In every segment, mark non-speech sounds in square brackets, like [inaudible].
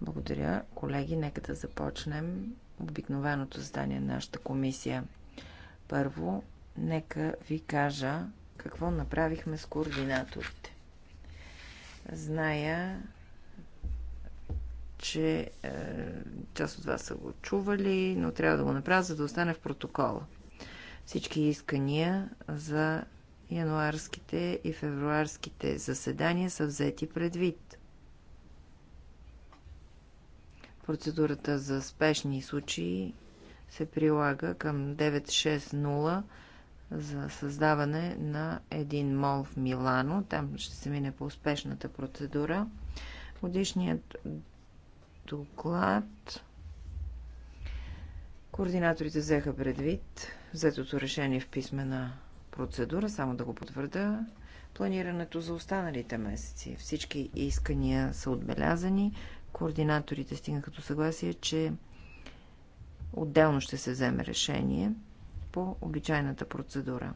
Благодаря, колеги. Нека да започнем обикновеното задание на нашата комисия. Първо, нека ви кажа какво направихме с координаторите. Зная, че е, част от вас са го чували, но трябва да го направя, за да остане в протокола. Всички искания за януарските и февруарските заседания са взети предвид. Процедурата за спешни случаи се прилага към 960 за създаване на един мол в Милано. Там ще се мине по успешната процедура. Годишният доклад координаторите взеха предвид взетото решение в писмена процедура, само да го потвърда, планирането за останалите месеци. Всички искания са отбелязани. Координаторите стигнаха до съгласие, че отделно ще се вземе решение по обичайната процедура.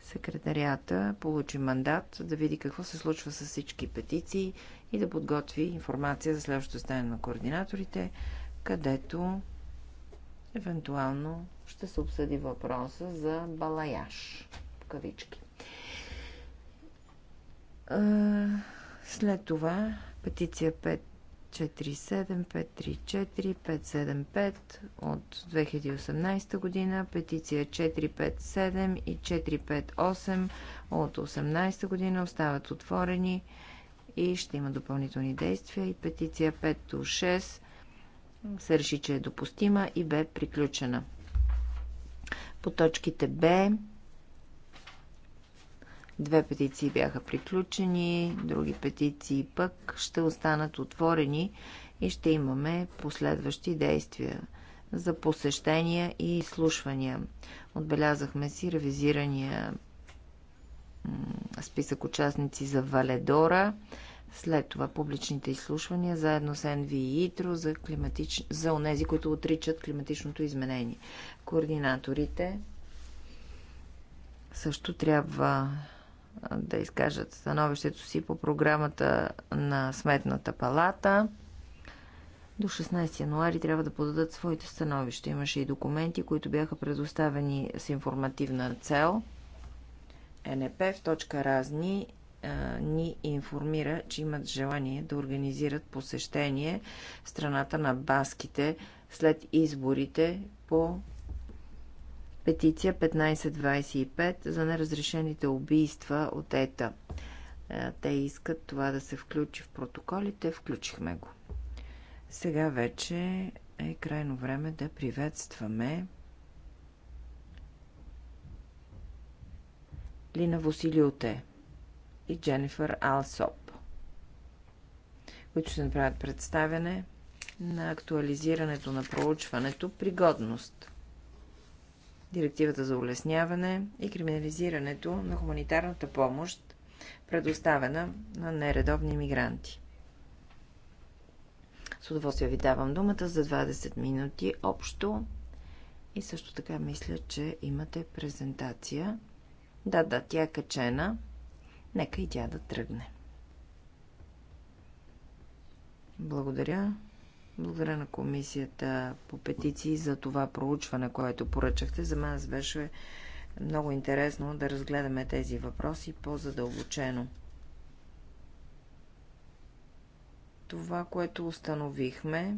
Секретарията получи мандат да види какво се случва с всички петиции и да подготви информация за следващото стане на координаторите, където евентуално ще се обсъди въпроса за балаяш, в кавички. След това петиция 547-534, 575 от 2018 година, петиция 457 и 458 от 2018 година остават отворени и ще има допълнителни действия. И петиция 5 6 се реши, че е допустима и бе приключена. По точките Б две петиции бяха приключени, други петиции пък ще останат отворени и ще имаме последващи действия за посещения и изслушвания. Отбелязахме си ревизирания списък участници за Валедора след това публичните изслушвания, заедно с НВИ и ИТРО, за, климатич... за онези, които отричат климатичното изменение. Координаторите също трябва да изкажат становището си по програмата на Сметната палата. До 16 януари трябва да подадат своите становища. Имаше и документи, които бяха предоставени с информативна цел. НП в точка разни ни информира, че имат желание да организират посещение в страната на баските след изборите по петиция 1525 за неразрешените убийства от ЕТА. Те искат това да се включи в протоколите. Включихме го. Сега вече е крайно време да приветстваме Лина Василиоте и Дженнифър Алсоп, които ще направят представяне на актуализирането на проучването пригодност, директивата за улесняване и криминализирането на хуманитарната помощ, предоставена на нередовни мигранти. С удоволствие ви давам думата за 20 минути общо. И също така мисля, че имате презентация. Да, да, тя е качена. Нека и тя да тръгне. Благодаря. Благодаря на комисията по петиции за това проучване, което поръчахте. За мен беше много интересно да разгледаме тези въпроси по-задълбочено. Това, което установихме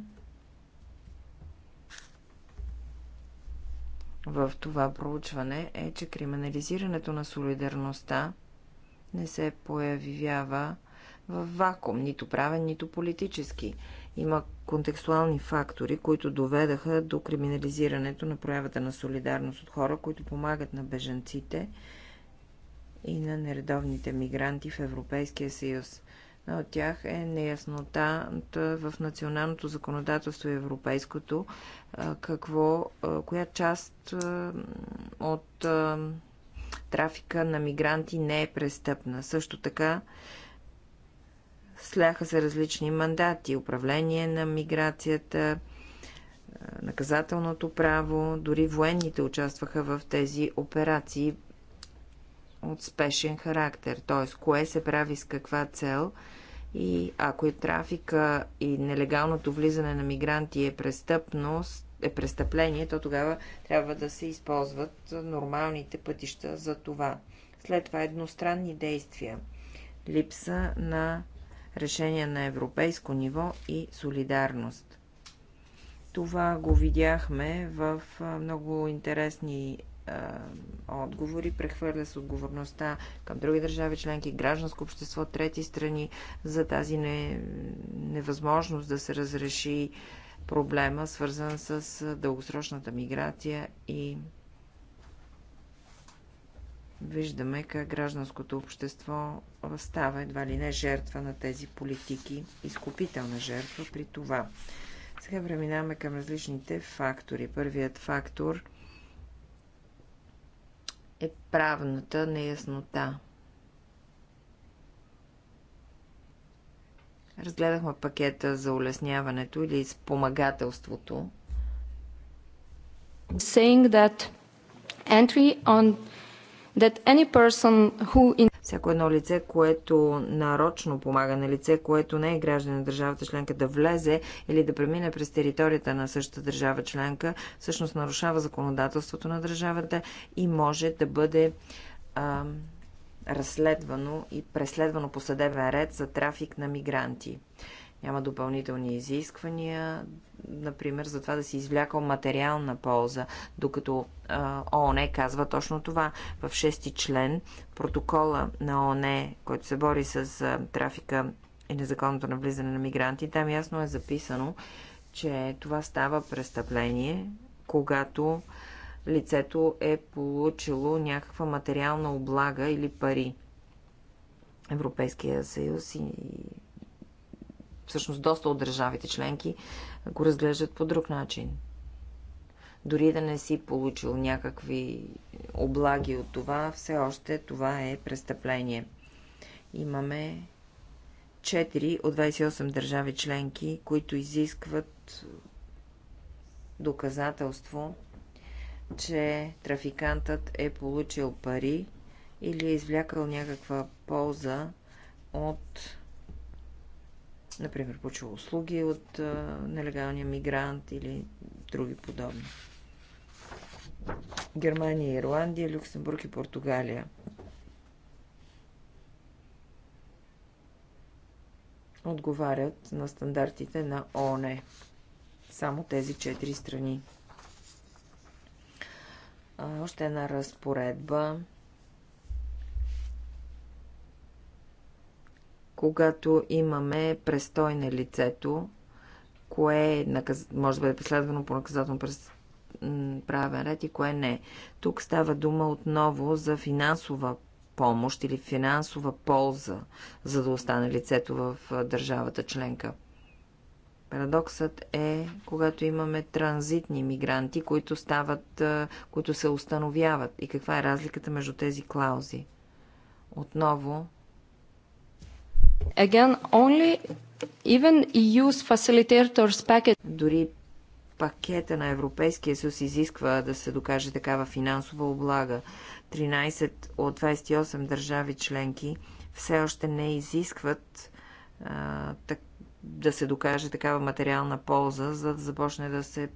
в това проучване е, че криминализирането на солидарността не се появява в вакуум, нито правен, нито политически. Има контекстуални фактори, които доведаха до криминализирането на проявата на солидарност от хора, които помагат на бежанците и на нередовните мигранти в Европейския съюз. Но от тях е неяснота в националното законодателство и европейското, какво, коя част от Трафика на мигранти не е престъпна. Също така сляха се различни мандати. Управление на миграцията, наказателното право, дори военните участваха в тези операции от спешен характер. Т.е. кое се прави с каква цел и ако и е трафика и нелегалното влизане на мигранти е престъпност, е престъпление, то тогава трябва да се използват нормалните пътища за това. След това едностранни действия, липса на решение на европейско ниво и солидарност. Това го видяхме в много интересни отговори. Прехвърля с отговорността към други държави членки, гражданско общество, трети страни за тази не, невъзможност да се разреши проблема, свързан с дългосрочната миграция и виждаме как гражданското общество става едва ли не жертва на тези политики, изкупителна жертва при това. Сега преминаваме към различните фактори. Първият фактор е правната неяснота – Разгледахме пакета за улесняването или спомагателството. Saying that entry on that any person who in... Всяко едно лице, което нарочно помага на лице, което не е граждан на държавата членка да влезе или да премине през територията на същата държава членка, всъщност нарушава законодателството на държавата и може да бъде а, разследвано и преследвано по съдебен ред за трафик на мигранти. Няма допълнителни изисквания, например, за това да си извлякал материална полза, докато ООН казва точно това. В шести член протокола на ООН, който се бори с трафика и незаконното навлизане на мигранти, там ясно е записано, че това става престъпление, когато лицето е получило някаква материална облага или пари. Европейския съюз и всъщност доста от държавите членки го разглеждат по друг начин. Дори да не си получил някакви облаги от това, все още това е престъпление. Имаме 4 от 28 държави членки, които изискват доказателство че трафикантът е получил пари или е извлякал някаква полза от, например, получил услуги от а, нелегалния мигрант или други подобни. Германия, Ирландия, Люксембург и Португалия. Отговарят на стандартите на ОНЕ Само тези четири страни. Още една разпоредба. Когато имаме престой на лицето, кое е наказ... може да бъде последвано по наказателно през правен ред и кое не. Тук става дума отново за финансова помощ или финансова полза, за да остане лицето в държавата членка. Парадоксът е, когато имаме транзитни мигранти, които стават, които се установяват. И каква е разликата между тези клаузи? Отново. Again, only even EU's facilitators package. Дори пакета на Европейския съюз изисква да се докаже такава финансова облага. 13 от 28 държави членки все още не изискват а, так, да се докаже такава материална полза, за да започне да се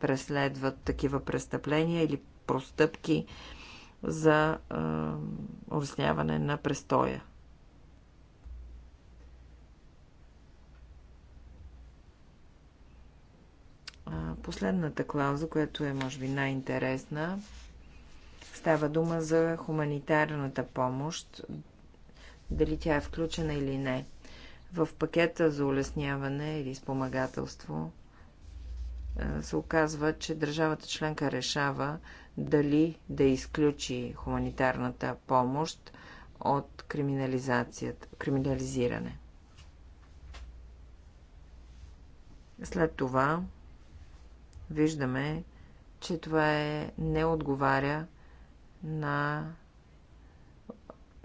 преследват такива престъпления или простъпки за обясняване улесняване на престоя. Последната клауза, която е, може би, най-интересна, става дума за хуманитарната помощ, дали тя е включена или не в пакета за улесняване или спомагателство се оказва, че държавата членка решава дали да изключи хуманитарната помощ от криминализиране. След това виждаме, че това е, не отговаря на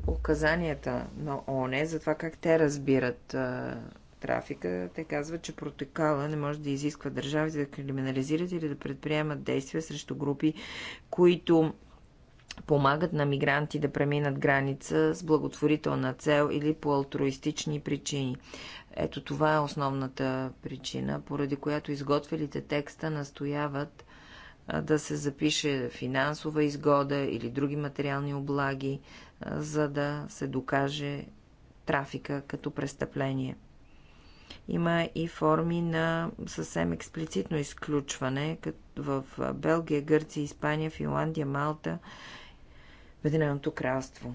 указанията на ОНЕ за това как те разбират а, трафика, те казват, че протокола не може да изисква държавите да криминализират или да предприемат действия срещу групи, които помагат на мигранти да преминат граница с благотворителна цел или по алтруистични причини. Ето това е основната причина, поради която изготвилите текста настояват да се запише финансова изгода или други материални облаги за да се докаже трафика като престъпление. Има и форми на съвсем експлицитно изключване в Белгия, Гърция, Испания, Финландия, Малта, Ведененото кралство.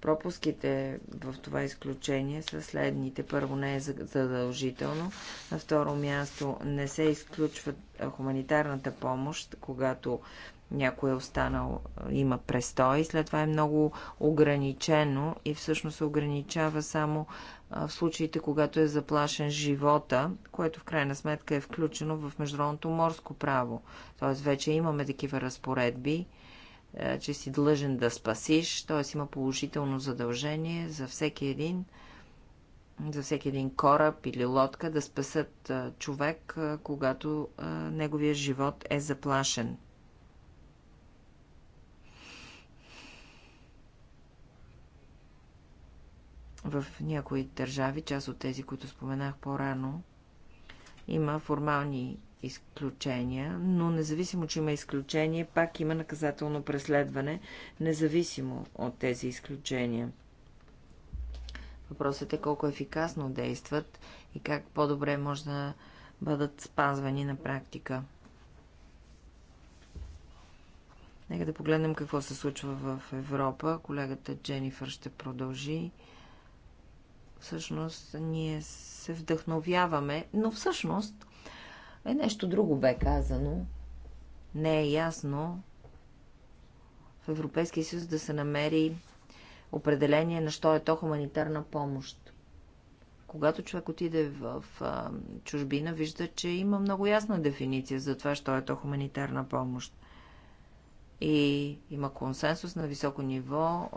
Пропуските в това изключение са следните. Първо не е задължително. На второ място не се изключва хуманитарната помощ, когато някой е останал, има престой, след това е много ограничено и всъщност се ограничава само в случаите, когато е заплашен живота, което в крайна сметка е включено в международното морско право. Тоест вече имаме такива разпоредби, е, че си длъжен да спасиш, т.е. има положително задължение за всеки един за всеки един кораб или лодка да спасат е, човек, е, когато неговия живот е заплашен. В някои държави, част от тези, които споменах по-рано, има формални изключения, но независимо, че има изключение, пак има наказателно преследване, независимо от тези изключения. Въпросът е колко ефикасно действат и как по-добре може да бъдат спазвани на практика. Нека да погледнем какво се случва в Европа. Колегата Дженифър ще продължи. Всъщност ние се вдъхновяваме, но всъщност е нещо друго бе казано. Не е ясно в Европейския съюз да се намери определение на що е то хуманитарна помощ. Когато човек отиде в а, чужбина, вижда, че има много ясна дефиниция за това, що е то хуманитарна помощ и има консенсус на високо ниво,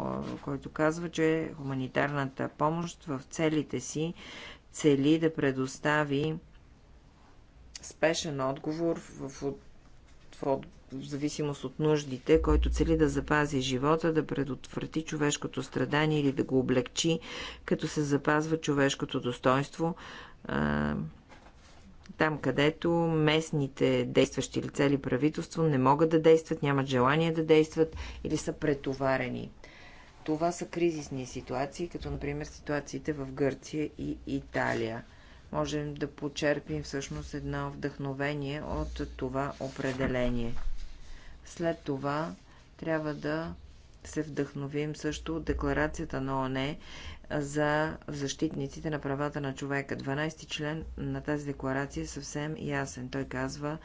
който казва, че хуманитарната помощ в целите си цели да предостави спешен отговор в, в, в, в зависимост от нуждите, който цели да запази живота, да предотврати човешкото страдание или да го облегчи, като се запазва човешкото достоинство. А, там където местните действащи лица или правителство не могат да действат, нямат желание да действат или са претоварени. Това са кризисни ситуации, като например ситуациите в Гърция и Италия. Можем да почерпим всъщност едно вдъхновение от това определение. След това трябва да се вдъхновим също от декларацията на ОНЕ за защитниците на правата на човека. 12 член на тази декларация е съвсем ясен. Той казва,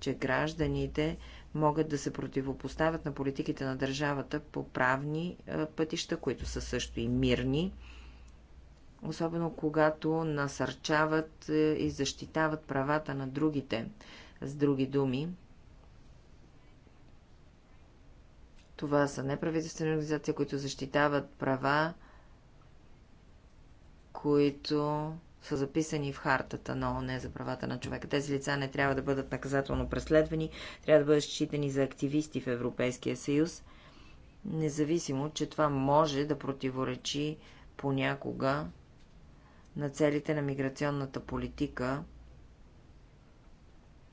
че гражданите могат да се противопоставят на политиките на държавата по правни пътища, които са също и мирни, особено когато насърчават е, и защитават правата на другите. С други думи, това са неправителствени организации, които защитават права които са записани в хартата на ООН за правата на човека. Тези лица не трябва да бъдат наказателно преследвани, трябва да бъдат считани за активисти в Европейския съюз, независимо, че това може да противоречи понякога на целите на миграционната политика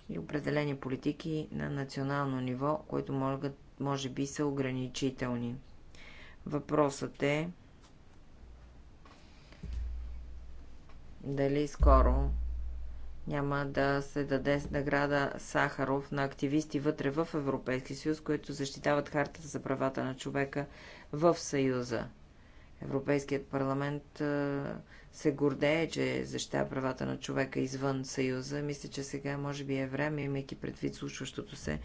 и определени политики на национално ниво, които могат, може би са ограничителни. Въпросът е дали скоро няма да се даде награда Сахаров на активисти вътре в Европейския съюз, които защитават хартата за правата на човека в Съюза. Европейският парламент се гордее, че защитава правата на човека извън Съюза. Мисля, че сега може би е време, имайки предвид случващото се,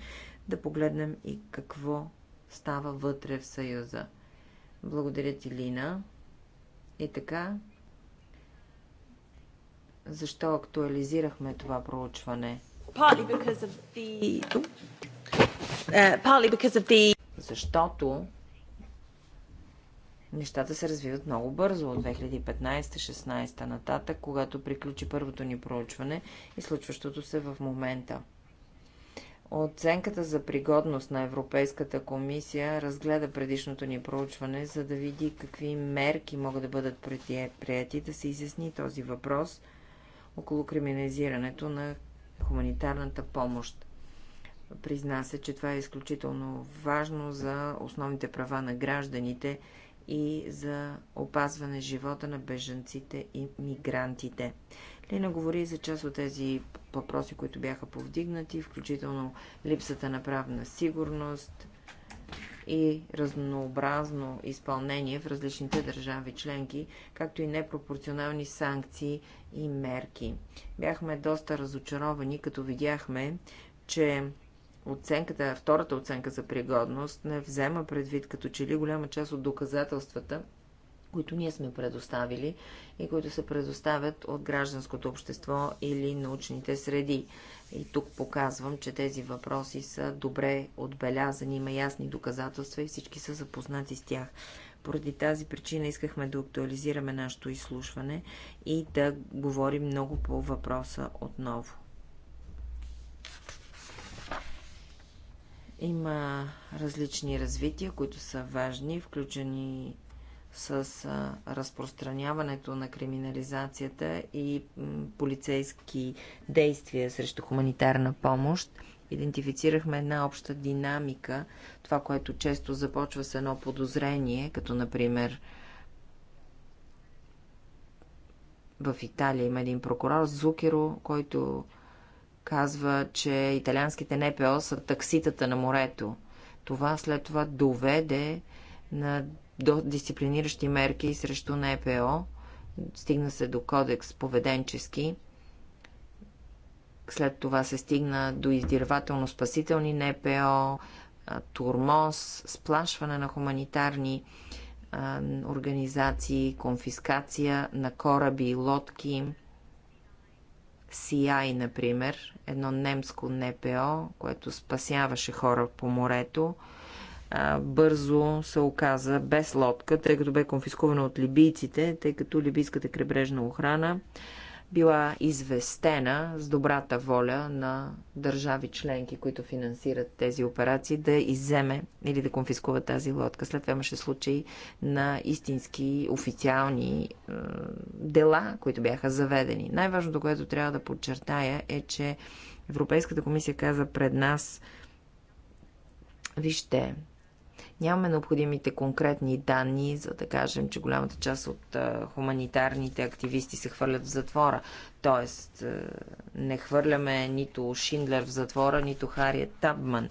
да погледнем и какво става вътре в Съюза. Благодаря ти, Лина. И така, защо актуализирахме това проучване. The... Uh, the... Защото нещата се развиват много бързо от 2015-16 нататък, когато приключи първото ни проучване и случващото се в момента. Оценката за пригодност на Европейската комисия разгледа предишното ни проучване, за да види какви мерки могат да бъдат прияти да се изясни този въпрос – около криминализирането на хуманитарната помощ. Призна се, че това е изключително важно за основните права на гражданите и за опазване живота на бежанците и мигрантите. Лина говори за част от тези въпроси, които бяха повдигнати, включително липсата на правна сигурност и разнообразно изпълнение в различните държави членки, както и непропорционални санкции и мерки. Бяхме доста разочаровани, като видяхме, че оценката, втората оценка за пригодност не взема предвид като че ли голяма част от доказателствата, които ние сме предоставили и които се предоставят от гражданското общество или научните среди. И тук показвам, че тези въпроси са добре отбелязани, има ясни доказателства и всички са запознати с тях. Поради тази причина искахме да актуализираме нашето изслушване и да говорим много по въпроса отново. Има различни развития, които са важни, включени с разпространяването на криминализацията и полицейски действия срещу хуманитарна помощ идентифицирахме една обща динамика, това, което често започва с едно подозрение, като например в Италия има един прокурор, Зукеро, който казва, че италианските НПО са такситата на морето. Това след това доведе на, до дисциплиниращи мерки срещу НПО. Стигна се до кодекс поведенчески, след това се стигна до издирвателно-спасителни НПО, турмоз, сплашване на хуманитарни организации, конфискация на кораби и лодки. CI, например, едно немско НПО, което спасяваше хора по морето, бързо се оказа без лодка, тъй като бе конфискувано от либийците, тъй като либийската крайбрежна охрана била известена с добрата воля на държави членки, които финансират тези операции, да изземе или да конфискува тази лодка. След това имаше случаи на истински официални е, дела, които бяха заведени. Най-важното, което трябва да подчертая е, че Европейската комисия каза пред нас, вижте, Нямаме необходимите конкретни данни, за да кажем, че голямата част от хуманитарните активисти се хвърлят в затвора. Тоест, е, не хвърляме нито Шиндлер в затвора, нито Хариет Табман. Е,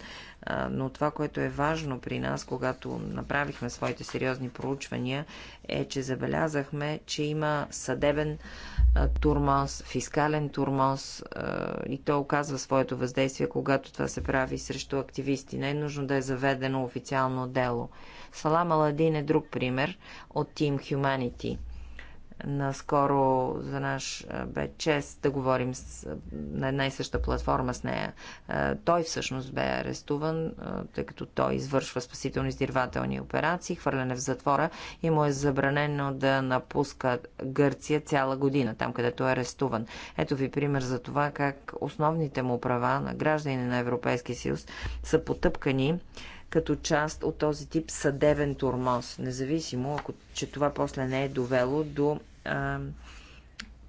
но това, което е важно при нас, когато направихме своите сериозни проучвания, е, че забелязахме, че има съдебен е, турмоз, фискален турмоз и то оказва своето въздействие, когато това се прави срещу активисти. Не е нужно да е заведено официално дело. Салам Аладин е друг пример от Team Humanity – Наскоро за наш бе чест да говорим с, на една и съща платформа с нея. Той всъщност бе арестуван, тъй като той извършва спасително-издирвателни операции, хвърляне в затвора и му е забранено да напуска Гърция цяла година, там където е арестуван. Ето ви пример за това как основните му права на граждани на Европейския съюз са потъпкани като част от този тип съдебен турмоз, независимо, ако, че това после не е довело до а,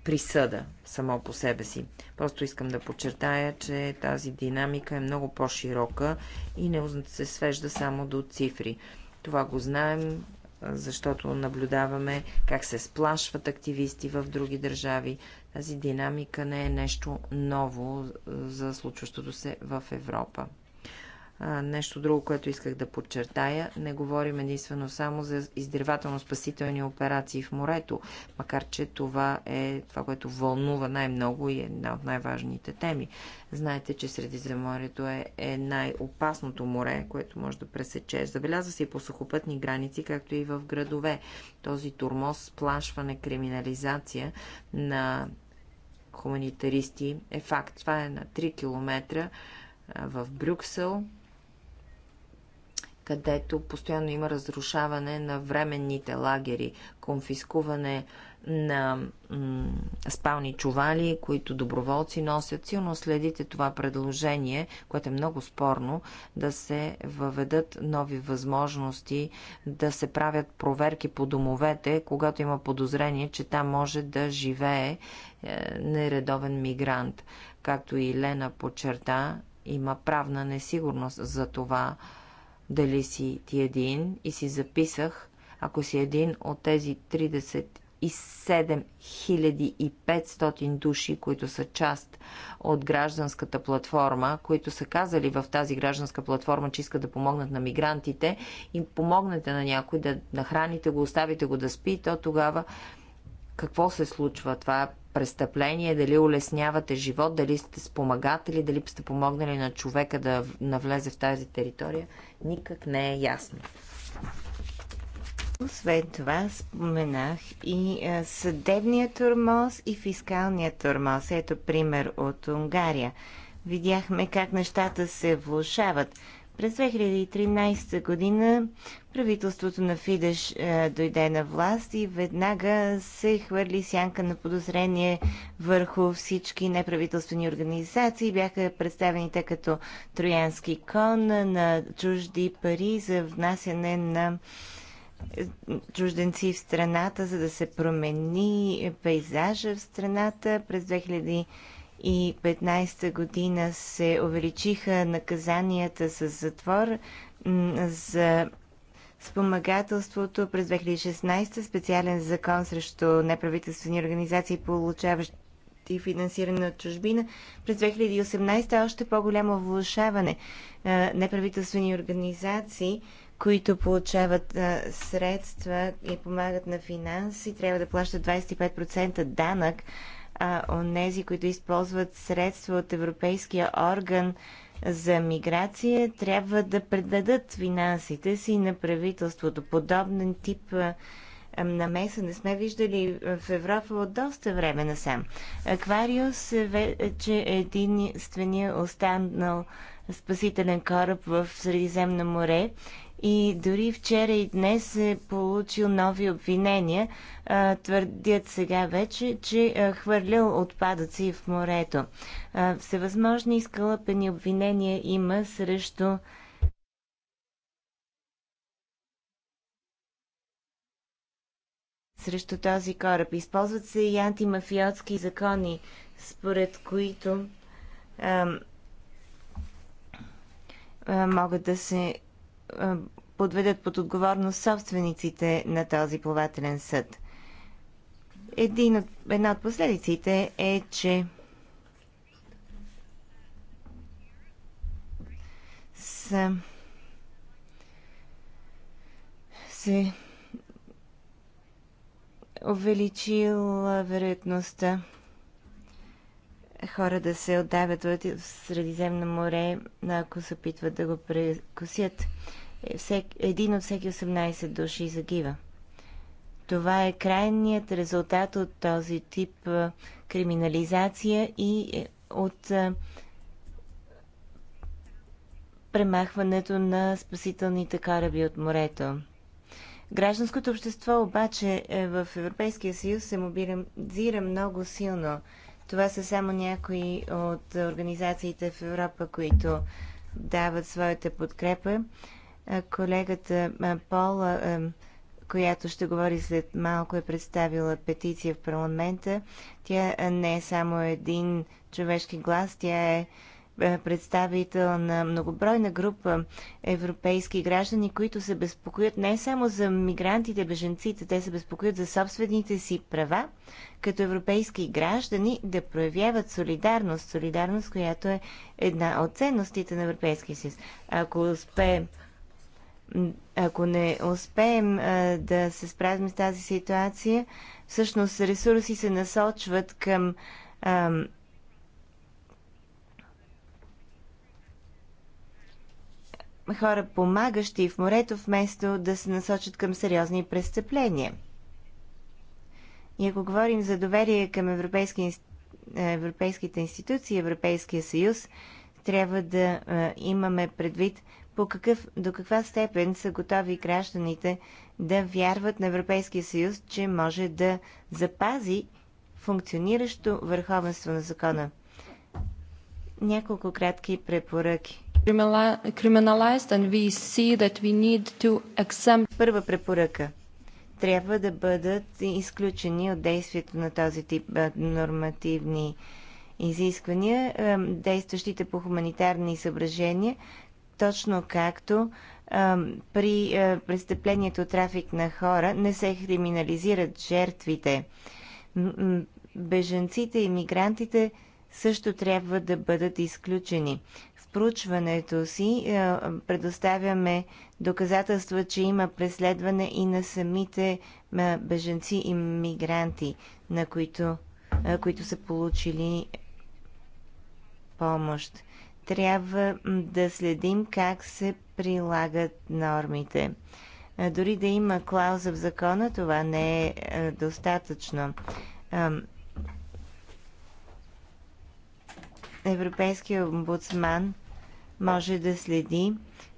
присъда само по себе си. Просто искам да подчертая, че тази динамика е много по-широка и не се свежда само до цифри. Това го знаем, защото наблюдаваме как се сплашват активисти в други държави. Тази динамика не е нещо ново за случващото се в Европа нещо друго, което исках да подчертая. Не говорим единствено само за издирвателно-спасителни операции в морето, макар че това е това, което вълнува най-много и е една от най-важните теми. Знаете, че Средиземорието е, е най-опасното море, което може да пресечеш. Забелязва се и по сухопътни граници, както и в градове. Този турмоз, сплашване, криминализация на хуманитаристи е факт. Това е на 3 километра в Брюксел където постоянно има разрушаване на временните лагери, конфискуване на спални чували, които доброволци носят. Силно следите това предложение, което е много спорно, да се въведат нови възможности, да се правят проверки по домовете, когато има подозрение, че там може да живее е, нередовен мигрант. Както и Лена подчерта, има правна несигурност за това, дали си ти един и си записах, ако си един от тези 37 500 души, които са част от гражданската платформа, които са казали в тази гражданска платформа, че искат да помогнат на мигрантите и помогнете на някой да нахраните го, оставите го да спи, то тогава какво се случва това престъпление, дали улеснявате живот, дали сте спомагатели, дали сте помогнали на човека да навлезе в тази територия, никак не е ясно. Освен това, споменах и съдебният тормоз и фискалният тормоз. Ето пример от Унгария. Видяхме как нещата се влушават. През 2013 година Правителството на Фидеш е, дойде на власт и веднага се хвърли сянка на подозрение върху всички неправителствени организации. Бяха представени те като троянски кон на чужди пари за внасяне на е, чужденци в страната, за да се промени пейзажа в страната. През 2015 година се увеличиха наказанията с затвор за спомагателството през 2016 специален закон срещу неправителствени организации, получаващи финансиране от чужбина. През 2018 още по-голямо влушаване. Е, неправителствени организации, които получават е, средства и помагат на финанси, трябва да плащат 25% данък, а тези, които използват средства от Европейския орган за миграция трябва да предадат финансите си на правителството. Подобен тип намеса не сме виждали в Европа от доста време насам. Аквариус е вече единствения останал спасителен кораб в Средиземно море и дори вчера и днес е получил нови обвинения. Твърдят сега вече, че хвърлял отпадъци в морето. Всевъзможни изкълъпени обвинения има срещу срещу този кораб. Използват се и антимафиотски закони, според които а, могат да се подведат под отговорност собствениците на този плавателен съд. Един от, една от последиците е, че са, се увеличила вероятността хора да се отдавят в Средиземно море, ако се опитват да го прекусят. Е, всек, един от всеки 18 души загива. Това е крайният резултат от този тип криминализация и е, от премахването на спасителните кораби от морето. Гражданското общество обаче е, в Европейския съюз се мобилизира много силно – това са само някои от организациите в Европа, които дават своята подкрепа. Колегата Пола, която ще говори след малко, е представила петиция в парламента. Тя не е само един човешки глас, тя е е, представител на многобройна група европейски граждани, които се безпокоят не само за мигрантите, беженците, те се безпокоят за собствените си права, като европейски граждани да проявяват солидарност, солидарност, която е една от ценностите на Европейския съюз. Ако успеем ако не успеем а, да се справим с тази ситуация, всъщност ресурси се насочват към хора помагащи в морето, вместо да се насочат към сериозни престъпления. И ако говорим за доверие към европейски, европейските институции, Европейския съюз, трябва да имаме предвид по какъв, до каква степен са готови гражданите да вярват на Европейския съюз, че може да запази функциониращо върховенство на закона. Няколко кратки препоръки. Първа препоръка. Трябва да бъдат изключени от действието на този тип нормативни изисквания, действащите по хуманитарни съображения, точно както при престъплението трафик на хора не се криминализират жертвите. Беженците и мигрантите също трябва да бъдат изключени проучването си е, предоставяме доказателства, че има преследване и на самите е, беженци и мигранти, на които, е, които са получили помощ. Трябва да следим как се прилагат нормите. Дори да има клауза в закона, това не е достатъчно. Европейския омбудсман – може да следи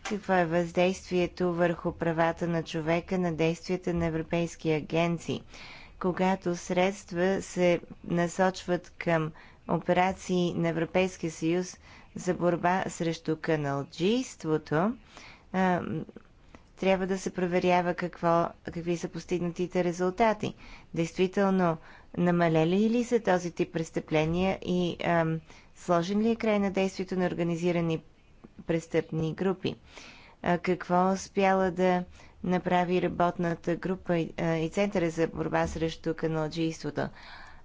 какво е въздействието върху правата на човека на действията на европейски агенции. Когато средства се насочват към операции на Европейския съюз за борба срещу каналджийството, трябва да се проверява какво, какви са постигнатите резултати. Действително, намалели ли са този тип престъпления и ам, сложен ли е край на действието на организирани престъпни групи. Какво успяла да направи работната група и Центъра за борба срещу каналджийството?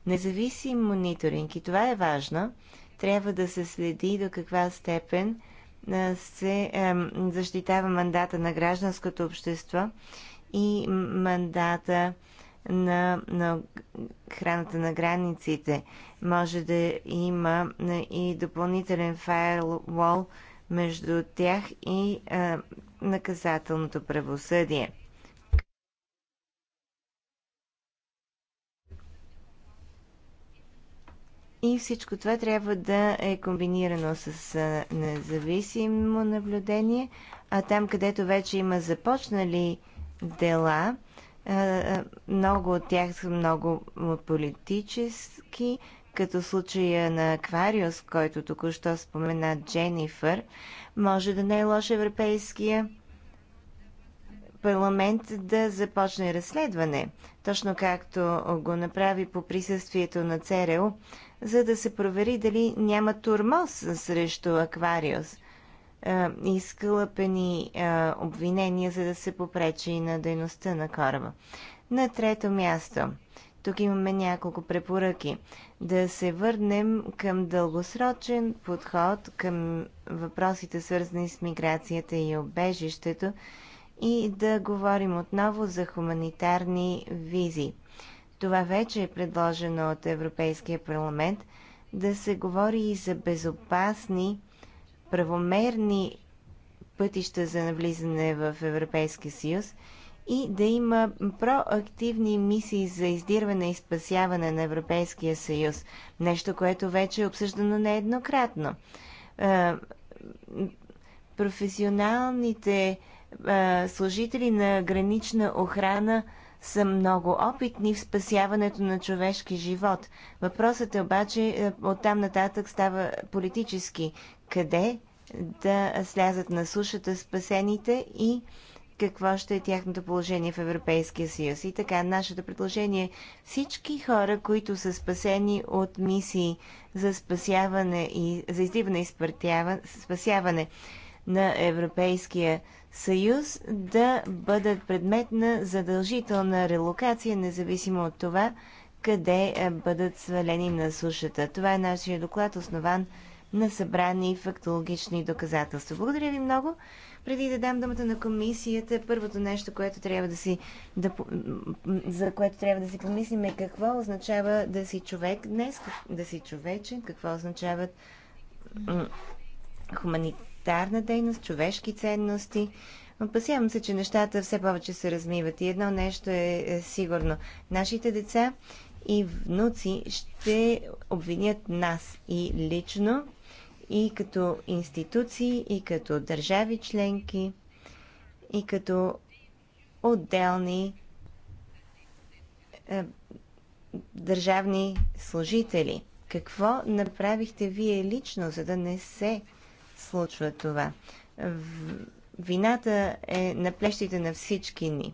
Независим мониторинг, и това е важно, трябва да се следи до каква степен се защитава мандата на гражданското общество и мандата на, на храната на границите. Може да има и допълнителен файл между тях и а, наказателното правосъдие. И всичко това трябва да е комбинирано с независимо наблюдение, а там, където вече има започнали дела, много от тях са много политически, като случая на Аквариус, който току-що спомена Дженифър, може да не е лош европейския парламент да започне разследване, точно както го направи по присъствието на ЦРУ, за да се провери дали няма турмоз срещу Аквариус е, и скълъпени е, обвинения, за да се попречи на дейността на кораба. На трето място – тук имаме няколко препоръки. Да се върнем към дългосрочен подход към въпросите свързани с миграцията и обежището и да говорим отново за хуманитарни визи. Това вече е предложено от Европейския парламент да се говори и за безопасни, правомерни пътища за навлизане в Европейския съюз – и да има проактивни мисии за издирване и спасяване на Европейския съюз. Нещо, което вече е обсъждано нееднократно. Е, професионалните е, служители на гранична охрана са много опитни в спасяването на човешки живот. Въпросът е обаче е, оттам нататък става политически. Къде да слязат на сушата спасените и какво ще е тяхното положение в Европейския съюз. И така, нашето предложение е всички хора, които са спасени от мисии за спасяване и за издиване и спасяване на Европейския съюз, да бъдат предмет на задължителна релокация, независимо от това къде е, бъдат свалени на сушата. Това е нашия доклад, основан на събрани фактологични доказателства. Благодаря ви много. Преди да дам думата на комисията, първото нещо, което трябва да си, да, за което трябва да си помислим е какво означава да си човек днес, да си човечен, какво означават хуманитарна дейност, човешки ценности. Опасявам се, че нещата все повече се размиват и едно нещо е, е сигурно. Нашите деца и внуци ще обвинят нас и лично и като институции, и като държави членки, и като отделни е, държавни служители. Какво направихте вие лично, за да не се случва това? Вината е на плещите на всички ни.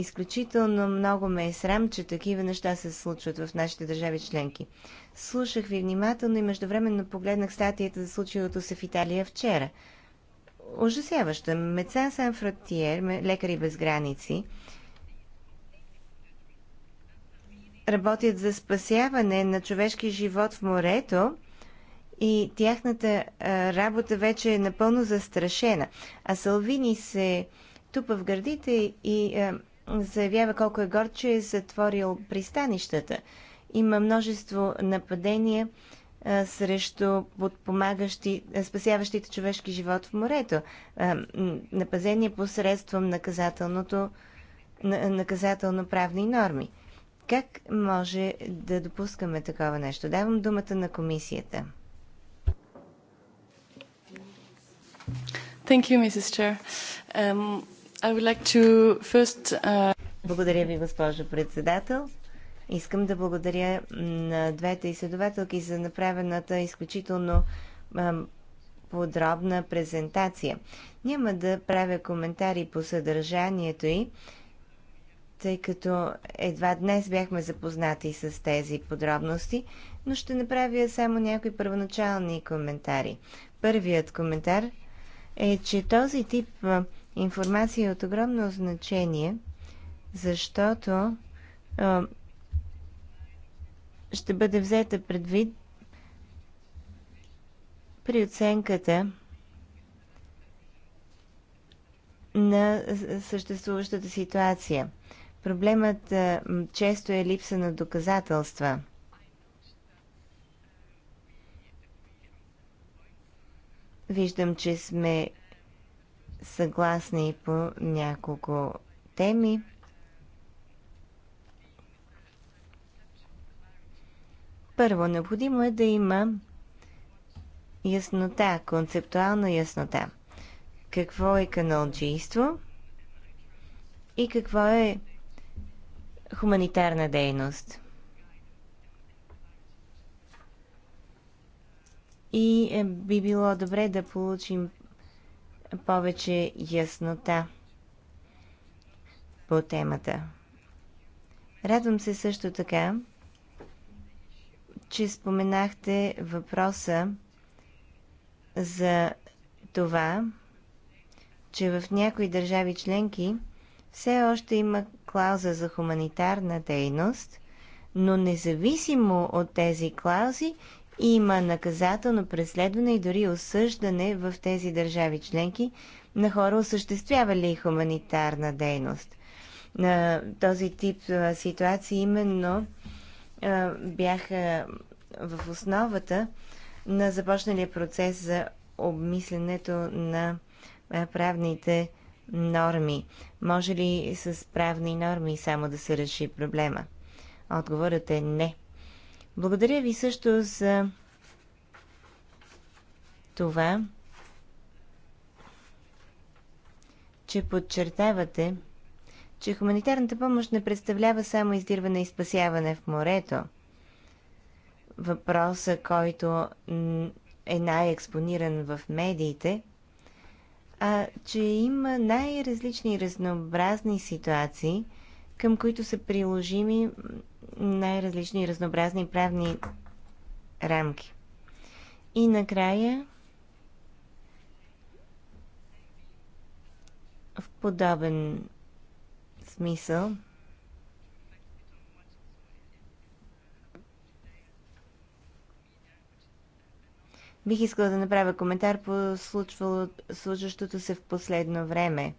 Изключително много ме е срам, че такива неща се случват в нашите държави членки. Слушах ви внимателно и междувременно погледнах статията за случилото се в Италия вчера. Ужасяваща. Меца Сан Фронтиер, лекари без граници, работят за спасяване на човешки живот в морето и тяхната а, работа вече е напълно застрашена. А Салвини се тупа в гърдите и заявява колко е горд, че е затворил пристанищата. Има множество нападения срещу подпомагащи, спасяващите човешки живот в морето. А, напазение посредством наказателното, наказателно-правни норми. Как може да допускаме такова нещо? Давам думата на комисията. Thank you, Mrs. Chair. Um, Uh, благодаря ви, госпожо председател. Искам да благодаря на двете изследователки за направената изключително подробна презентация. Няма да правя коментари по съдържанието й, тъй като едва днес бяхме запознати с тези подробности, но ще направя само някои първоначални коментари. Първият коментар е, че този тип информация е от огромно значение, защото а, ще бъде взета предвид при оценката на съществуващата ситуация. Проблемът а, често е липса на доказателства. Виждам, че сме съгласни по няколко теми. Първо, необходимо е да има яснота, концептуална яснота. Какво е каналджийство и какво е хуманитарна дейност. И е, би било добре да получим повече яснота по темата. Радвам се също така, че споменахте въпроса за това, че в някои държави членки все още има клауза за хуманитарна дейност, но независимо от тези клаузи има наказателно преследване и дори осъждане в тези държави членки на хора, осъществявали хуманитарна дейност. На този тип ситуации именно бяха в основата на започналия процес за обмисленето на правните норми. Може ли с правни норми само да се реши проблема? Отговорът е не. Благодаря ви също за това, че подчертавате, че хуманитарната помощ не представлява само издирване и спасяване в морето. Въпроса, който е най-експониран в медиите, а че има най-различни разнообразни ситуации, към които са приложими най-различни разнообразни правни рамки. И накрая в подобен смисъл Бих искала да направя коментар по случващото се в последно време.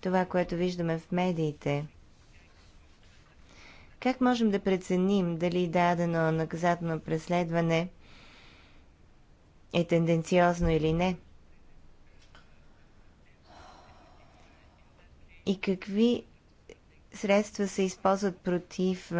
Това, което виждаме в медиите – как можем да преценим дали дадено наказателно преследване е тенденциозно или не? И какви средства се използват против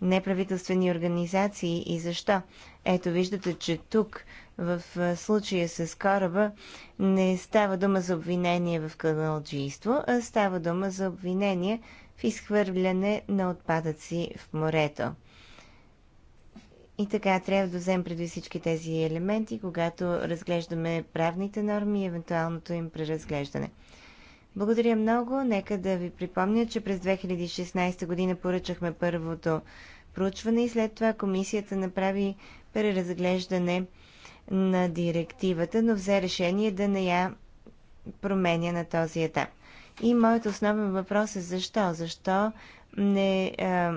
неправителствени организации и защо? Ето виждате, че тук в случая с кораба не става дума за обвинение в каналджийство, а става дума за обвинение в изхвърляне на отпадъци в морето. И така трябва да вземем преди всички тези елементи, когато разглеждаме правните норми и евентуалното им преразглеждане. Благодаря много. Нека да ви припомня, че през 2016 година поръчахме първото проучване и след това комисията направи преразглеждане на директивата, но взе решение да не я променя на този етап. И моят основен въпрос е защо? Защо не а, е,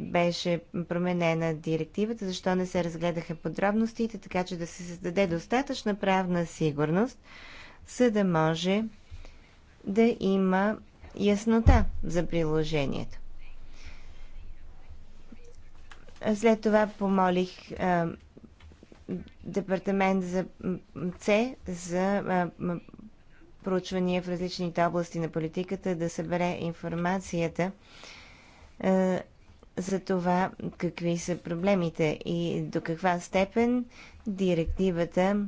беше променена директивата, защо не се разгледаха подробностите, така че да се създаде достатъчна правна сигурност, за да може да има яснота за приложението. След това помолих а, е, департамент за С за а, е, проучвания в различните области на политиката, да събере информацията е, за това какви са проблемите и до каква степен директивата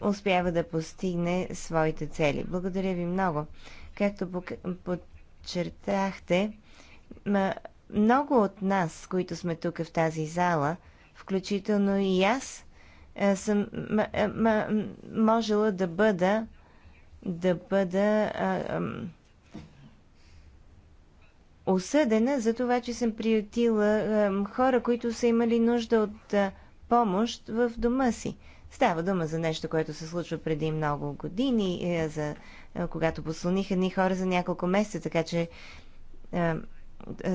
успява да постигне своите цели. Благодаря ви много. Както подчертахте, много от нас, които сме тук в тази зала, включително и аз, е, съм е, можела да бъда да бъда а, ам, осъдена за това, че съм приютила ам, хора, които са имали нужда от а, помощ в дома си. Става дума за нещо, което се случва преди много години, а, е, за, а, когато послониха едни хора за няколко месеца, така че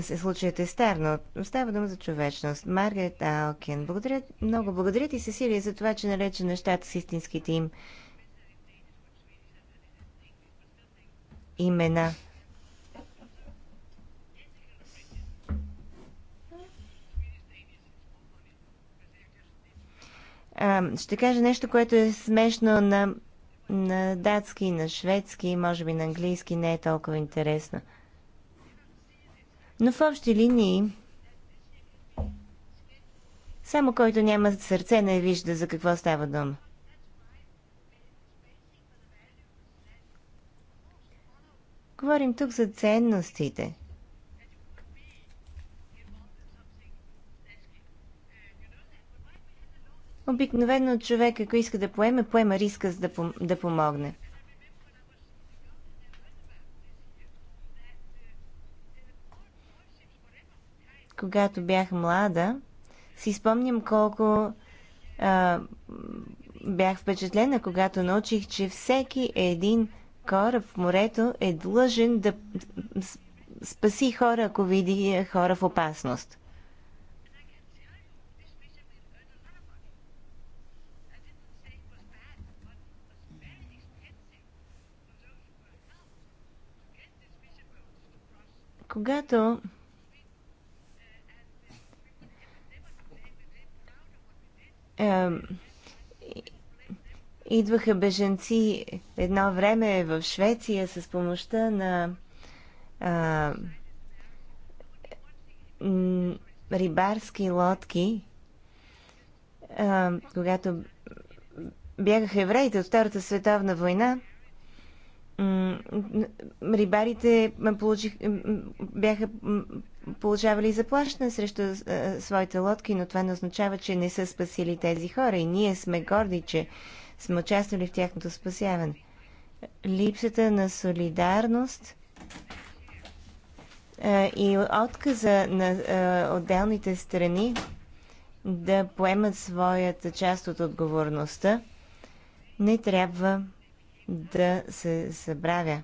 се случаят е стар, но става дума за човечност. Маргарет Алкен, благодаря, много благодаря ти, Сесилия, за това, че нарече нещата с истинските им имена. А, ще кажа нещо, което е смешно на, на датски, на шведски, може би на английски не е толкова интересно. Но в общи линии, само който няма сърце не вижда за какво става дума. Говорим тук за ценностите. Обикновено човек, ако иска да поеме, поема риска за да, помогне. Когато бях млада, си спомням колко а, бях впечатлена, когато научих, че всеки един кора в морето е длъжен да спаси хора, ако види хора в опасност. Когато е, идваха беженци едно време в Швеция с помощта на а, рибарски лодки, а, когато бягаха евреите от Втората световна война, рибарите получих, бяха получавали заплащане срещу а, своите лодки, но това не означава, че не са спасили тези хора. И ние сме горди, че сме участвали в тяхното спасяване. Липсата на солидарност и отказа на отделните страни да поемат своята част от отговорността не трябва да се забравя.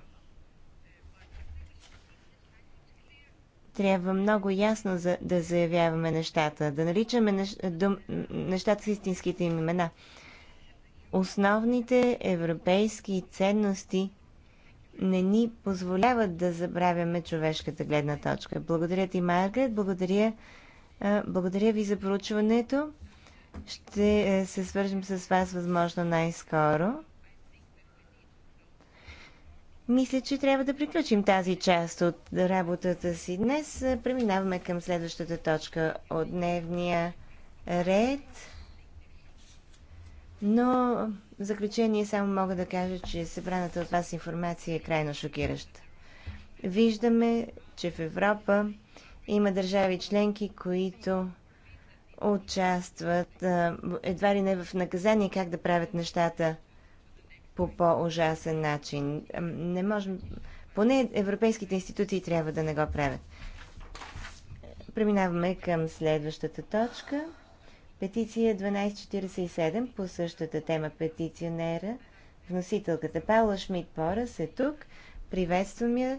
Трябва много ясно за, да заявяваме нещата, да наричаме нещ, дум, нещата с истинските им имена. Основните европейски ценности не ни позволяват да забравяме човешката гледна точка. Благодаря ти, Маргарет. Благодаря, благодаря ви за проучването. Ще се свържим с вас възможно най-скоро. Мисля, че трябва да приключим тази част от работата си днес. Преминаваме към следващата точка от дневния ред. Но в заключение само мога да кажа, че събраната от вас информация е крайно шокираща. Виждаме, че в Европа има държави членки, които участват едва ли не в наказание как да правят нещата по по-ужасен начин. Не можем... Поне европейските институции трябва да не го правят. Преминаваме към следващата точка. Петиция 1247 по същата тема петиционера, вносителката Паула Шмидт Порас е тук. Приветствам я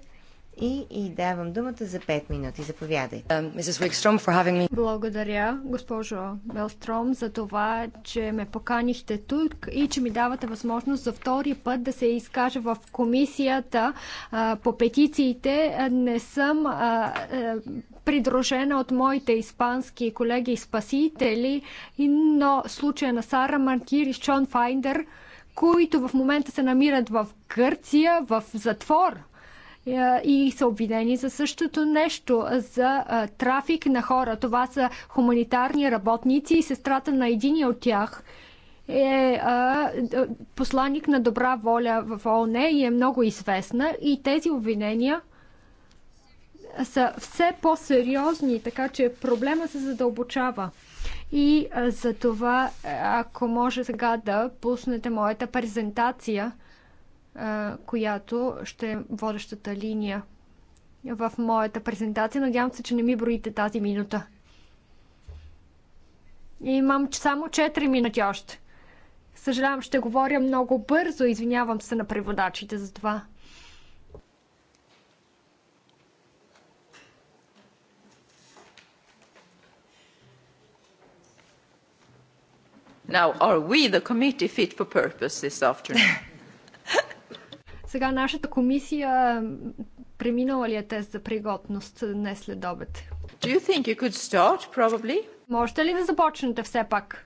и, и давам думата за 5 минути. Заповядайте. Um, Благодаря, госпожо Белстром, за това, че ме поканихте тук и че ми давате възможност за втори път да се изкажа в комисията по петициите. Не съм придружена от моите испански колеги спасители, но случая на Сара Маркир и Шон Файндер които в момента се намират в Гърция, в затвор – е, и са обвинени за същото нещо, за е, трафик на хора. Това са хуманитарни работници и сестрата на един от тях е а, е, посланник на добра воля в ООН и е много известна и тези обвинения са все по-сериозни, така че проблема се задълбочава. И а, за това, ако може сега да пуснете моята презентация – която ще е водещата линия в моята презентация. Надявам се, че не ми броите тази минута. И имам само 4 минути още. Съжалявам, ще говоря много бързо. Извинявам се на преводачите за това. Now, are we the committee fit for purpose this afternoon? [laughs] Сега нашата комисия преминала ли е тест за пригодност днес след обед? Do you think you could start, probably? Можете ли да започнете все пак?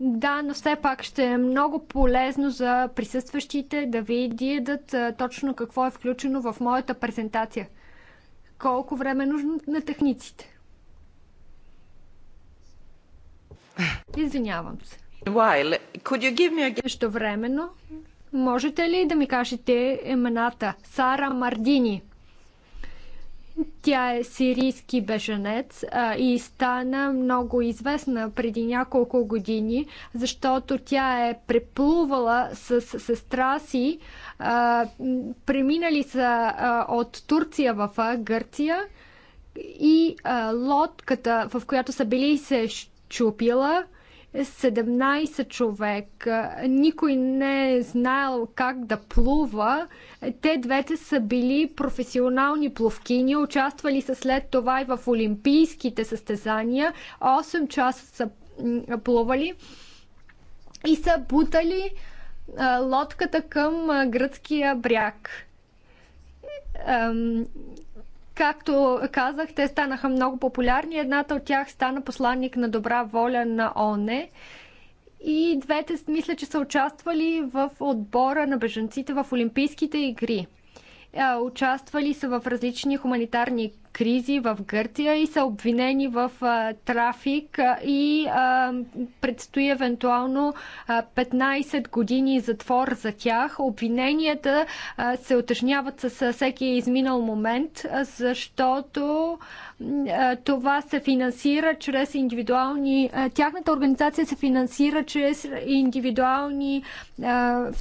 Да, но все пак ще е много полезно за присъстващите да видят точно какво е включено в моята презентация. Колко време е нужно на техниците? [laughs] Извинявам се. While, could you give me a... Нещо времено, Можете ли да ми кажете имената? Сара Мардини. Тя е сирийски беженец а, и стана много известна преди няколко години, защото тя е преплувала с сестра си. А, преминали са а, от Турция в Гърция и а, лодката, в която са били, се щупила 17 човек. Никой не е знаел как да плува. Те двете са били професионални пловкини, участвали са след това и в олимпийските състезания. 8 часа са плували и са бутали лодката към гръцкия бряг Както казах, те станаха много популярни. Едната от тях стана посланник на добра воля на ОНЕ. И двете, мисля, че са участвали в отбора на бежанците в Олимпийските игри. Участвали са в различни хуманитарни кризи в Гърция и са обвинени в трафик и предстои евентуално 15 години затвор за тях. Обвиненията се отъжняват с всеки изминал момент, защото това се финансира чрез индивидуални. Тяхната организация се финансира чрез индивидуални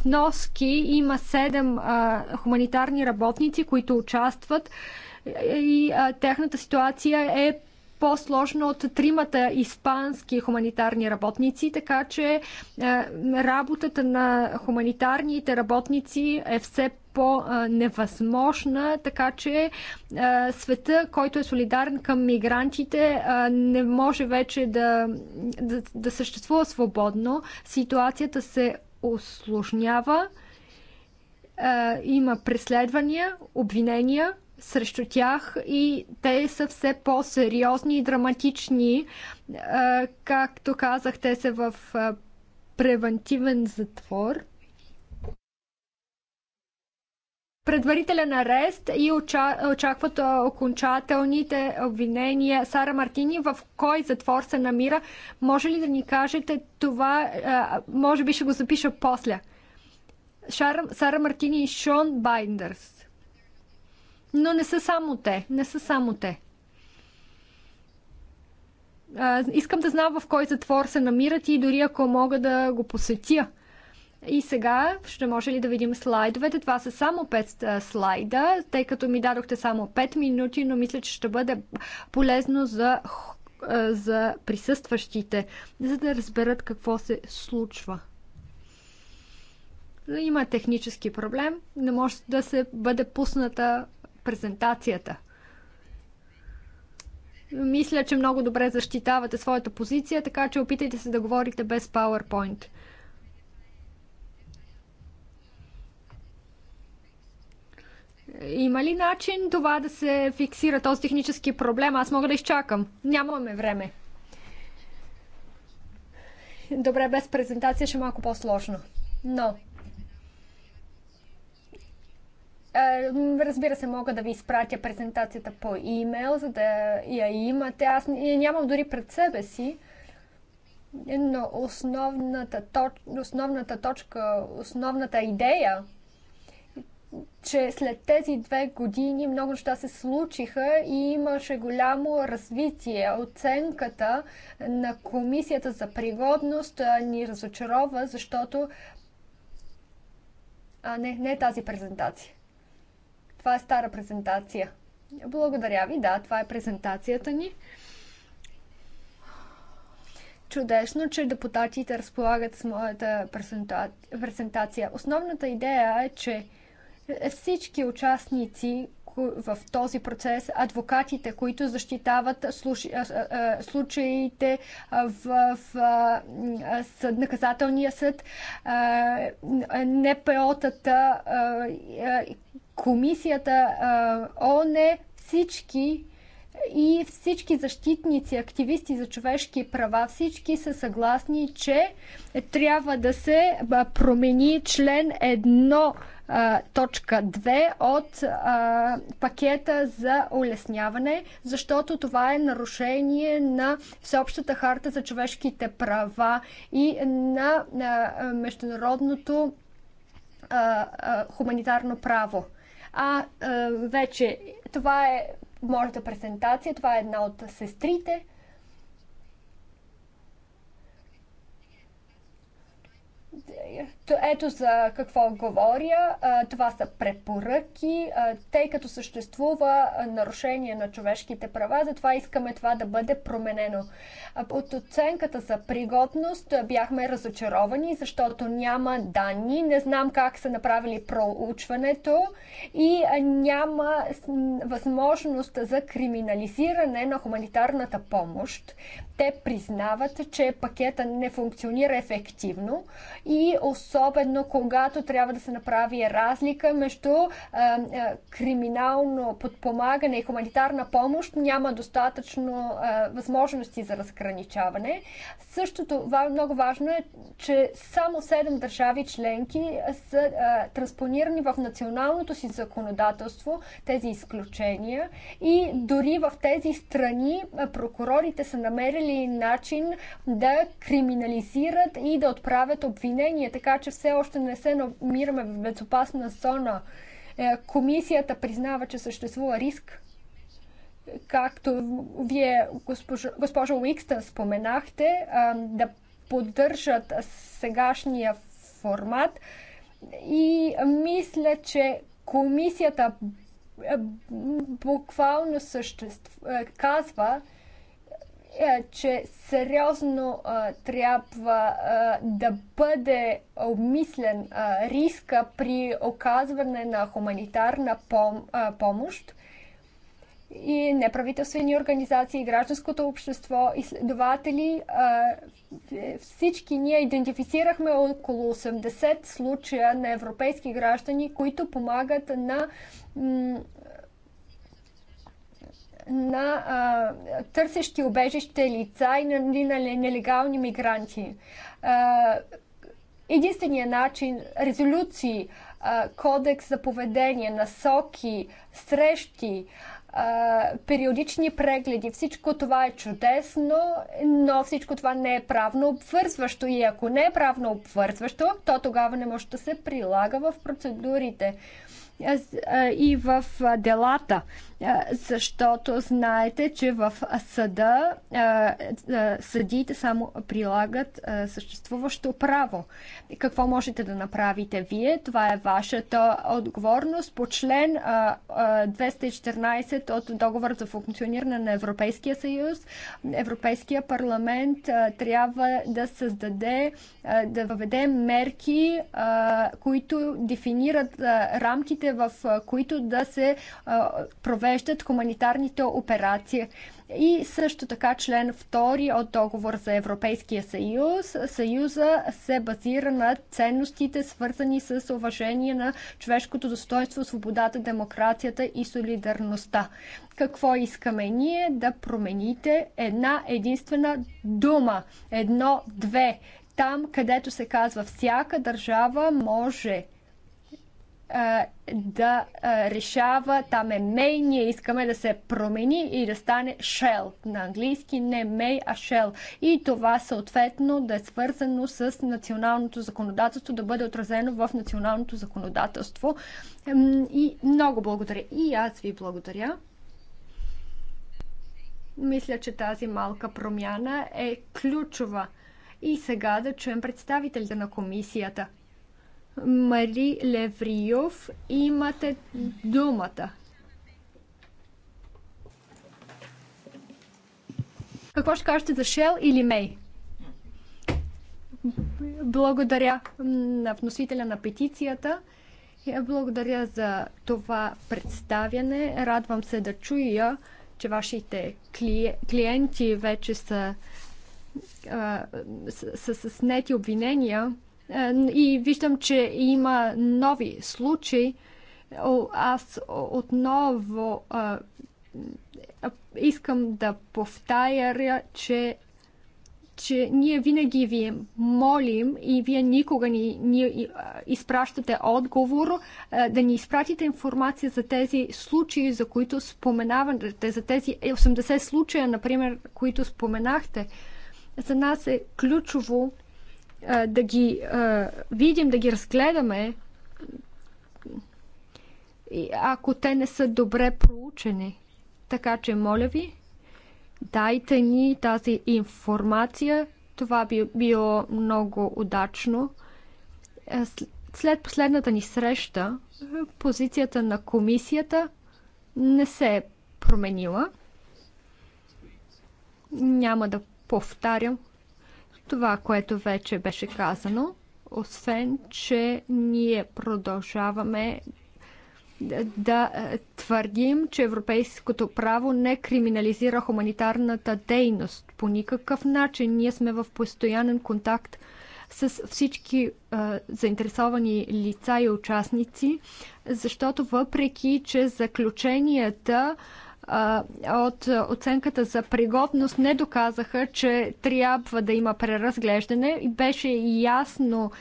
вноски. Има 7 хуманитарни работници, които участват и а, тяхната ситуация е по-сложно от тримата испански хуманитарни работници, така че е, работата на хуманитарните работници е все по-невъзможна, така че е, света, който е солидарен към мигрантите, е, не може вече да, да, да съществува свободно. Ситуацията се осложнява. Е, има преследвания, обвинения, срещу тях и те са все по-сериозни и драматични. Както казах, те са в превентивен затвор. Предварителен арест и очакват окончателните обвинения. Сара Мартини, в кой затвор се намира? Може ли да ни кажете това? Може би ще го запиша после. Шара, Сара Мартини и Шон Байдърс. Но не са само те. Не са само те. А, искам да знам в кой затвор се намират и дори ако мога да го посетя. И сега ще може ли да видим слайдовете? Това са само 5 слайда, тъй като ми дадохте само 5 минути, но мисля, че ще бъде полезно за, за присъстващите, за да разберат какво се случва. Има технически проблем, не може да се бъде пусната презентацията. Мисля, че много добре защитавате своята позиция, така че опитайте се да говорите без PowerPoint. Има ли начин това да се фиксира този технически проблем? Аз мога да изчакам. Нямаме време. Добре, без презентация ще е малко по-сложно. Но Разбира се, мога да ви изпратя презентацията по имейл, за да я имате. Аз я нямам дори пред себе си, но основната, точ... основната точка, основната идея, че след тези две години много неща се случиха и имаше голямо развитие. Оценката на комисията за пригодност ни разочарова, защото. А, не, не е тази презентация. Това е стара презентация. Благодаря ви. Да, това е презентацията ни. Чудесно, че депутатите разполагат с моята презентация. Основната идея е, че всички участници в този процес, адвокатите, които защитават случаите в наказателния съд, НПО-тата, комисията, ОНЕ, всички и всички защитници, активисти за човешки права, всички са съгласни, че трябва да се промени член 1.2 от пакета за улесняване, защото това е нарушение на Всеобщата харта за човешките права и на, международното хуманитарно право. А, е, вече това е моята презентация, това е една от сестрите. Ето за какво говоря. Това са препоръки, тъй като съществува нарушение на човешките права, затова искаме това да бъде променено. От оценката за пригодност бяхме разочаровани, защото няма данни, не знам как са направили проучването и няма възможност за криминализиране на хуманитарната помощ. Те признават, че пакета не функционира ефективно и особено особено когато трябва да се направи разлика между криминално подпомагане и хуманитарна помощ, няма достатъчно възможности за разграничаване. Същото много важно е, че само 7 държави членки са транспонирани в националното си законодателство тези изключения и дори в тези страни прокурорите са намерили начин да криминализират и да отправят обвинения, така че все още не се намираме в безопасна зона. Е, комисията признава, че съществува риск, както вие, госпожо, госпожо Уикстън, споменахте, да поддържат сегашния формат. И мисля, че комисията буквално съществ... Е, казва, е, че сериозно а, трябва а, да бъде обмислен а, риска при оказване на хуманитарна пом, а, помощ и неправителствени организации, гражданското общество, изследователи. А, всички ние идентифицирахме около 80 случая на европейски граждани, които помагат на на а, търсещи обежище лица и на, на нелегални мигранти. А, единственият начин резолюции, а, кодекс за поведение, насоки, срещи, периодични прегледи. Всичко това е чудесно, но всичко това не е правно обвързващо. И ако не е правно обвързващо, то тогава не може да се прилага в процедурите и в делата защото знаете, че в съда съдиите само прилагат съществуващо право. Какво можете да направите вие? Това е вашата отговорност по член 214 от договор за функциониране на Европейския съюз. Европейския парламент трябва да създаде, да въведе мерки, които дефинират рамките, в които да се проведат провеждат хуманитарните операции. И също така член 2 от договор за Европейския съюз. Съюза се базира на ценностите, свързани с уважение на човешкото достоинство, свободата, демокрацията и солидарността. Какво искаме ние? Да промените една единствена дума. Едно, две. Там, където се казва всяка държава може да решава, там е May, ние искаме да се промени и да стане Shell. На английски не May, а Shell. И това съответно да е свързано с националното законодателство, да бъде отразено в националното законодателство. И много благодаря. И аз ви благодаря. Мисля, че тази малка промяна е ключова. И сега да чуем представителите на комисията. Мари Левриов. Имате думата. Какво ще кажете за Шел или Мей? Благодаря на вносителя на петицията. Благодаря за това представяне. Радвам се да чуя, че вашите клиенти вече са с, с, снети обвинения е, и виждам, че има нови случаи. Аз отново а, искам да повтаря, че че ние винаги ви молим и вие никога ни, ни изпращате отговор, да ни изпратите информация за тези случаи, за които споменавате, за тези 80 случая, например, които споменахте. За нас е ключово да ги видим, да ги разгледаме, ако те не са добре проучени. Така че, моля ви, дайте ни тази информация. Това би било много удачно. Е, след последната ни среща, позицията на комисията не се е променила. Няма да повтарям това, което вече беше казано, освен, че ние продължаваме да е, твърдим, че европейското право не криминализира хуманитарната дейност. По никакъв начин ние сме в постоянен контакт с всички а, е, заинтересовани лица и участници, защото въпреки, че заключенията от оценката за пригодност не доказаха, че трябва да има преразглеждане и беше ясно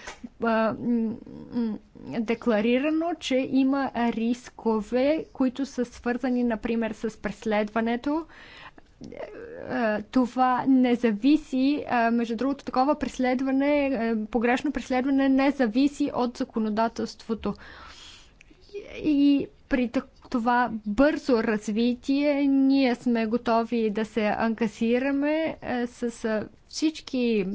декларирано, че има рискове, които са свързани, например, с преследването е, е, това не зависи, между другото, такова преследване, е, погрешно преследване не зависи от законодателството. И при такова това бързо развитие. Ние сме готови да се ангазираме е, с е, всички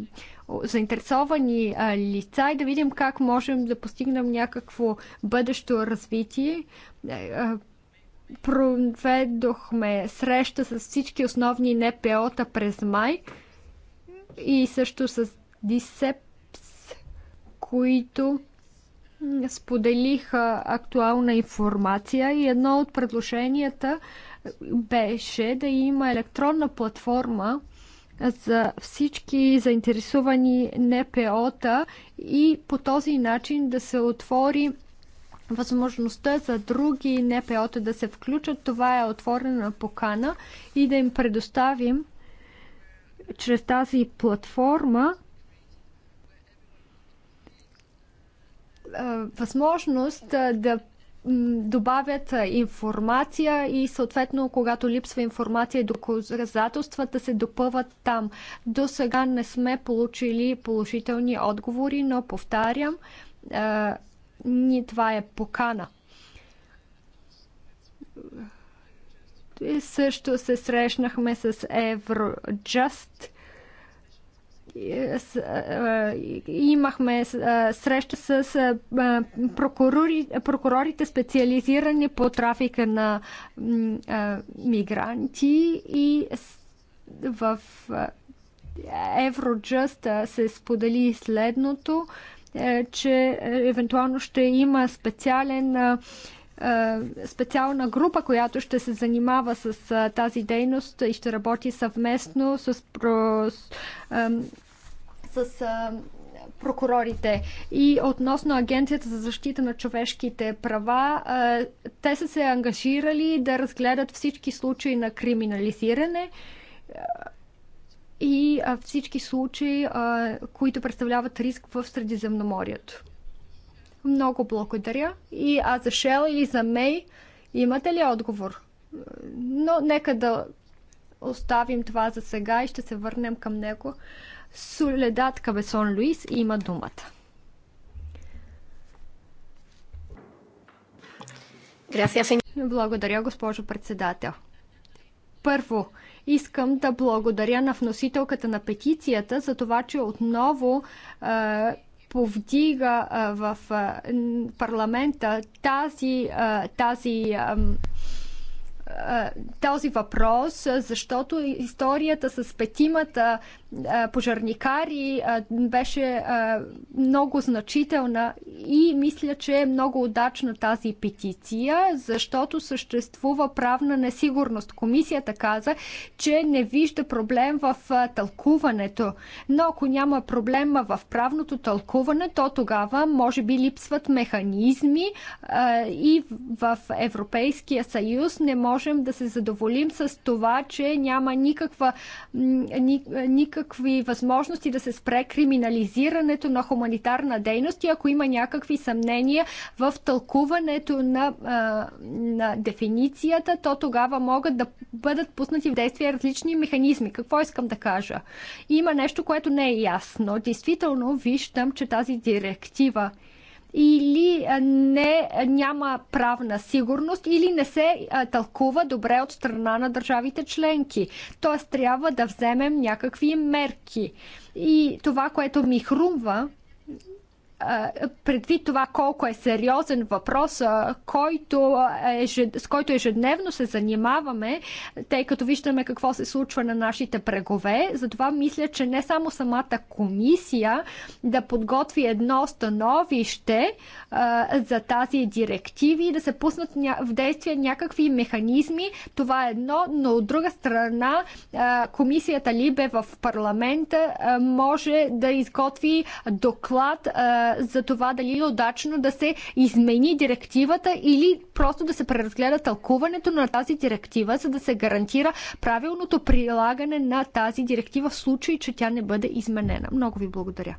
заинтересовани е, лица и да видим как можем да постигнем някакво бъдещо развитие. Проведохме среща с всички основни НПО-та през май и също с ДИСЕПС, които споделиха актуална информация и едно от предложенията беше да има електронна платформа за всички заинтересувани НПО-та и по този начин да се отвори възможността за други НПО-та да се включат. Това е отворена покана и да им предоставим чрез тази платформа възможност да добавят информация и съответно, когато липсва информация и доказателства, да се допъват там. До сега не сме получили положителни отговори, но повтарям, ни това е покана. И е, също се срещнахме с Евроджаст имахме среща с прокурори, прокурорите специализирани по трафика на мигранти и в Евроджъст се сподели следното, е, че е, евентуално ще има специален е, специална група, която ще се занимава с е, тази дейност и ще работи съвместно с, с е, прокурорите. И относно Агенцията за защита на човешките права, те са се ангажирали да разгледат всички случаи на криминализиране и всички случаи, които представляват риск в Средиземноморието. Много благодаря. И а за Шел или за Мей имате ли отговор? Но нека да оставим това за сега и ще се върнем към него. Соледат Кабесон Луис има думата. Благодаря, госпожо председател. Първо, искам да благодаря на вносителката на петицията за това, че отново е, повдига в парламента тази, тази този въпрос, защото историята с петимата пожарникари беше много значителна и мисля, че е много удачна тази петиция, защото съществува правна несигурност. Комисията каза, че не вижда проблем в тълкуването, но ако няма проблема в правното тълкуване, то тогава може би липсват механизми и в Европейския съюз не можем да се задоволим с това, че няма никаква никаква някакви възможности да се спре криминализирането на хуманитарна дейност и ако има някакви съмнения в тълкуването на, на дефиницията, то тогава могат да бъдат пуснати в действие различни механизми. Какво искам да кажа? Има нещо, което не е ясно. Действително виждам, че тази директива или не, няма правна сигурност, или не се тълкува добре от страна на държавите членки. Тоест трябва да вземем някакви мерки. И това, което ми хрумва, предвид това колко е сериозен въпрос, който е, с който ежедневно се занимаваме, тъй като виждаме какво се случва на нашите прегове. затова мисля, че не само самата комисия да подготви едно становище за тази директиви и да се пуснат в действие някакви механизми, това е едно, но от друга страна комисията Либе в парламента може да изготви доклад за това дали е удачно да се измени директивата или просто да се преразгледа тълкуването на тази директива, за да се гарантира правилното прилагане на тази директива в случай, че тя не бъде изменена. Много ви благодаря.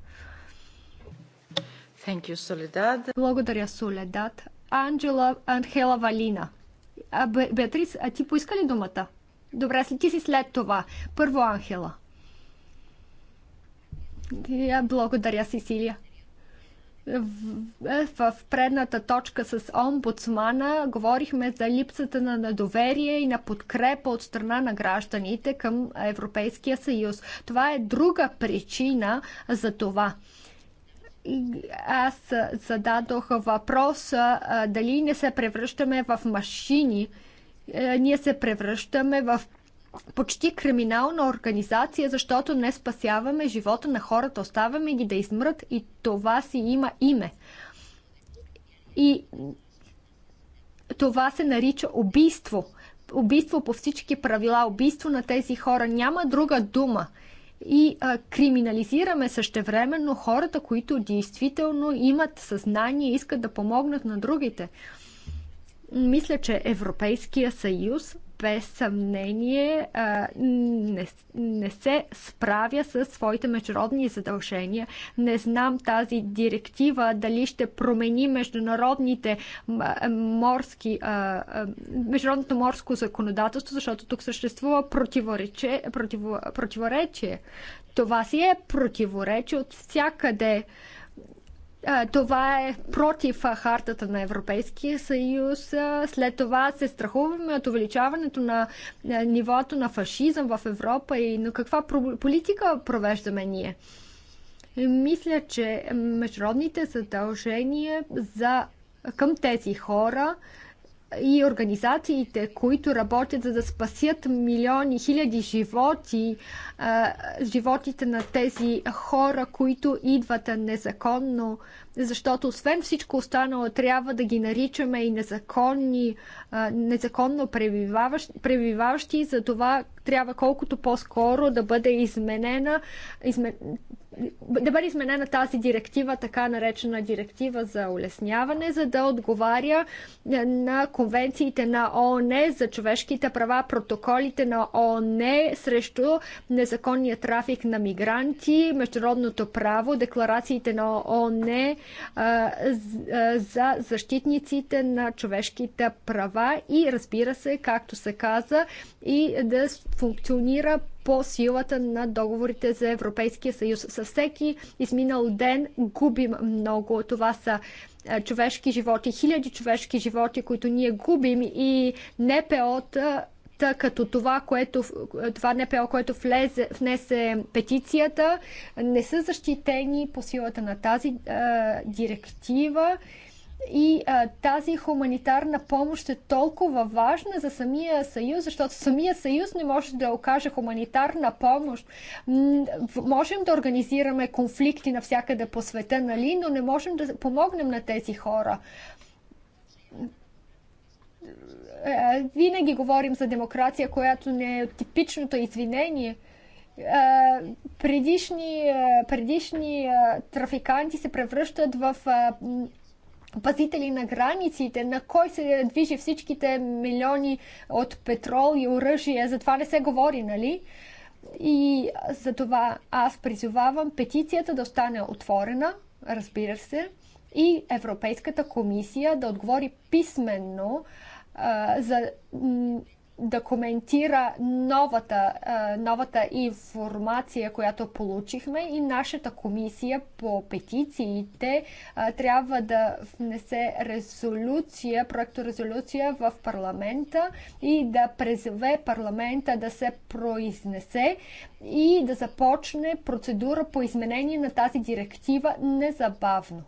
Thank you, Soledad. Благодаря, Соледат. Анджела Анхела Валина. А, Беатрис, а ти поиска ли думата? Добре, ти си след това. Първо Анхела. Благодаря, Сесилия. Е, в предната точка с омбудсмана говорихме за липсата на надоверие и на подкрепа от страна на гражданите към Европейския съюз. Това е друга причина за това аз зададох въпроса дали не се превръщаме в машини. Е, ние се превръщаме в почти криминална организация, защото не спасяваме живота на хората, оставяме ги да измрат и това си има име. И това се нарича убийство. Убийство по всички правила, убийство на тези хора. Няма друга дума. И а, криминализираме същевременно хората, които действително имат съзнание и искат да помогнат на другите. Мисля, че Европейския съюз без съмнение не, не се справя с своите международни задължения. Не знам тази директива дали ще промени международните морски, международното морско законодателство, защото тук съществува противоречие. противоречие. Това си е противоречие от всякъде това е против хартата на Европейския съюз. След това се страхуваме от увеличаването на нивото на фашизъм в Европа и на каква политика провеждаме ние. Мисля, че международните задължения за, към тези хора и организациите, които работят за да спасят милиони, хиляди животи, животите на тези хора, които идват незаконно защото освен всичко останало трябва да ги наричаме и незаконни, незаконно пребиваващи, пребиваващи за това трябва колкото по-скоро да бъде изменена, измен... да бъде изменена тази директива, така наречена директива за улесняване, за да отговаря на конвенциите на ООН за човешките права, протоколите на ООН срещу незаконния трафик на мигранти, международното право, декларациите на ООН за защитниците на човешките права и разбира се, както се каза, и да функционира по силата на договорите за Европейския съюз. Със всеки изминал ден губим много. Това са човешки животи, хиляди човешки животи, които ние губим и НПО-та като това, което, това НПО, което влезе, внесе петицията, не са защитени по силата на тази а, директива. И а, тази хуманитарна помощ е толкова важна за самия съюз, защото самия съюз не може да окаже хуманитарна помощ. М- можем да организираме конфликти навсякъде по света, нали, но не можем да помогнем на тези хора винаги говорим за демокрация, която не е типичното извинение. Предишни, предишни трафиканти се превръщат в пазители на границите, на кой се движи всичките милиони от петрол и оръжие, за това не се говори, нали? И за това аз призовавам петицията да остане отворена, разбира се, и Европейската комисия да отговори писменно за да коментира новата, новата информация, която получихме и нашата комисия по петициите трябва да внесе резолюция, проекторезолюция в парламента и да призове парламента да се произнесе и да започне процедура по изменение на тази директива незабавно.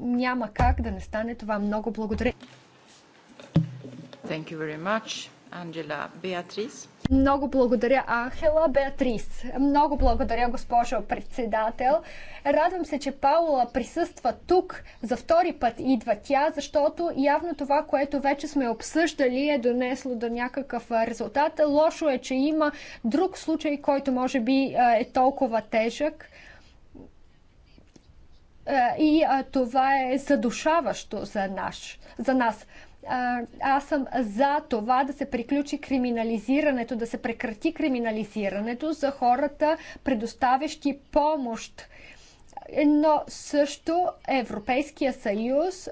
Няма как да не стане това. Много благодаря. Thank you very much, Angela. Beatrice? Много благодаря, Анхела Беатрис. Много благодаря, госпожо председател. Радвам се, че Паула присъства тук. За втори път идва тя, защото явно това, което вече сме обсъждали, е донесло до някакъв резултат. Лошо е, че има друг случай, който може би е, е толкова тежък. Е, и е, това е задушаващо за, наш, за нас аз съм за това да се приключи криминализирането, да се прекрати криминализирането за хората, предоставящи помощ. Но също Европейския съюз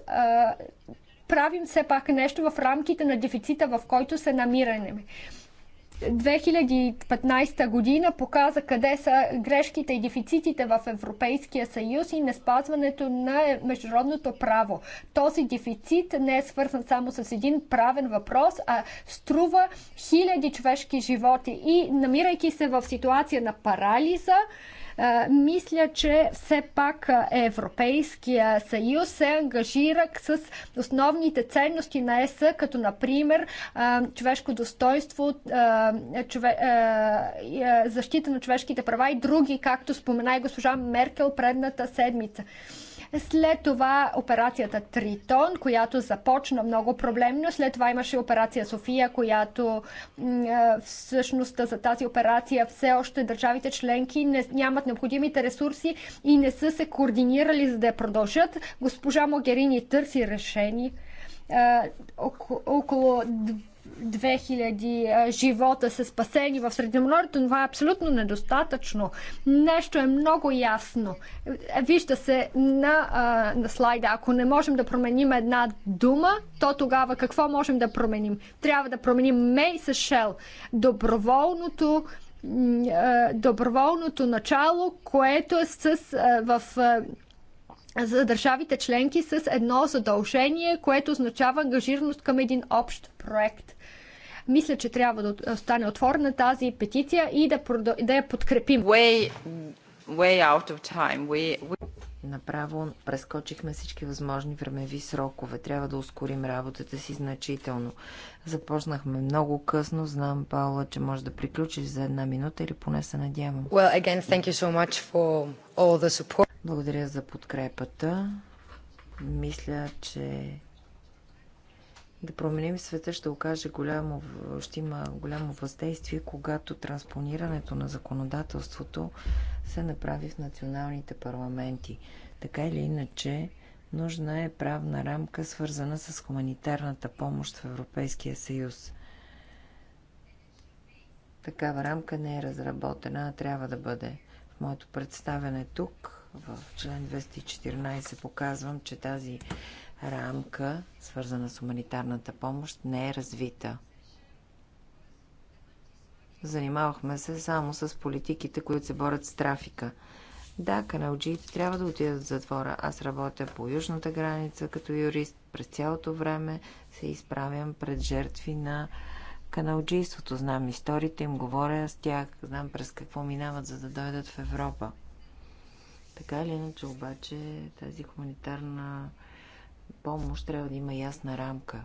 правим все пак нещо в рамките на дефицита, в който се намираме. 2015 година показа къде са грешките и дефицитите в Европейския съюз и неспазването на международното право. Този дефицит не е свързан само с един правен въпрос, а струва хиляди човешки животи. И намирайки се в ситуация на парализа, мисля, че все пак Европейския съюз се ангажира с основните ценности на ЕС, като например човешко достоинство, защита на човешките права и други, както спомена и госпожа Меркел предната седмица. След това операцията Тритон, която започна много проблемно. След това имаше операция София, която е, всъщност за тази операция все още държавите членки не, нямат необходимите ресурси и не са се координирали за да я продължат. Госпожа Могерини търси решение. Е, около 2000 живота са спасени в Средиземноморието, това е абсолютно недостатъчно. Нещо е много ясно. Вижда се на, а, на слайда. Ако не можем да променим една дума, то тогава какво можем да променим? Трябва да променим Мей Шел, Доброволното доброволното начало, което е с, в за държавите членки с едно задължение, което означава ангажираност към един общ проект. Мисля, че трябва да остане отворена тази петиция и да, продъл... да я подкрепим. Way, way out of time. We, we... Направо прескочихме всички възможни времеви срокове. Трябва да ускорим работата си значително. Започнахме много късно. Знам, Паула, че може да приключиш за една минута или поне се надявам. Well, again, thank you so much for all the support. Благодаря за подкрепата. Мисля, че да променим света ще окаже голямо, ще има голямо въздействие, когато транспонирането на законодателството се направи в националните парламенти. Така или иначе, нужна е правна рамка, свързана с хуманитарната помощ в Европейския съюз. Такава рамка не е разработена, а трябва да бъде. В моето представяне тук в член 214 показвам, че тази рамка, свързана с хуманитарната помощ, не е развита. Занимавахме се само с политиките, които се борят с трафика. Да, каналджиите трябва да отидат в затвора. Аз работя по южната граница като юрист. През цялото време се изправям пред жертви на каналджийството. Знам историите им, говоря с тях, знам през какво минават, за да дойдат в Европа. Така или иначе обаче тази хуманитарна помощ трябва да има ясна рамка.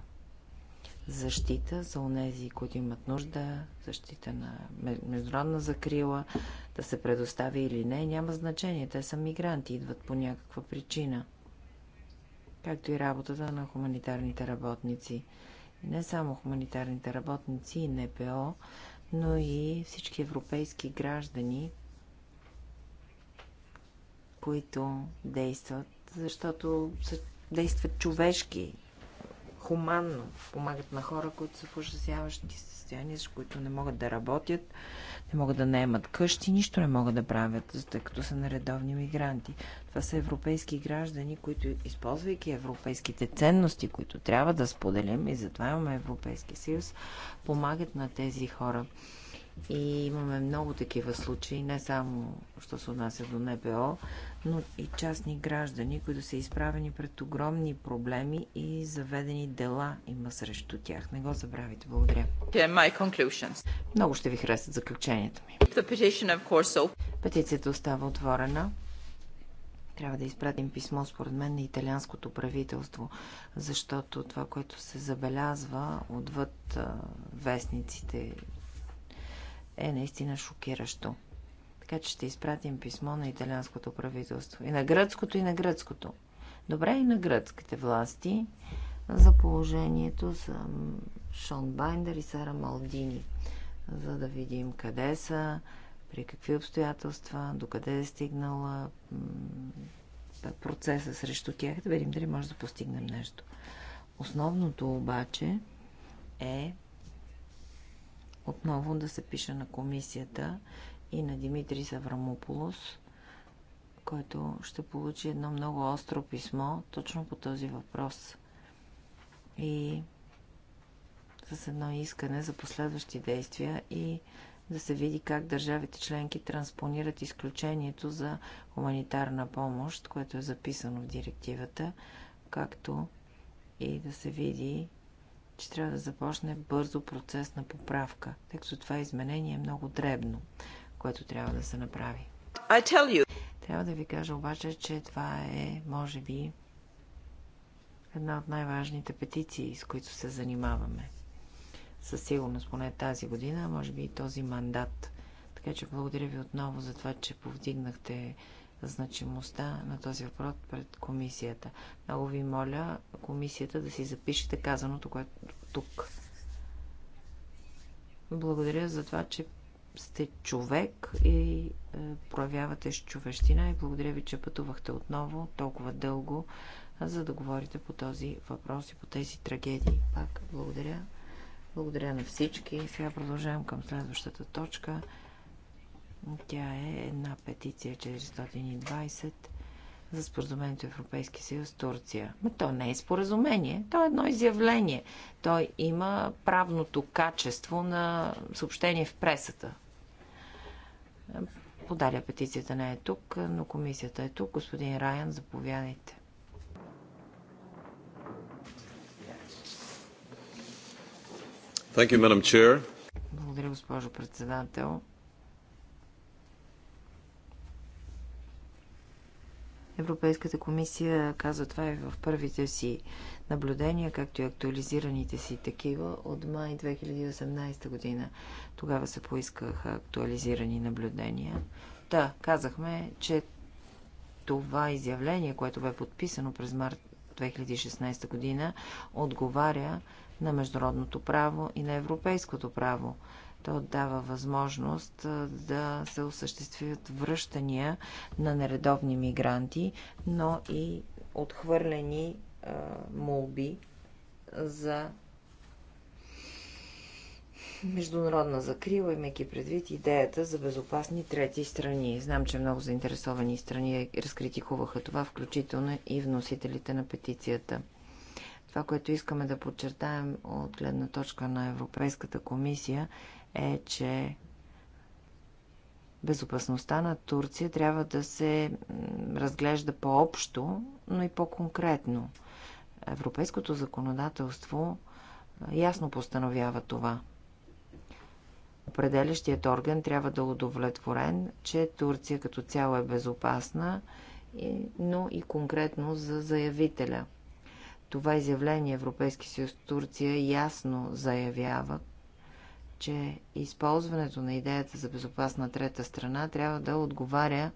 Защита за онези, които имат нужда, защита на международна закрила, да се предостави или не, няма значение. Те са мигранти, идват по някаква причина. Както и работата на хуманитарните работници. И не само хуманитарните работници и НПО, но и всички европейски граждани, които действат, защото действат човешки, хуманно, помагат на хора, които са в ужасяващи състояния, с които не могат да работят, не могат да наемат къщи, нищо не могат да правят, тъй като са наредовни мигранти. Това са европейски граждани, които, използвайки европейските ценности, които трябва да споделим, и затова имаме Европейски съюз, помагат на тези хора. И имаме много такива случаи, не само, що се отнася до НПО, но и частни граждани, които са изправени пред огромни проблеми и заведени дела има срещу тях. Не го забравяйте. Благодаря. Много ще ви харесат заключенията ми. Петицията остава отворена. Трябва да изпратим писмо, според мен, на италианското правителство, защото това, което се забелязва отвъд вестниците, е наистина шокиращо. Така че ще изпратим писмо на италианското правителство. И на гръцкото, и на гръцкото. Добре, и на гръцките власти за положението за Шон Байндер и Сара Малдини, за да видим къде са, при какви обстоятелства, докъде е стигнала процеса срещу тях, да видим дали може да постигнем нещо. Основното обаче е отново да се пише на комисията, и на Димитрис Аврамополос, който ще получи едно много остро писмо точно по този въпрос. И с едно искане за последващи действия и да се види как държавите членки транспонират изключението за хуманитарна помощ, което е записано в директивата, както и да се види, че трябва да започне бързо процес на поправка, тъй като това изменение е много дребно което трябва да се направи. I tell you. Трябва да ви кажа обаче, че това е, може би, една от най-важните петиции, с които се занимаваме. Със сигурност, поне тази година, може би и този мандат. Така че благодаря ви отново за това, че повдигнахте значимостта на този въпрос пред комисията. Много ви моля комисията да си запишете казаното, което тук. Благодаря за това, че сте човек и е, проявявате човещина и благодаря ви, че пътувахте отново толкова дълго, за да говорите по този въпрос и по тези трагедии. Пак благодаря. Благодаря на всички. Сега продължавам към следващата точка. Тя е една петиция 420 за споразумението Европейски съюз Турция. Но то не е споразумение, то е едно изявление. Той има правното качество на съобщение в пресата. Подаля петицията не е тук, но комисията е тук. Господин Райан, заповядайте. Благодаря, госпожо председател. Европейската комисия каза това и е в първите си наблюдения, както и актуализираните си такива от май 2018 година. Тогава се поискаха актуализирани наблюдения. Да, казахме, че това изявление, което бе подписано през март 2016 година, отговаря на международното право и на европейското право. То дава възможност да се осъществят връщания на нередовни мигранти, но и отхвърлени молби за международна закрила, имайки предвид идеята за безопасни трети страни. Знам, че много заинтересовани страни разкритикуваха това, включително и вносителите на петицията. Това, което искаме да подчертаем от гледна точка на Европейската комисия е, че безопасността на Турция трябва да се разглежда по-общо, но и по-конкретно. Европейското законодателство ясно постановява това. Определящият орган трябва да е удовлетворен, че Турция като цяло е безопасна, но и конкретно за заявителя. Това изявление Европейски съюз Турция ясно заявява че използването на идеята за безопасна трета страна трябва да отговаря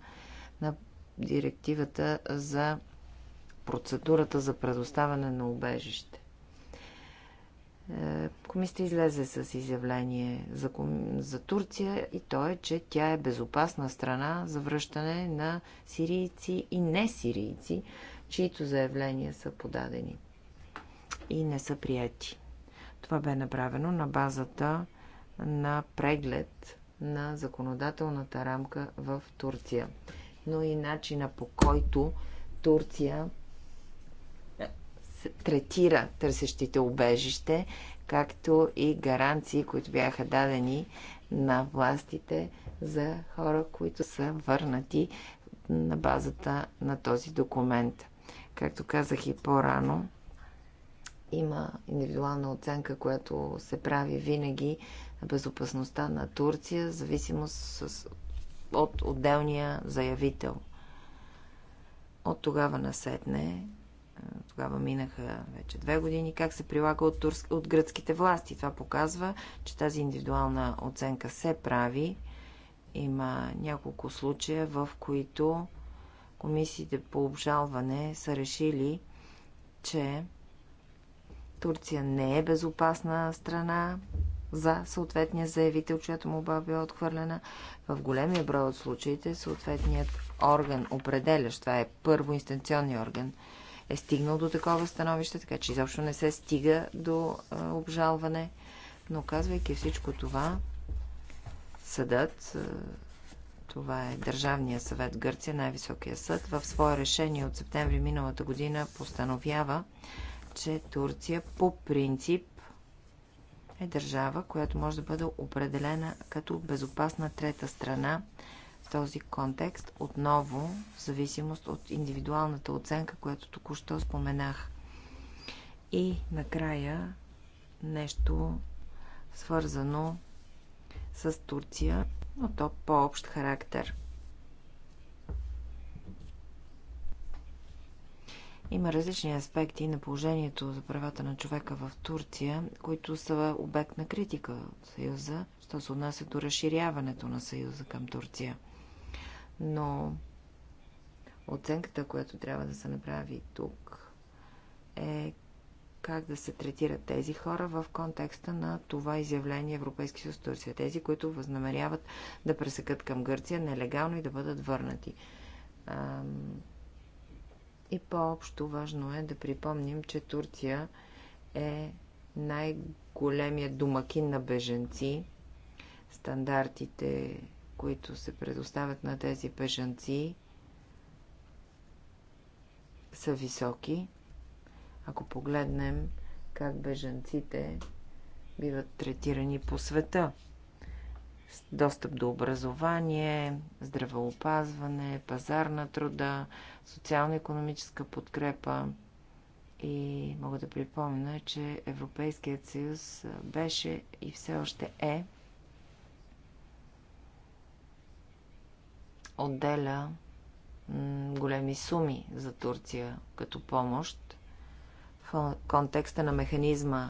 на директивата за процедурата за предоставяне на убежище. Е, комисията излезе с изявление за, за Турция и то е, че тя е безопасна страна за връщане на сирийци и не сирийци, чието заявления са подадени и не са прияти. Това бе направено на базата на преглед на законодателната рамка в Турция, но и начина по който Турция е, третира търсещите убежище, както и гаранции, които бяха дадени на властите за хора, които са върнати на базата на този документ. Както казах и по-рано, има индивидуална оценка, която се прави винаги безопасността на Турция, в зависимост с, от отделния заявител. От тогава насетне, е, тогава минаха вече две години, как се прилага от, турск, от гръцките власти. Това показва, че тази индивидуална оценка се прави. Има няколко случая, в които комисиите по обжалване са решили, че Турция не е безопасна страна за съответния заявител, чиято му била отхвърлена. В големия брой от случаите съответният орган, определящ, това е първоинстанционния орган, е стигнал до такова становище, така че изобщо не се стига до обжалване. Но казвайки всичко това, съдът, това е Държавния съвет Гърция, най-високия съд, в свое решение от септември миналата година постановява, че Турция по принцип е държава, която може да бъде определена като безопасна трета страна в този контекст, отново в зависимост от индивидуалната оценка, която току-що споменах. И накрая нещо свързано с Турция, но то по-общ характер – Има различни аспекти на положението за правата на човека в Турция, които са обект на критика от Съюза, що се отнася до разширяването на Съюза към Турция. Но оценката, която трябва да се направи тук, е как да се третират тези хора в контекста на това изявление Европейски съюз Турция. Тези, които възнамеряват да пресекат към Гърция нелегално и да бъдат върнати и по-общо важно е да припомним, че Турция е най-големия домакин на беженци. Стандартите, които се предоставят на тези беженци, са високи. Ако погледнем как беженците биват третирани по света достъп до образование, здравеопазване, пазар на труда, социално-економическа подкрепа. И мога да припомня, че Европейският съюз беше и все още е отделя големи суми за Турция като помощ в контекста на механизма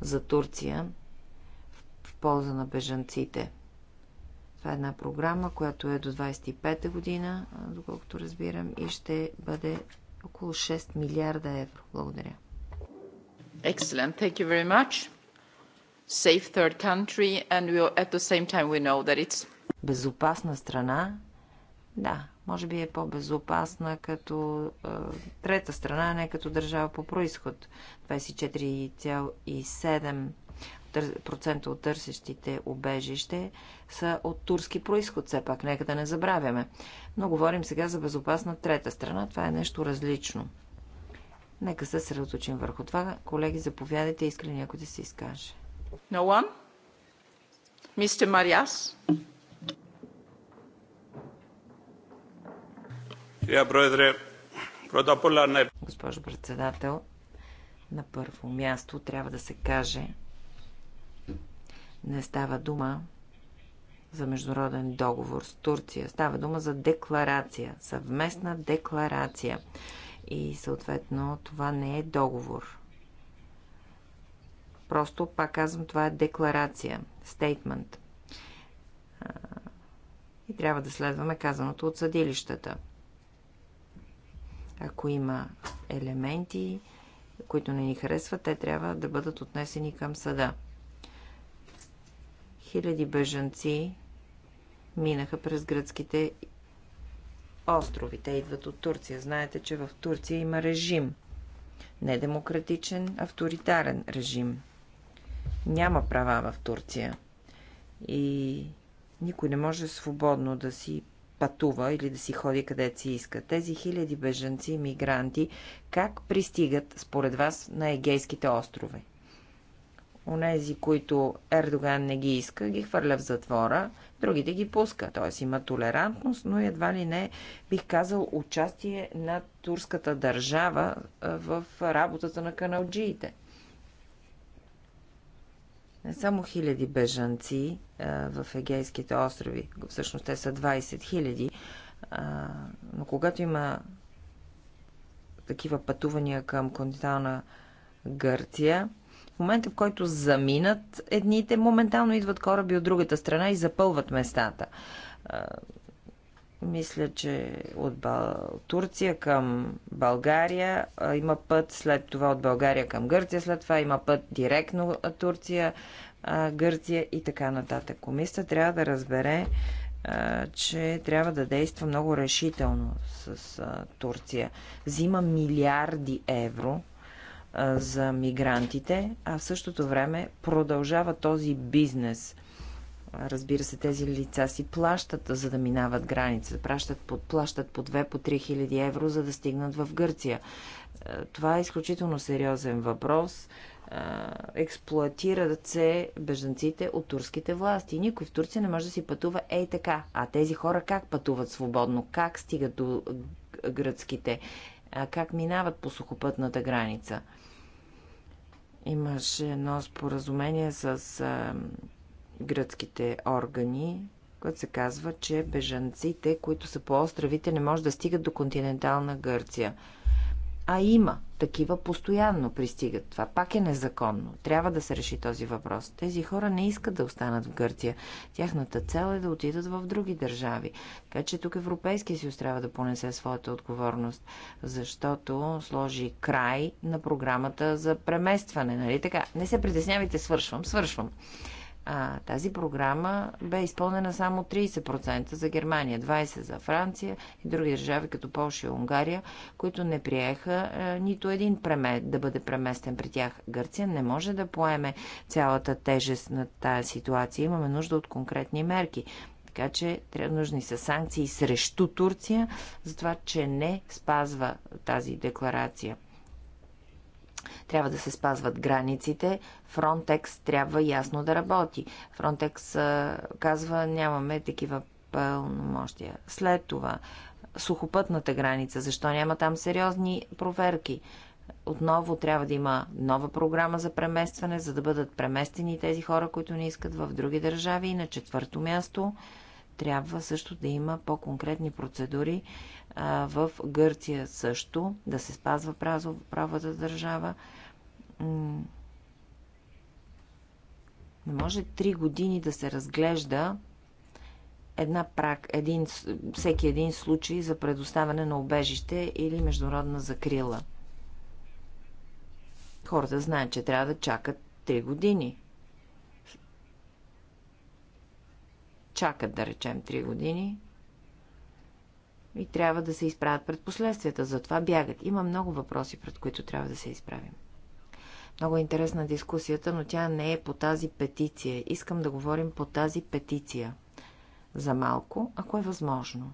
за Турция в полза на бежанците. Това е една програма, която е до 25-та година, доколкото разбирам, и ще бъде около 6 милиарда евро. Благодаря. Excellent. Thank you very much. Safe third country and we, at the same time we know that it's... Безопасна страна. Да, може би е по-безопасна като е, трета страна, не като държава по происход процента от търсещите обежище са от турски происход. Все пак, нека да не забравяме. Но говорим сега за безопасна трета страна. Това е нещо различно. Нека се средоточим върху това. Колеги, заповядайте, искрено някой да се изкаже. No one? Mr. Marias? Госпожо председател, на първо място трябва да се каже, не става дума за международен договор с Турция. Става дума за декларация, съвместна декларация. И съответно това не е договор. Просто, пак казвам, това е декларация, стейтмент. И трябва да следваме казаното от съдилищата. Ако има елементи, които не ни харесват, те трябва да бъдат отнесени към съда. Хиляди бежанци минаха през гръцките острови. Те идват от Турция. Знаете, че в Турция има режим. Недемократичен, авторитарен режим. Няма права в Турция. И никой не може свободно да си пътува или да си ходи където си иска. Тези хиляди бежанци, мигранти, как пристигат, според вас, на егейските острови? Онези, които Ердоган не ги иска, ги хвърля в затвора, другите ги пуска. Т.е. има толерантност, но едва ли не бих казал участие на турската държава в работата на каналджиите. Не само хиляди бежанци в Егейските острови, всъщност те са 20 хиляди, но когато има такива пътувания към континентална Гърция, момента, в който заминат едните, моментално идват кораби от другата страна и запълват местата. Мисля, че от Турция към България има път, след това от България към Гърция, след това има път директно от Турция, Гърция и така нататък. Комисията трябва да разбере, че трябва да действа много решително с Турция. Взима милиарди евро за мигрантите, а в същото време продължава този бизнес. Разбира се, тези лица си плащат, за да минават граница. Плащат по, плащат по 2-3 по хиляди евро, за да стигнат в Гърция. Това е изключително сериозен въпрос. Експлоатират се бежанците от турските власти. Никой в Турция не може да си пътува ей така. А тези хора как пътуват свободно? Как стигат до гръцките? Как минават по сухопътната граница? Имаше едно споразумение с а, гръцките органи, което се казва, че бежанците, които са по островите, не може да стигат до континентална Гърция а има. Такива постоянно пристигат. Това пак е незаконно. Трябва да се реши този въпрос. Тези хора не искат да останат в Гърция. Тяхната цел е да отидат в други държави. Така че тук Европейския съюз трябва да понесе своята отговорност, защото сложи край на програмата за преместване. Нали така? Не се притеснявайте, свършвам, свършвам. А, тази програма бе изпълнена само 30% за Германия, 20% за Франция и други държави, като Польша и Унгария, които не приеха а, нито един премет да бъде преместен при тях. Гърция не може да поеме цялата тежест на тази ситуация. Имаме нужда от конкретни мерки. Така че трябва нужни са санкции срещу Турция за това, че не спазва тази декларация. Трябва да се спазват границите. Фронтекс трябва ясно да работи. Фронтекс казва, нямаме такива пълномощия. След това, сухопътната граница. Защо няма там сериозни проверки? Отново трябва да има нова програма за преместване, за да бъдат преместени тези хора, които не искат в други държави. И на четвърто място трябва също да има по-конкретни процедури в Гърция също, да се спазва правата държава. Не може три години да се разглежда една прак, един, всеки един случай за предоставяне на обежище или международна закрила. Хората знаят, че трябва да чакат 3 години. Чакат, да речем, 3 години, и трябва да се изправят пред последствията. Затова бягат. Има много въпроси, пред които трябва да се изправим. Много е интересна дискусията, но тя не е по тази петиция. Искам да говорим по тази петиция. За малко, ако е възможно.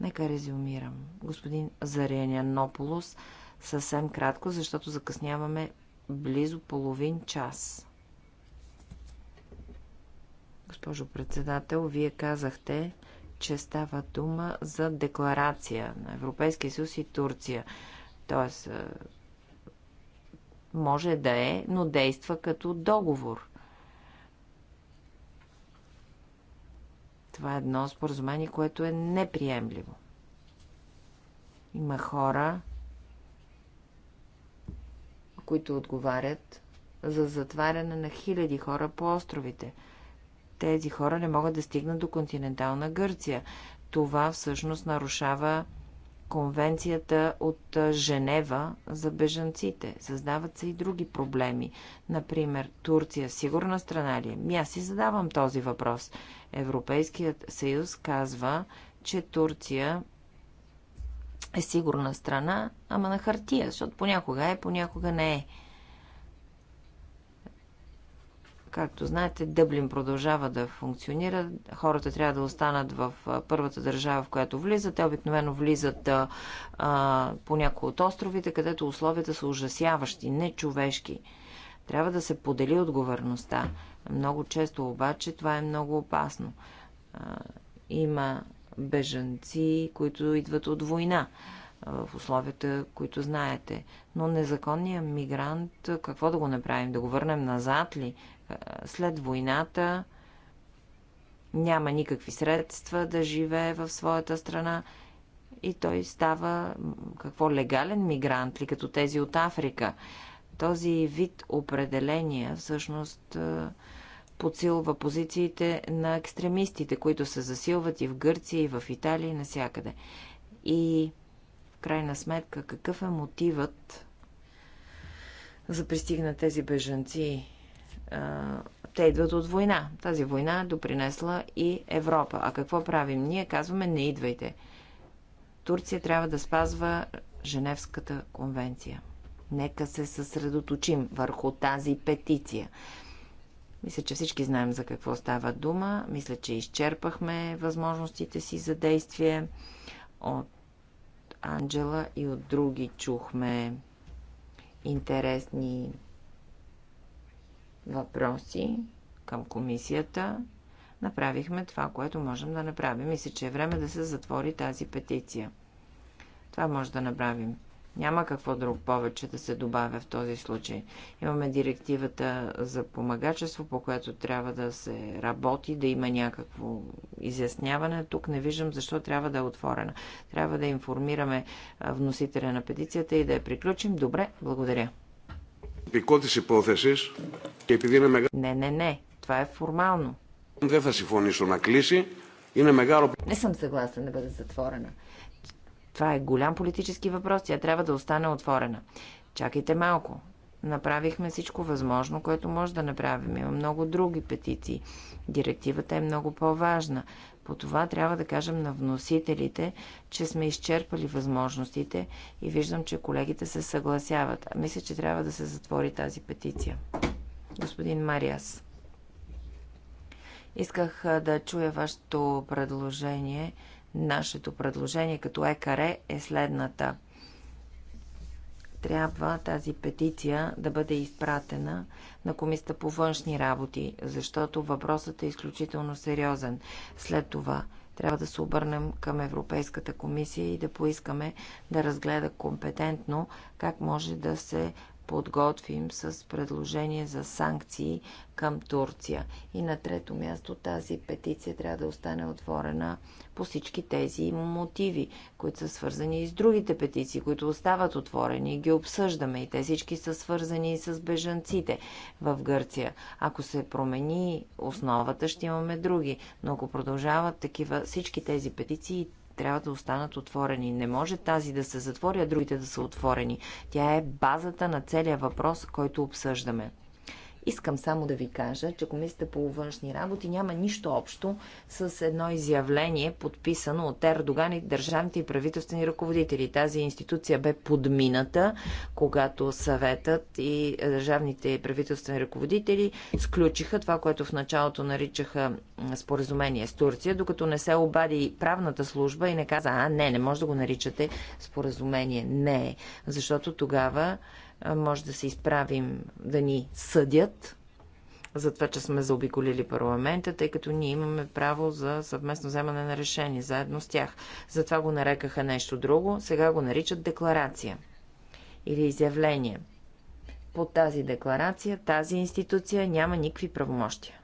Нека резюмирам. Господин Заренянополос, съвсем кратко, защото закъсняваме близо половин час. Госпожо председател, вие казахте, че става дума за декларация на Европейския съюз и Турция. Тоест, може да е, но действа като договор. Това е едно споразумение, което е неприемливо. Има хора, които отговарят за затваряне на хиляди хора по островите – тези хора не могат да стигнат до континентална Гърция. Това всъщност нарушава конвенцията от Женева за бежанците. Създават се и други проблеми. Например, Турция сигурна страна ли е? Ми Аз си задавам този въпрос. Европейският съюз казва, че Турция е сигурна страна, ама на хартия, защото понякога е, понякога не е. Както знаете, Дъблин продължава да функционира. Хората трябва да останат в първата държава, в която влизат. Те обикновено влизат а, по някои от островите, където условията са ужасяващи, нечовешки. Трябва да се подели отговорността. Много често обаче това е много опасно. А, има бежанци, които идват от война в условията, които знаете. Но незаконният мигрант, какво да го направим? Да го върнем назад ли? Е, след войната няма никакви средства да живее в своята страна и той става какво легален мигрант ли, като тези от Африка. Този вид определения всъщност е, подсилва позициите на екстремистите, които се засилват и в Гърция, и в Италия, и насякъде. И в крайна сметка, какъв е мотивът за пристигна тези бежанци те идват от война. Тази война допринесла и Европа. А какво правим? Ние казваме не идвайте. Турция трябва да спазва Женевската конвенция. Нека се съсредоточим върху тази петиция. Мисля, че всички знаем за какво става дума. Мисля, че изчерпахме възможностите си за действие. От Анджела и от други чухме интересни въпроси към комисията, направихме това, което можем да направим. Мисля, че е време да се затвори тази петиция. Това може да направим. Няма какво друг повече да се добавя в този случай. Имаме директивата за помагачество, по което трябва да се работи, да има някакво изясняване. Тук не виждам защо трябва да е отворена. Трябва да информираме вносителя на петицията и да я приключим. Добре, благодаря δικό της υπόθεσης και επειδή είναι μεγάλο... Ναι, ναι, ναι. Това е формално. Δεν θα συμφωνήσω να κλείσει. Είναι μεγάλο... Не съм съгласна да бъде затворена. Това е голям политически въпрос. Тя трябва да остане отворена. Чакайте малко. Направихме всичко възможно, което може да направим. Има много други петиции. Директивата е много по-важна. По това трябва да кажем на вносителите, че сме изчерпали възможностите и виждам, че колегите се съгласяват. А мисля, че трябва да се затвори тази петиция. Господин Мариас. Исках да чуя вашето предложение. Нашето предложение като екаре е следната – трябва тази петиция да бъде изпратена на Комисията по външни работи, защото въпросът е изключително сериозен. След това трябва да се обърнем към Европейската комисия и да поискаме да разгледа компетентно как може да се подготвим с предложение за санкции към Турция. И на трето място тази петиция трябва да остане отворена по всички тези мотиви, които са свързани и с другите петиции, които остават отворени и ги обсъждаме. И те всички са свързани и с бежанците в Гърция. Ако се промени основата, ще имаме други. Но ако продължават такива всички тези петиции, трябва да останат отворени. Не може тази да се затвори, а другите да са отворени. Тя е базата на целия въпрос, който обсъждаме. Искам само да ви кажа, че Комисията по външни работи няма нищо общо с едно изявление, подписано от Ердоган и държавните и правителствени ръководители. Тази институция бе подмината, когато съветът и държавните и правителствени ръководители сключиха това, което в началото наричаха споразумение с Турция, докато не се обади правната служба и не каза, а не, не може да го наричате споразумение. Не, защото тогава може да се изправим да ни съдят за това, че сме заобиколили парламента, тъй като ние имаме право за съвместно вземане на решение, заедно с тях. Затова го нарекаха нещо друго, сега го наричат декларация или изявление. По тази декларация тази институция няма никакви правомощия.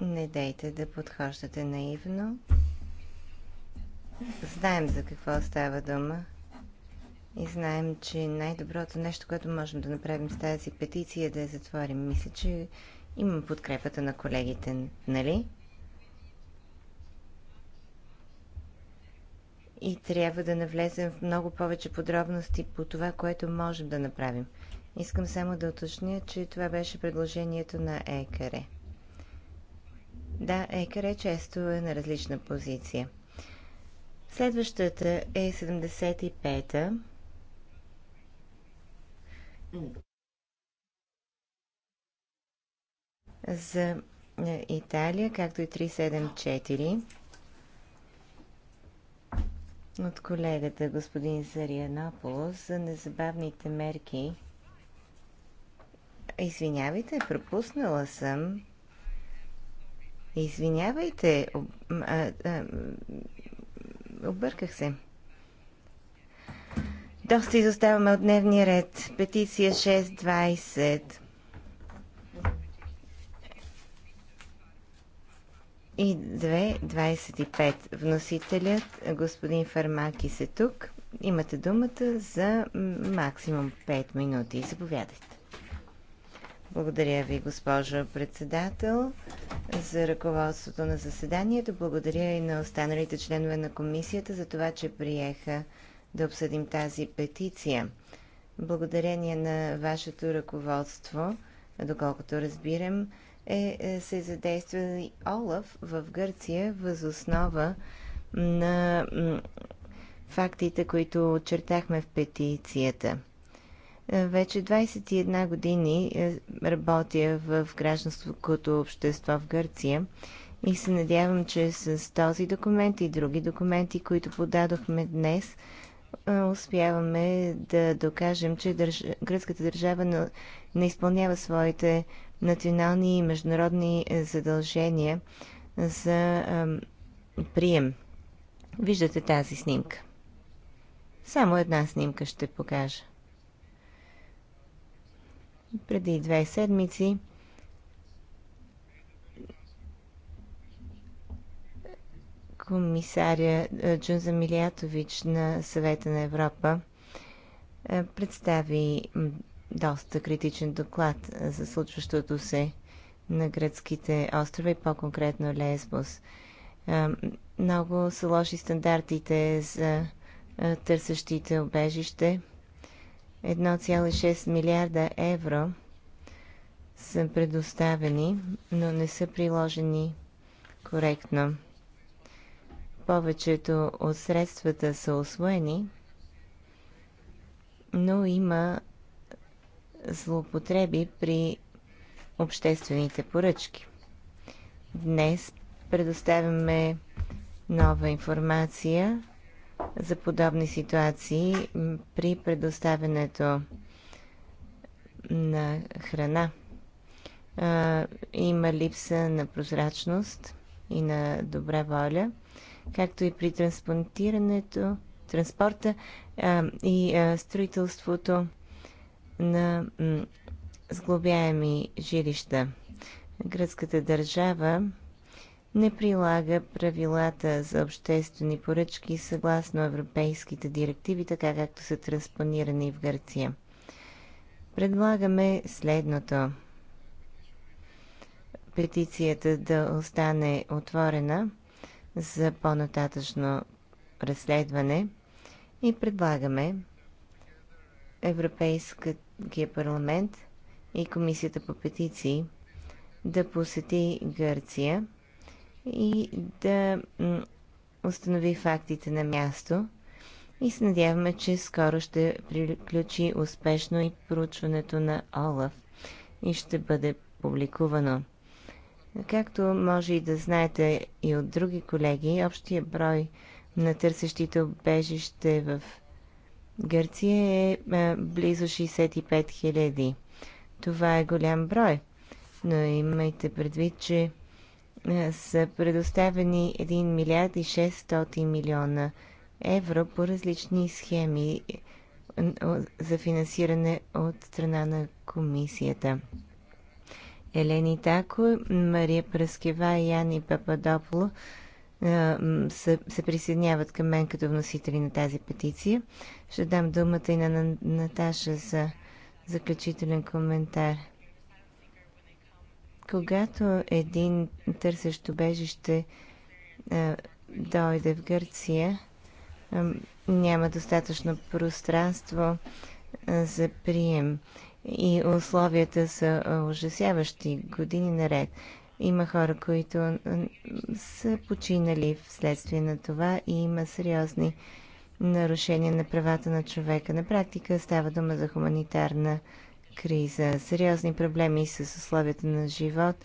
Не дайте да подхождате наивно знаем за какво става дума и знаем, че най-доброто нещо, което можем да направим с тази петиция е да я затворим. Мисля, че имам подкрепата на колегите, нали? И трябва да навлезем в много повече подробности по това, което можем да направим. Искам само да уточня, че това беше предложението на ЕКР. Да, ЕКР често е на различна позиция – Следващата е 75-та. За е, Италия, както и 374 от колегата господин Сарианополос за незабавните мерки. Извинявайте, пропуснала съм. Извинявайте, обърках се. Доста изоставаме от дневния ред. Петиция 620. И 2.25. Вносителят, господин Фармакис е тук. Имате думата за максимум 5 минути. Заповядайте. Благодаря ви, госпожа председател, за ръководството на заседанието. Благодаря и на останалите членове на комисията за това, че приеха да обсъдим тази петиция. Благодарение на вашето ръководство, доколкото разбирам, е, е се задейства и Олаф в Гърция възоснова на фактите, които очертахме в петицията – е, вече 21 години е, работя в гражданското общество в Гърция и се надявам, че с този документ и други документи, които подадохме днес, е, успяваме да докажем, че държ... гръцката държава не... изпълнява своите национални и международни задължения за прием. Виждате тази снимка. Само една снимка ще покажа преди две седмици комисаря е, Джунза Милиатович на съвета на Европа е, представи доста критичен доклад за случващото се на гръцките острови, по-конкретно Лесбос. Е, много са лоши стандартите за търсещите обежище. 1,6 милиарда евро са предоставени, но не са приложени коректно. Повечето от средствата са освоени, но има злоупотреби при обществените поръчки. Днес предоставяме нова информация за подобни ситуации при предоставянето на храна. Има липса на прозрачност и на добра воля, както и при трансплантирането, транспорта и строителството на сглобяеми жилища. Гръцката държава не прилага правилата за обществени поръчки съгласно европейските директиви, така както са транспонирани в Гърция. Предлагаме следното. Петицията да остане отворена за по-нататъчно разследване и предлагаме Европейския парламент и Комисията по петиции да посети Гърция и да установи фактите на място. И се надяваме, че скоро ще приключи успешно и проучването на Олаф и ще бъде публикувано. Както може и да знаете и от други колеги, общия брой на търсещите обежище в Гърция е, е близо 65 000. Това е голям брой, но имайте предвид, че е, са предоставени 1 милиард и 600 милиона евро по различни схеми е, за финансиране от страна на комисията. Елени Тако, Мария Пръскева и Яни Пападополо се, се присъединяват към мен като вносители на тази петиция. Ще дам думата и на Наташа за заключителен коментар. Когато един търсещ убежище дойде в Гърция, няма достатъчно пространство за прием. И условията са ужасяващи години наред. Има хора, които са починали вследствие на това и има сериозни нарушения на правата на човека. На практика става дума за хуманитарна криза, сериозни проблеми с условията на живот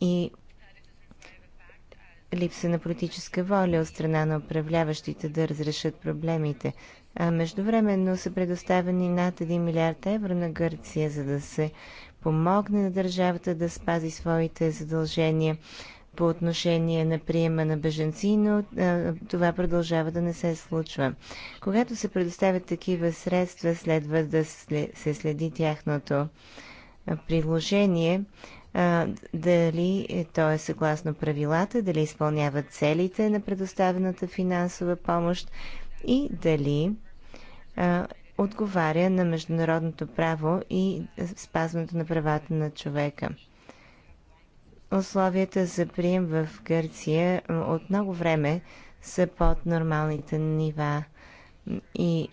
и липса на политическа воля от страна на управляващите да разрешат проблемите. А междувременно са предоставени над 1 милиард евро на Гърция, за да се помогне на държавата да спази своите задължения по отношение на приема на беженци, но това продължава да не се случва. Когато се предоставят такива средства, следва да се следи тяхното приложение, дали е, то е съгласно правилата, дали изпълняват целите на предоставената финансова помощ и дали отговаря на международното право и спазването на правата на човека условията за прием в Гърция от много време са под нормалните нива. И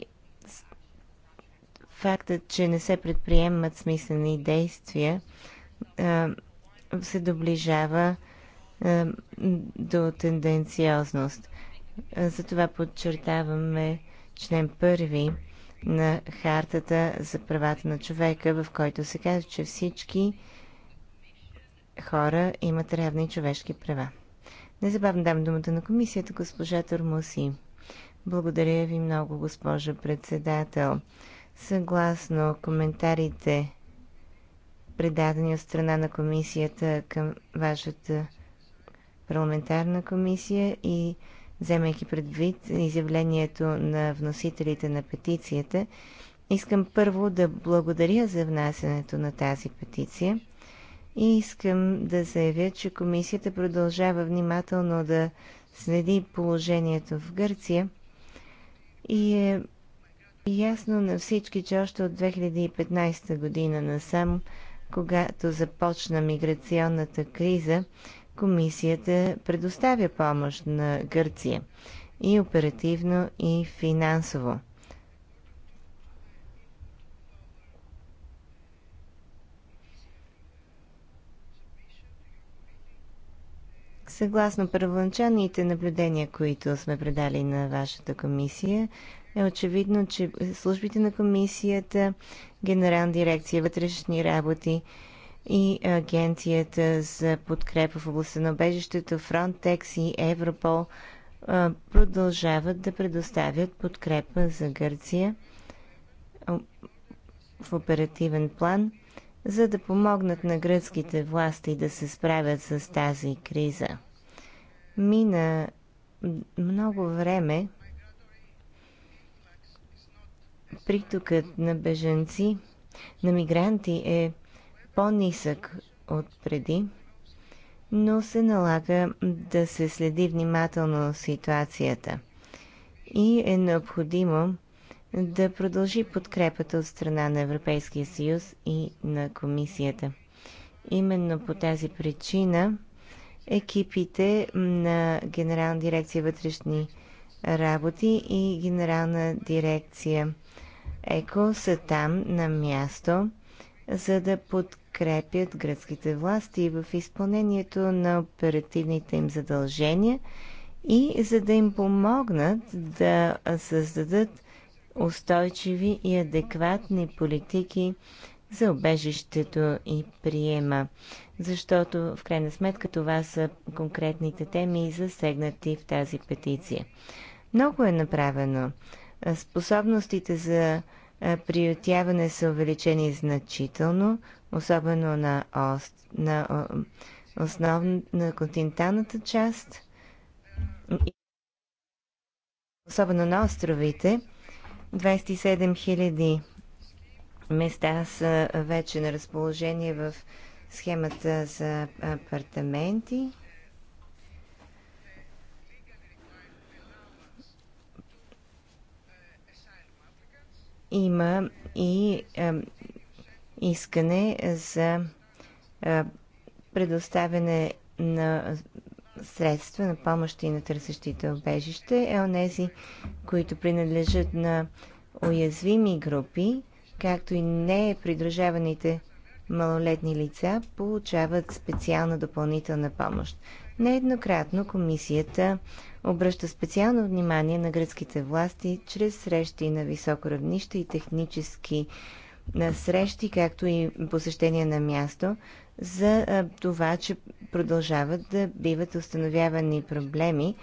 фактът, че не се предприемат смислени действия, се доближава до тенденциозност. Затова подчертаваме член първи на Хартата за правата на човека, в който се казва, че всички хора имат равни човешки права. Незабавно дам думата на комисията госпожа Тормуси. Благодаря ви много, госпожа председател. Съгласно коментарите, предадени от страна на комисията към вашата парламентарна комисия и вземайки предвид изявлението на вносителите на петицията, искам първо да благодаря за внасянето на тази петиция. И искам да заявя, че комисията продължава внимателно да следи положението в Гърция и е ясно на всички, че още от 2015 година насам, когато започна миграционната криза, комисията предоставя помощ на Гърция и оперативно, и финансово. Съгласно първоначалните наблюдения, които сме предали на вашата комисия, е очевидно, че службите на комисията, Генерална дирекция вътрешни работи и Агенцията за подкрепа в областта на обежището, Frontex и Европол продължават да предоставят подкрепа за Гърция в оперативен план, за да помогнат на гръцките власти да се справят с тази криза мина много време, притокът на беженци, на мигранти е по-нисък от преди, но се налага да се следи внимателно ситуацията и е необходимо да продължи подкрепата от страна на Европейския съюз и на комисията. Именно по тази причина екипите на Генерална дирекция вътрешни работи и Генерална дирекция ЕКО са там на място, за да подкрепят гръцките власти в изпълнението на оперативните им задължения и за да им помогнат да създадат устойчиви и адекватни политики за обежището и приема защото в крайна сметка това са конкретните теми, засегнати в тази петиция. Много е направено. Способностите за приютяване са увеличени значително, особено на, ост, на, основ, на континенталната част, особено на островите. 27 000 места са вече на разположение в схемата за апартаменти. Има и а, искане за а, предоставяне на средства на помощи на търсещите обежище е онези, които принадлежат на уязвими групи, както и не придружаваните малолетни лица получават специална допълнителна помощ. Нееднократно комисията обръща специално внимание на гръцките власти чрез срещи на високо равнище и технически на срещи, както и посещения на място, за това, че продължават да биват установявани проблеми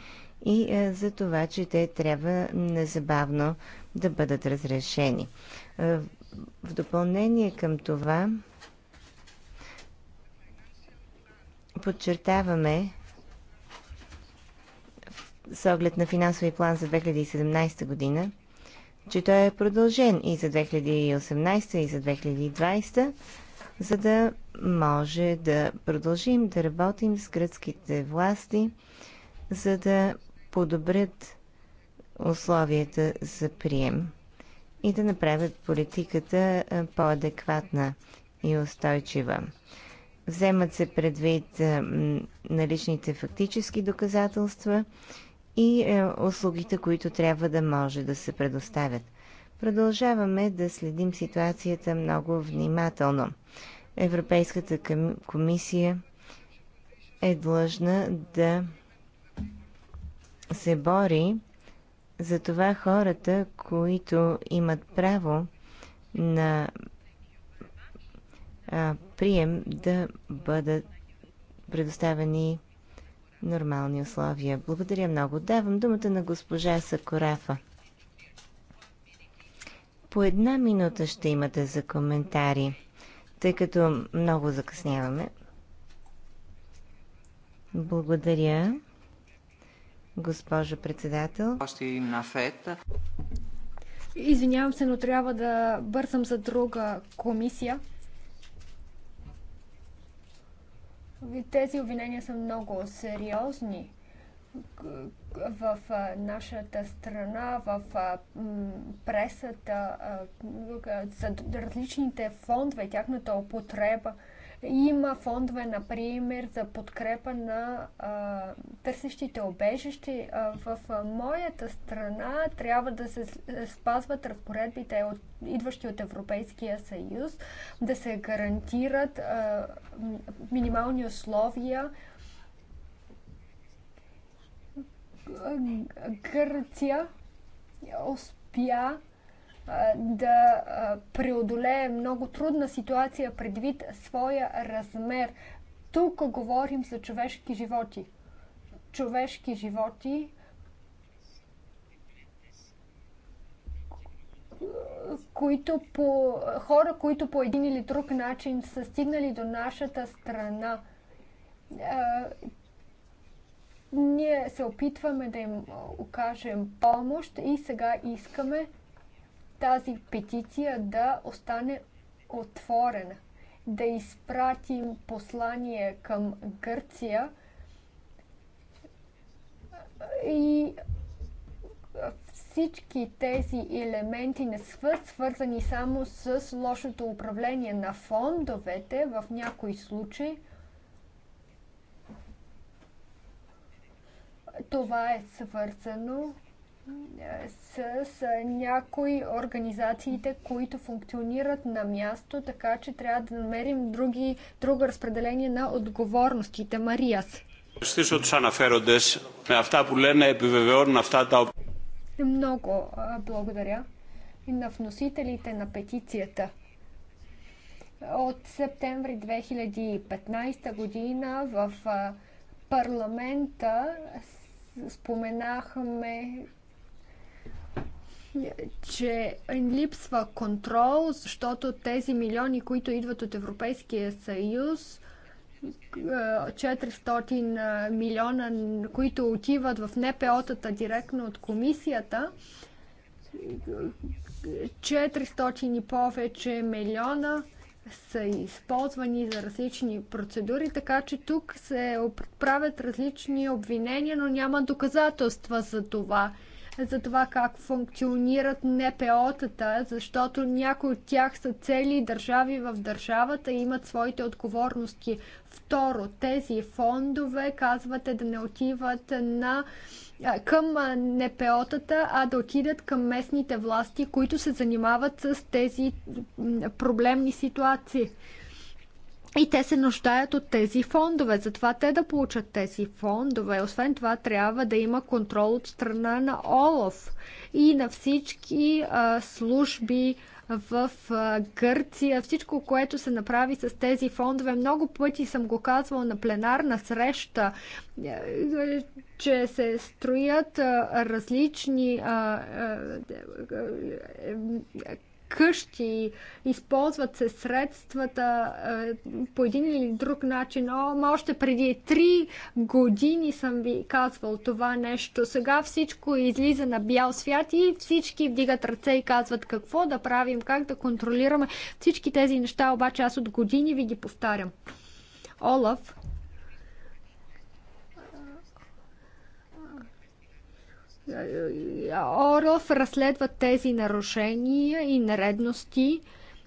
и за това, че те трябва незабавно да бъдат разрешени. В допълнение към това, подчертаваме с оглед на финансови план за 2017 година, че той е продължен и за 2018 и за 2020, за да може да продължим да работим с гръцките власти, за да подобрят условията за прием и да направят политиката по-адекватна и устойчива. Вземат се предвид е, наличните фактически доказателства и е, услугите, които трябва да може да се предоставят. Продължаваме да следим ситуацията много внимателно. Европейската комисия е длъжна да се бори за това хората, които имат право на прием да бъдат предоставени нормални условия. Благодаря много. Давам думата на госпожа Сакорафа. По една минута ще имате за коментари, тъй като много закъсняваме. Благодаря, госпожо председател. Извинявам се, но трябва да бързам за друга комисия. Тези обвинения са много сериозни в нашата страна, в пресата, за различните фондове, тяхната употреба – има фондове, например, за подкрепа на а, търсещите А, В а, моята страна трябва да се е, спазват разпоредбите, от, идващи от Европейския съюз, да се гарантират а, минимални условия. Гърция успя да преодолее много трудна ситуация предвид своя размер. Тук говорим за човешки животи. Човешки животи, които по, хора, които по един или друг начин са стигнали до нашата страна. А, ние се опитваме да им окажем помощ и сега искаме тази петиция да остане отворена, да изпратим послание към Гърция и всички тези елементи не са свързани само с лошото управление на фондовете в някои случаи. Това е свързано с, с някои организациите, които функционират на място, така че трябва да намерим други, друго разпределение на отговорностите. Мариас. αναφέροντες με αυτά που λένε επιβεβαιώνουν αυτά τα Много благодаря и на вносителите на петицията. От септември 2015 година в парламента споменахме че липсва контрол, защото тези милиони, които идват от Европейския съюз, 400 е, е, милиона, които отиват в НПО-тата директно от комисията, 400 и повече милиона са използвани за различни процедури, така че тук се правят различни обвинения, но няма доказателства за това за това как функционират НПО-тата, защото някои от тях са цели държави в държавата и имат своите отговорности. Второ, тези фондове казвате да не отиват на, към НПО-тата, а да отидат към местните власти, които се занимават с тези проблемни ситуации. И те се нуждаят от тези фондове, затова те да получат тези фондове. Освен това, трябва да има контрол от страна на Олов. и на всички а, служби в а, Гърция. Всичко, което се направи с тези фондове, много пъти съм го казвала на пленарна среща, е, че се строят а, различни. А, а, е, е, къщи, използват се средствата е, по един или друг начин. О, още преди три години съм ви казвал това нещо. Сега всичко излиза на бял свят и всички вдигат ръце и казват какво да правим, как да контролираме. Всички тези неща обаче аз от години ви ги повтарям. Олаф Оров разследва тези нарушения и наредности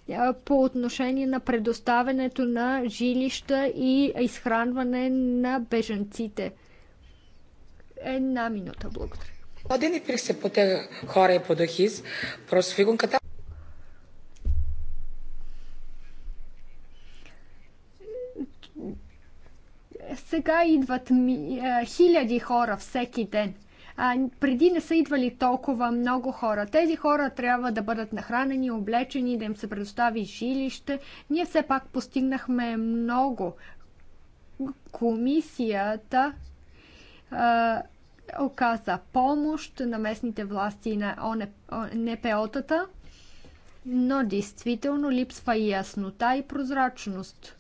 е, по отношение на предоставянето на жилища и изхранване на бежанците. Една минута, благодаря. Один поте хора и υποδοχής просто фигунката. Сега идват ми, е, хиляди хора всеки ден – а, преди не са идвали толкова много хора. Тези хора трябва да бъдат нахранени, облечени, да им се предостави жилище. Ние все пак постигнахме много. Комисията а, оказа помощ на местните власти на НПО-тата, но действително липсва и яснота и прозрачност.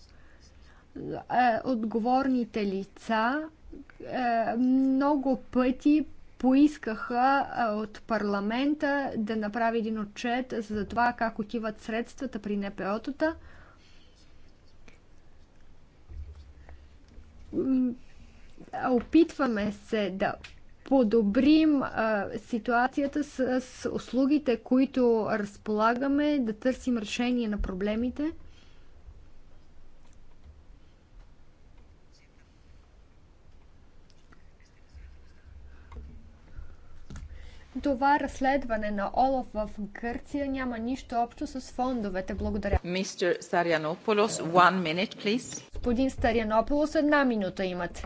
Е, отговорните лица е, много пъти поискаха от парламента да направи един отчет за това как отиват средствата при НПО-тата. Опитваме се да подобрим а, ситуацията с, с услугите, които разполагаме, да търсим решение на проблемите. Това разследване на Олаф в Гърция няма нищо общо с фондовете. Благодаря. Мистер Старианополос, one minute, please. Господин Старианополос, една минута имате.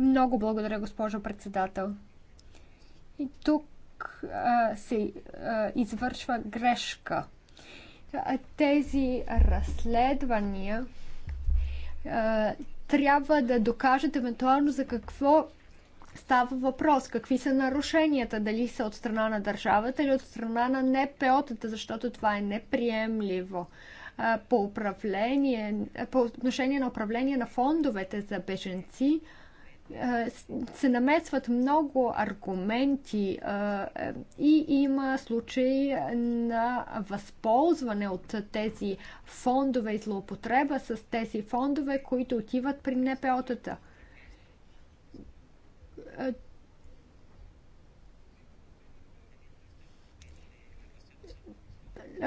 Много благодаря, госпожо председател. И тук а, се а, извършва грешка. Тези разследвания а, трябва да докажат евентуално за какво става въпрос какви са нарушенията, дали са от страна на държавата или от страна на НПО-тата, защото това е неприемливо по управление, по отношение на управление на фондовете за беженци се намесват много аргументи е, и има случаи на възползване от тези фондове и злоупотреба с тези фондове, които отиват при НПО-тата.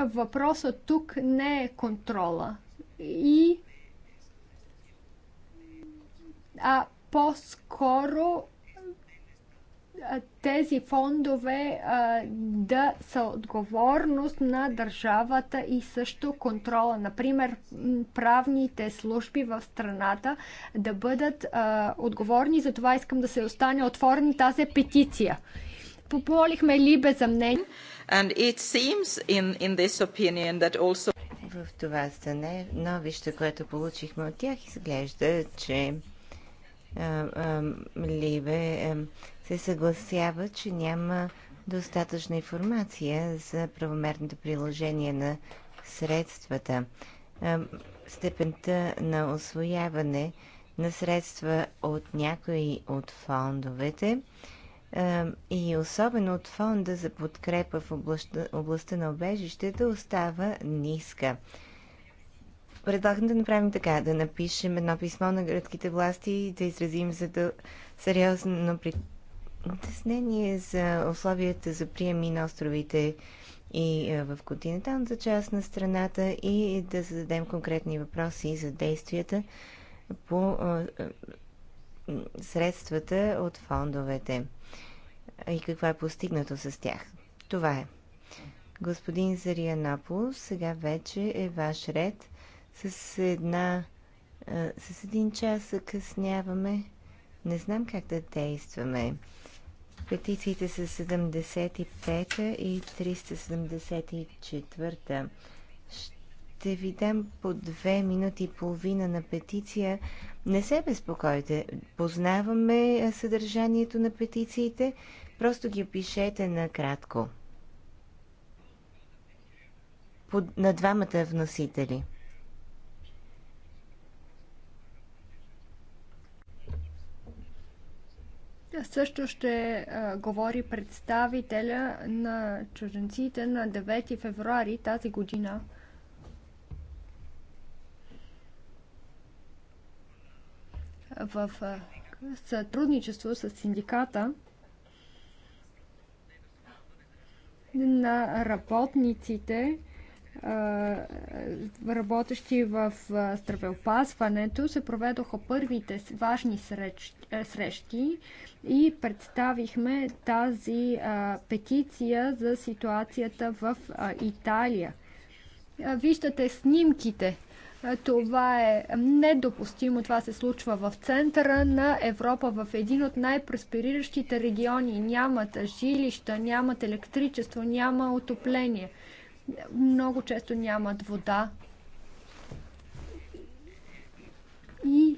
Въпросът тук не е контрола и а по-скоро тези фондове а, да са отговорност на държавата и също контрола. Например, правните служби в страната да бъдат а, отговорни. За това искам да се остане отворена тази петиция. Пополихме Либе за мнение. And it seems in, in this opinion that also... В това стане новище, което получихме от тях, изглежда, че а, а, Либе се съгласява, че няма достатъчна информация за правомерното приложение на средствата. Е, степента на освояване на средства от някои от фондовете е, и особено от фонда за подкрепа в областта, областта на обежището остава ниска. Предлагам да направим така, да напишем едно писмо на градските власти и да изразим за да сериозно Отеснение за условията за приеми на островите и е, в континенталната част на страната и да зададем конкретни въпроси за действията по е, е, средствата от фондовете и какво е постигнато с тях. Това е. Господин Зарианаполос, сега вече е ваш ред. С, една, с един час закъсняваме. Не знам как да действаме. Петициите са 75 и 374. Ще ви дам по две минути и половина на петиция. Не се безпокойте. Познаваме съдържанието на петициите. Просто ги пишете накратко. на двамата вносители. Също ще а, говори представителя на чужденците на 9 февруари тази година. В сътрудничество с синдиката на работниците, работещи в здравеопазването, се проведоха първите важни срещи е, срещи и представихме тази петиция за ситуацията в Италия. Виждате снимките. Това е недопустимо. Това се случва в центъра на Европа, в един от най-проспериращите региони. Нямат жилища, нямат електричество, няма отопление. Много често нямат вода. И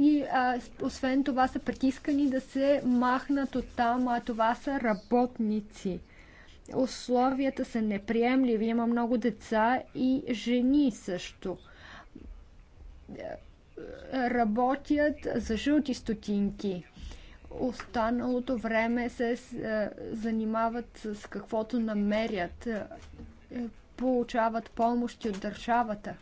и а, освен това са притискани да се махнат от там, а това са работници. Условията са неприемливи, има много деца и жени също. Работят за жълти стотинки. Останалото време се занимават с каквото намерят. Получават помощи от държавата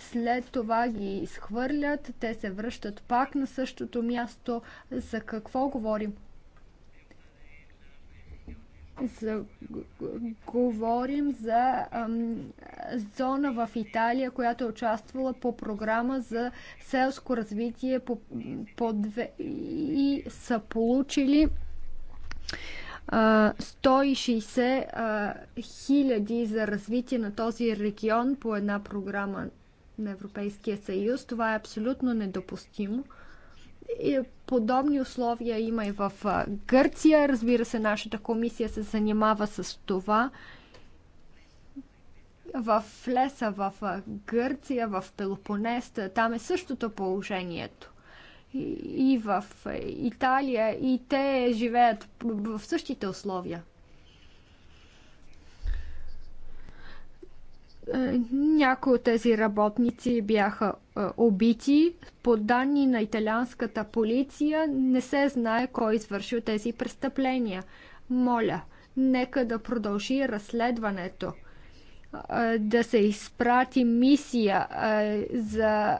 след това ги изхвърлят, те се връщат пак на същото място. За какво говорим? За, говорим за ам, зона в Италия, която е участвала по програма за селско развитие по, по две, и са получили 160 хиляди за развитие на този регион по една програма на Европейския съюз. Това е абсолютно недопустимо. И подобни условия има и в Гърция. Разбира се, нашата комисия се занимава с това. В леса, в Гърция, в Пелопонест, там е същото положението и в Италия и те живеят в същите условия. Е, някои от тези работници бяха е, убити. По данни на италианската полиция не се знае кой е извършил тези престъпления. Моля, нека да продължи разследването да се изпрати мисия за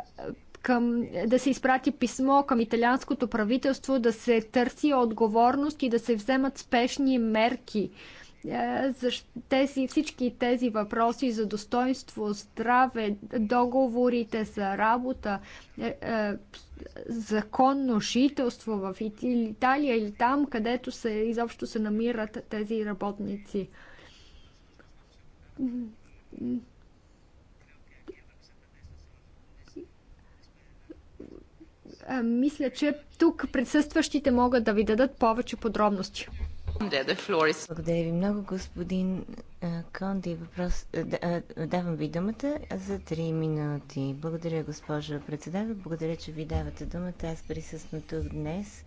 към, да се изпрати писмо към италианското правителство, да се търси отговорност и да се вземат спешни мерки е, тези, всички тези въпроси за достоинство, здраве, договорите за работа, е, е, законно жителство в Италия или там, където се, изобщо се намират тези работници мисля, че тук присъстващите могат да ви дадат повече подробности. Благодаря ви много, господин Конди. Въпрос... Давам ви думата за 3 минути. Благодаря, госпожо председател. Благодаря, че ви давате думата. Аз присъствам тук днес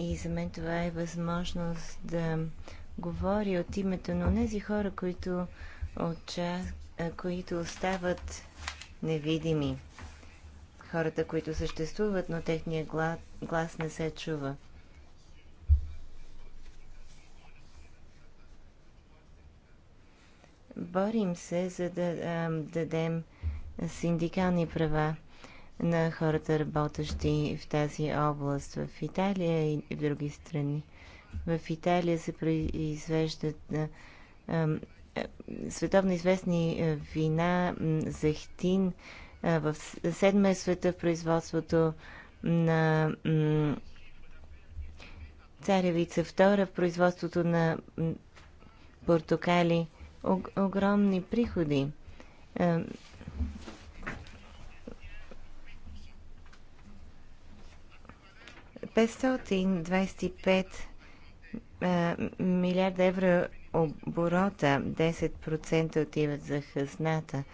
и за мен това е възможност да говоря от името на тези хора, които, отча... които остават невидими. Хората, които съществуват, но техният глас не се чува. Борим се, за да дадем синдикални права на хората, работещи в тази област в Италия и в други страни. В Италия се произвеждат а, а, световно известни вина, зехтин, А, в седма е света в производството на царевица, втора в производството на портокали – огромни приходи. е, милиарда евро оборота, 10% отиват за хазната.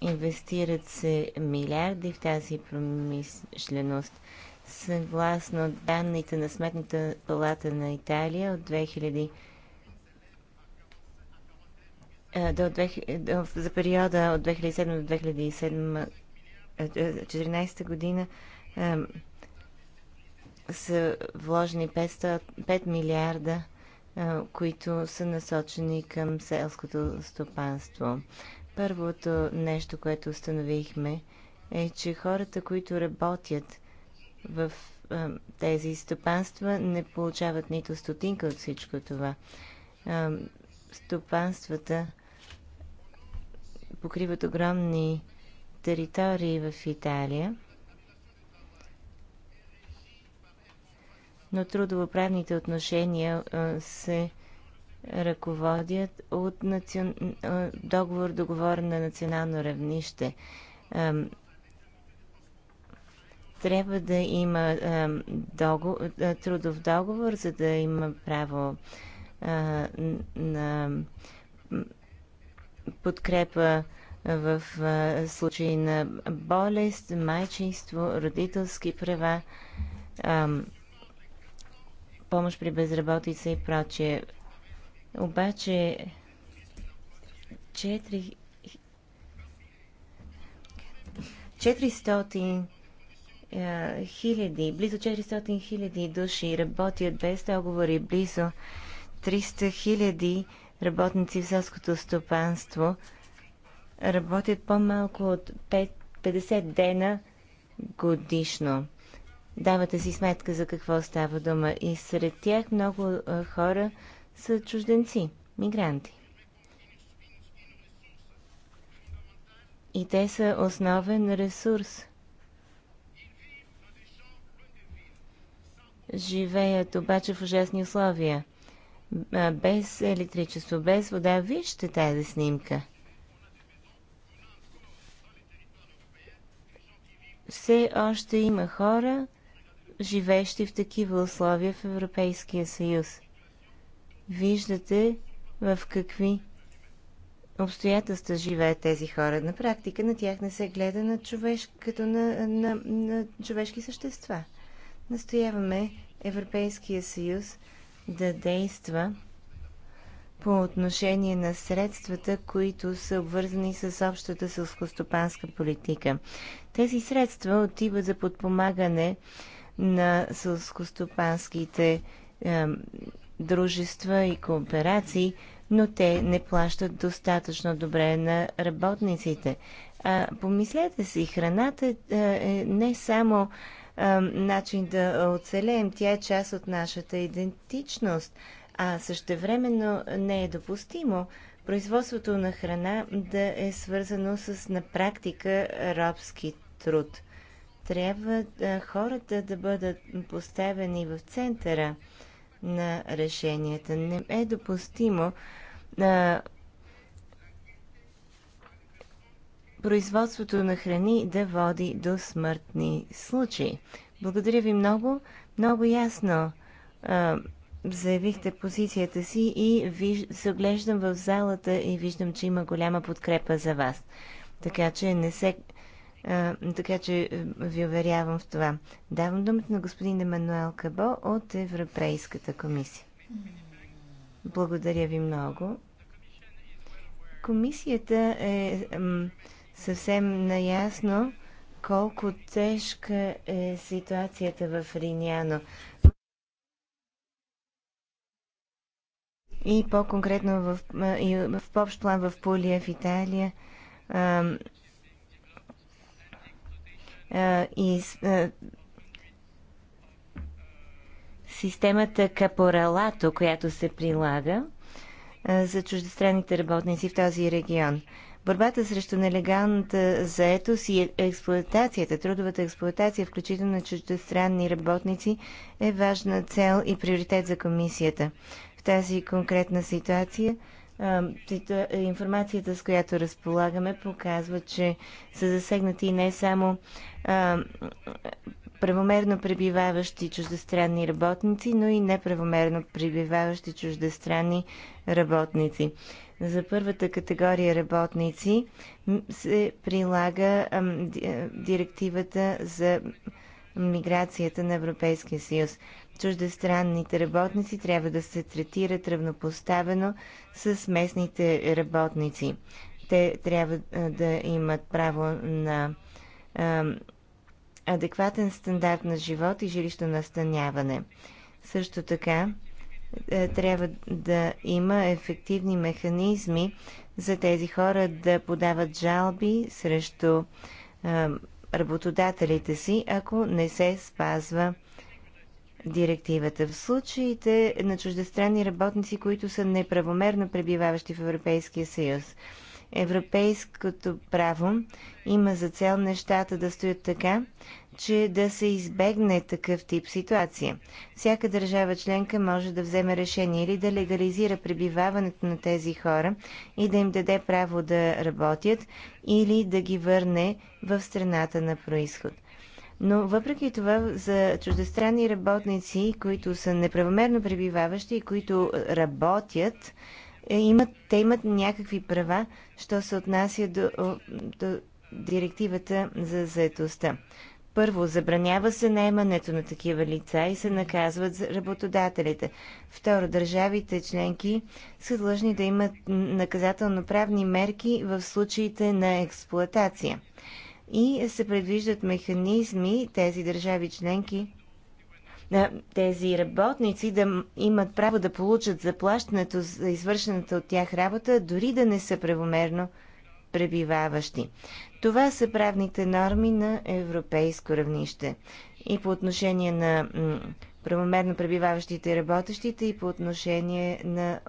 Инвестират се милиарди в тази промишленост. Съгласно данните на Сметната палата на Италия от 2000 е, до 2000, за периода от 2007 до 2007, 2014 година са вложени 500, 5 милиарда, е, които са насочени към селското стопанство. Първото нещо, което установихме, е, че хората, които работят в е, тези стопанства, не получават нито стотинка от всичко това. Стопанствата покриват огромни територии в Италия, но трудовоправните отношения се ръководят от договор, договор на национално равнище. Трябва да има трудов договор, за да има право на подкрепа в случай на болест, майчинство, родителски права, помощ при безработица и прочие. Обаче 4... 400 хиляди, близо 400 хиляди души работят без договори, близо 300 хиляди 000 работници в селското стопанство работят по-малко от 5, 50 дена годишно. Давате си сметка за какво става дума. И сред тях много хора са чужденци, мигранти. И те са основен ресурс. Живеят обаче в ужасни условия – без електричество, без вода. Вижте тази снимка. Все още има хора, живещи в такива условия в Европейския съюз. Виждате в какви обстоятелства живеят тези хора. На практика на тях не се гледа на човеш, като на, на, на човешки същества. Настояваме Европейския съюз да действа по отношение на средствата, които са обвързани с общата сълскостопанска политика. Тези средства отиват за подпомагане на сълскостопанските е, дружества и кооперации, но те не плащат достатъчно добре на работниците. А, помислете си, храната е, е не само начин да оцелеем. Тя е част от нашата идентичност, а същевременно не е допустимо производството на храна да е свързано с на практика робски труд. Трябва да хората да бъдат поставени в центъра на решенията. Не е допустимо а, производството на храни да води до смъртни случаи. Благодаря ви много. Много ясно а, заявихте позицията си и виж, заглеждам в залата и виждам, че има голяма подкрепа за вас. Така че не се. А, така че ви уверявам в това. Давам думата на господин Емануел Кабо от Европейската комисия. Благодаря ви много. Комисията е м, съвсем наясно колко тежка е ситуацията в Риняно. И по-конкретно в, в общ план в Пулия в Италия а, а, и а, системата Капоралато, която се прилага за чуждестранните работници в този регион. Борбата срещу нелегалната заетост и експлоатацията, трудовата експлоатация, включително на чуждестранни работници, е важна цел и приоритет за комисията. В тази конкретна ситуация информацията, с която разполагаме, показва, че са засегнати не само правомерно пребиваващи чуждестранни работници, но и неправомерно пребиваващи чуждестранни работници за първата категория работници се прилага директивата за миграцията на Европейския съюз. Чуждестранните работници трябва да се третират равнопоставено с местните работници. Те трябва да имат право на адекватен стандарт на живот и жилищно настаняване. Също така, е, трябва да има ефективни механизми за тези хора да подават жалби срещу е, работодателите си, ако не се спазва директивата. В случаите на чуждестранни работници, които са неправомерно пребиваващи в Европейския съюз, Европейското право има за цел нещата да стоят така, че да се избегне такъв тип ситуация. Всяка държава членка може да вземе решение или да легализира пребиваването на тези хора и да им даде право да работят или да ги върне в страната на происход. Но въпреки това за чуждестранни работници, които са неправомерно пребиваващи и които работят, е, имат, те имат някакви права, що се отнася до, до директивата за заедостта. Първо, забранява се наемането на такива лица и се наказват работодателите. Второ, държавите членки са длъжни да имат наказателно-правни мерки в случаите на експлоатация. И се предвиждат механизми тези държави членки тези работници да имат право да получат заплащането за извършената от тях работа, дори да не са правомерно пребиваващи. Това са правните норми на европейско равнище. И по отношение на правомерно пребиваващите и работещите, и по отношение на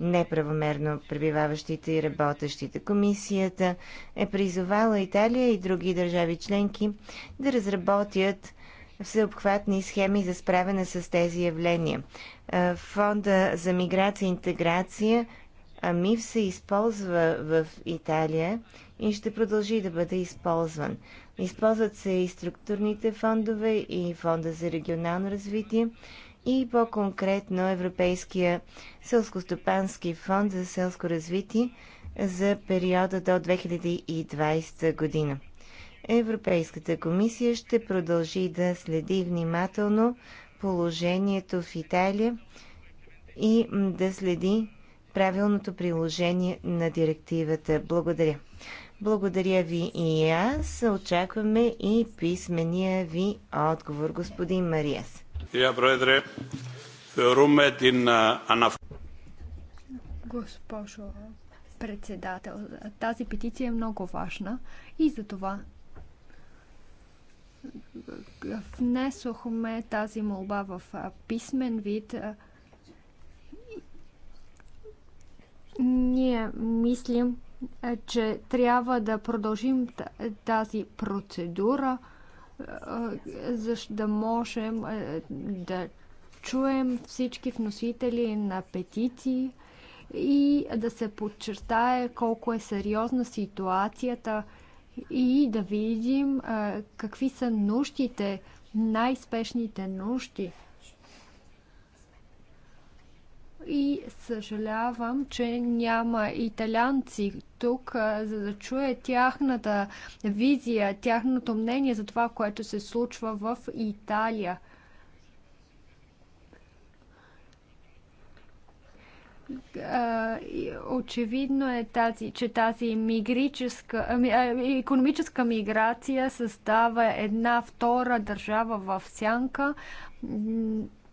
неправомерно пребиваващите и работещите. Комисията е призовала Италия и други държави членки да разработят всеобхватни схеми за справяне с тези явления. Фонда за миграция и интеграция АМИВ се използва в Италия и ще продължи да бъде използван. Използват се и структурните фондове и фонда за регионално развитие и по-конкретно Европейския селскостопански фонд за селско развитие за периода до 2020 година. Европейската комисия ще продължи да следи внимателно положението в Италия и да следи правилното приложение на директивата. Благодаря. Благодаря ви и аз. Очакваме и писмения ви отговор, господин Мариас. Е Госпожо председател, тази петиция е много важна и за това внесохме тази молба в писмен вид. Ние мислим, че трябва да продължим тази процедура, за да можем да чуем всички вносители на петиции и да се подчертае колко е сериозна ситуацията – и да видим а, какви са нуждите, най-спешните нужди. И съжалявам, че няма италянци тук, а, за да чуе тяхната визия, тяхното мнение за това, което се случва в Италия. очевидно е тази, че тази економическа ами, миграция състава една втора държава в сянка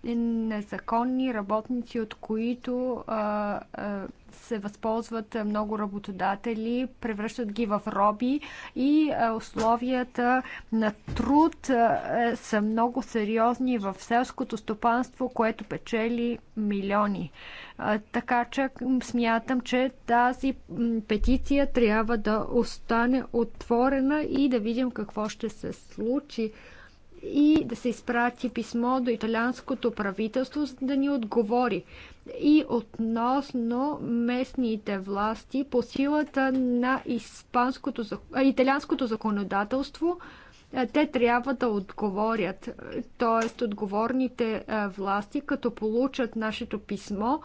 незаконни работници, от които а, а, се възползват много работодатели, превръщат ги в роби и условията на труд е, са много сериозни в селското стопанство, което печели милиони. Така че смятам, че тази петиция трябва да остане отворена и да видим какво ще се случи и да се изпрати писмо до италианското правителство, за да ни отговори. И относно местните власти по силата на испанското, италианското законодателство, те трябва да отговорят, т.е. отговорните власти, като получат нашето писмо,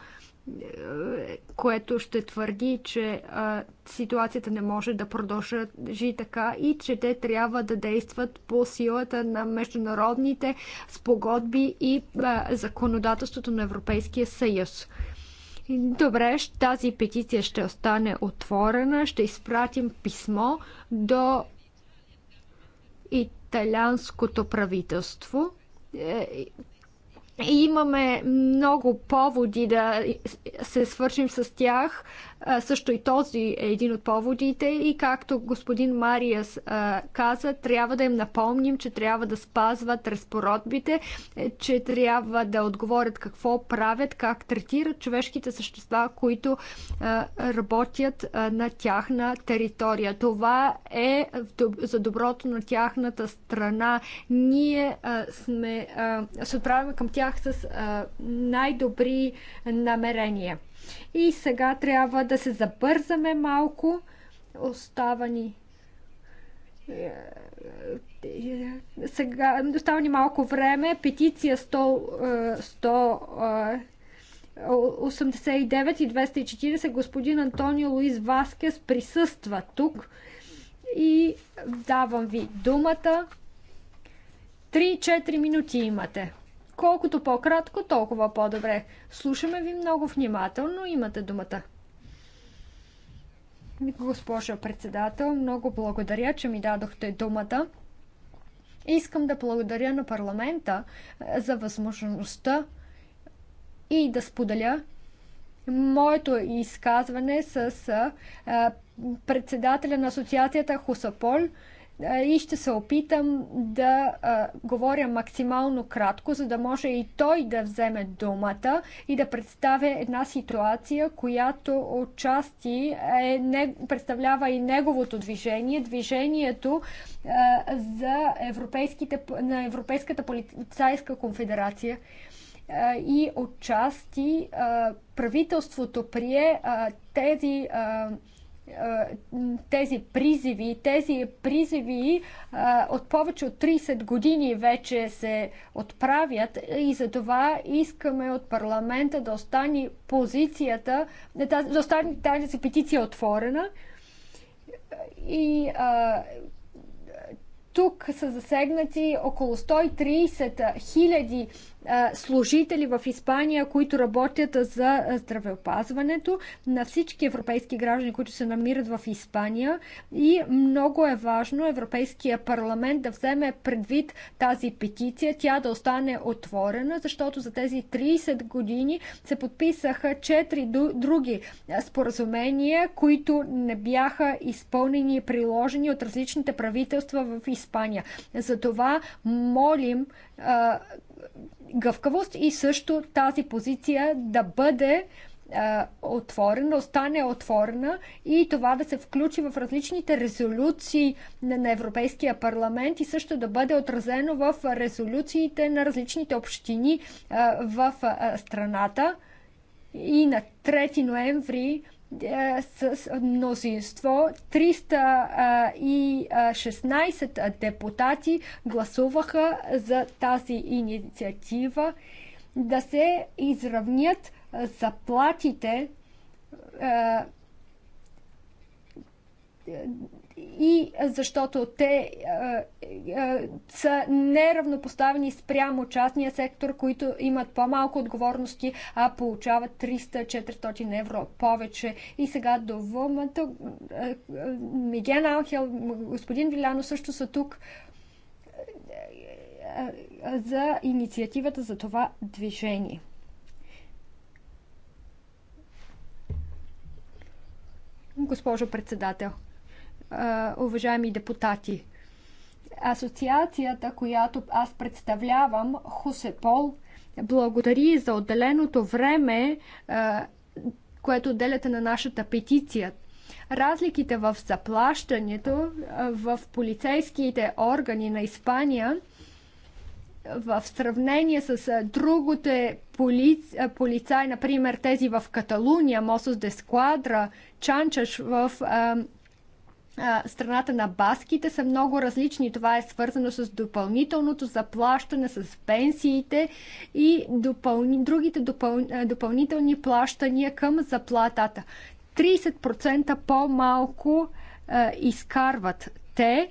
което ще твърди, че а, ситуацията не може да продължи така и че те трябва да действат по силата на международните спогодби и а, законодателството на Европейския съюз. Добре, тази петиция ще остане отворена. Ще изпратим писмо до италианското правителство е, и имаме много поводи да се свършим с тях, също и този е един от поводите и както господин Мариас каза, трябва да им напомним, че трябва да спазват разпородбите, е, че трябва да отговорят какво правят, как третират човешките същества, които работят на тяхна територия. Това е за доброто на тяхната страна. Ние сме, се отправяме към тях с най-добри намерения. И сега трябва да се забързаме малко. Остава ни е, е, сега, остава ни малко време. Петиция 100, 189 е, и 240 господин Антонио Луис Васкес присъства тук и давам ви думата. 3-4 минути имате. Колкото по-кратко, толкова по-добре. Слушаме ви много внимателно. Имате думата. Госпожо председател, много благодаря, че ми дадохте думата. Искам да благодаря на парламента е, за възможността и да споделя моето изказване с е, председателя на асоциацията Хусаполь, и ще се опитам да а, говоря максимално кратко, за да може и той да вземе думата и да представя една ситуация, която отчасти е, не, представлява и неговото движение, движението а, за европейските, на Европейската полицайска конфедерация. А, и отчасти правителството прие тези тези призиви. Тези призиви от повече от 30 години вече се отправят и за това искаме от парламента да остане позицията, да остане тази петиция отворена. И тук са засегнати около 130 хиляди служители в Испания, които работят за здравеопазването на всички европейски граждани, които се намират в Испания. И много е важно Европейския парламент да вземе предвид тази петиция, тя да остане отворена, защото за тези 30 години се подписаха 4 други споразумения, които не бяха изпълнени и приложени от различните правителства в Испания. Затова молим гъвкавост и също тази позиция да бъде отворена, остане отворена и това да се включи в различните резолюции на Европейския парламент и също да бъде отразено в резолюциите на различните общини в страната. И на 3 ноември е, с мнозинство 316 депутати гласуваха за тази инициатива да се изравнят заплатите и защото те а, е, а, е, са неравнопоставени спрямо частния сектор, които имат по-малко отговорности, а получават 300-400 евро повече. И сега до вълмата е, Миген Алхел, господин Виляно също са тук за инициативата за това движение. Госпожо председател, уважаеми депутати. Асоциацията, която аз представлявам, Хусепол, благодари за отделеното време, което отделяте на нашата петиция. Разликите в заплащането в полицейските органи на Испания в сравнение с другите поли... полицаи, например тези в Каталуния, Мосос де Сквадра, Чанчаш в страната на баските са много различни. Това е свързано с допълнителното заплащане, с пенсиите и допълни, другите допъл, допълнителни плащания към заплатата. 30% по-малко изкарват те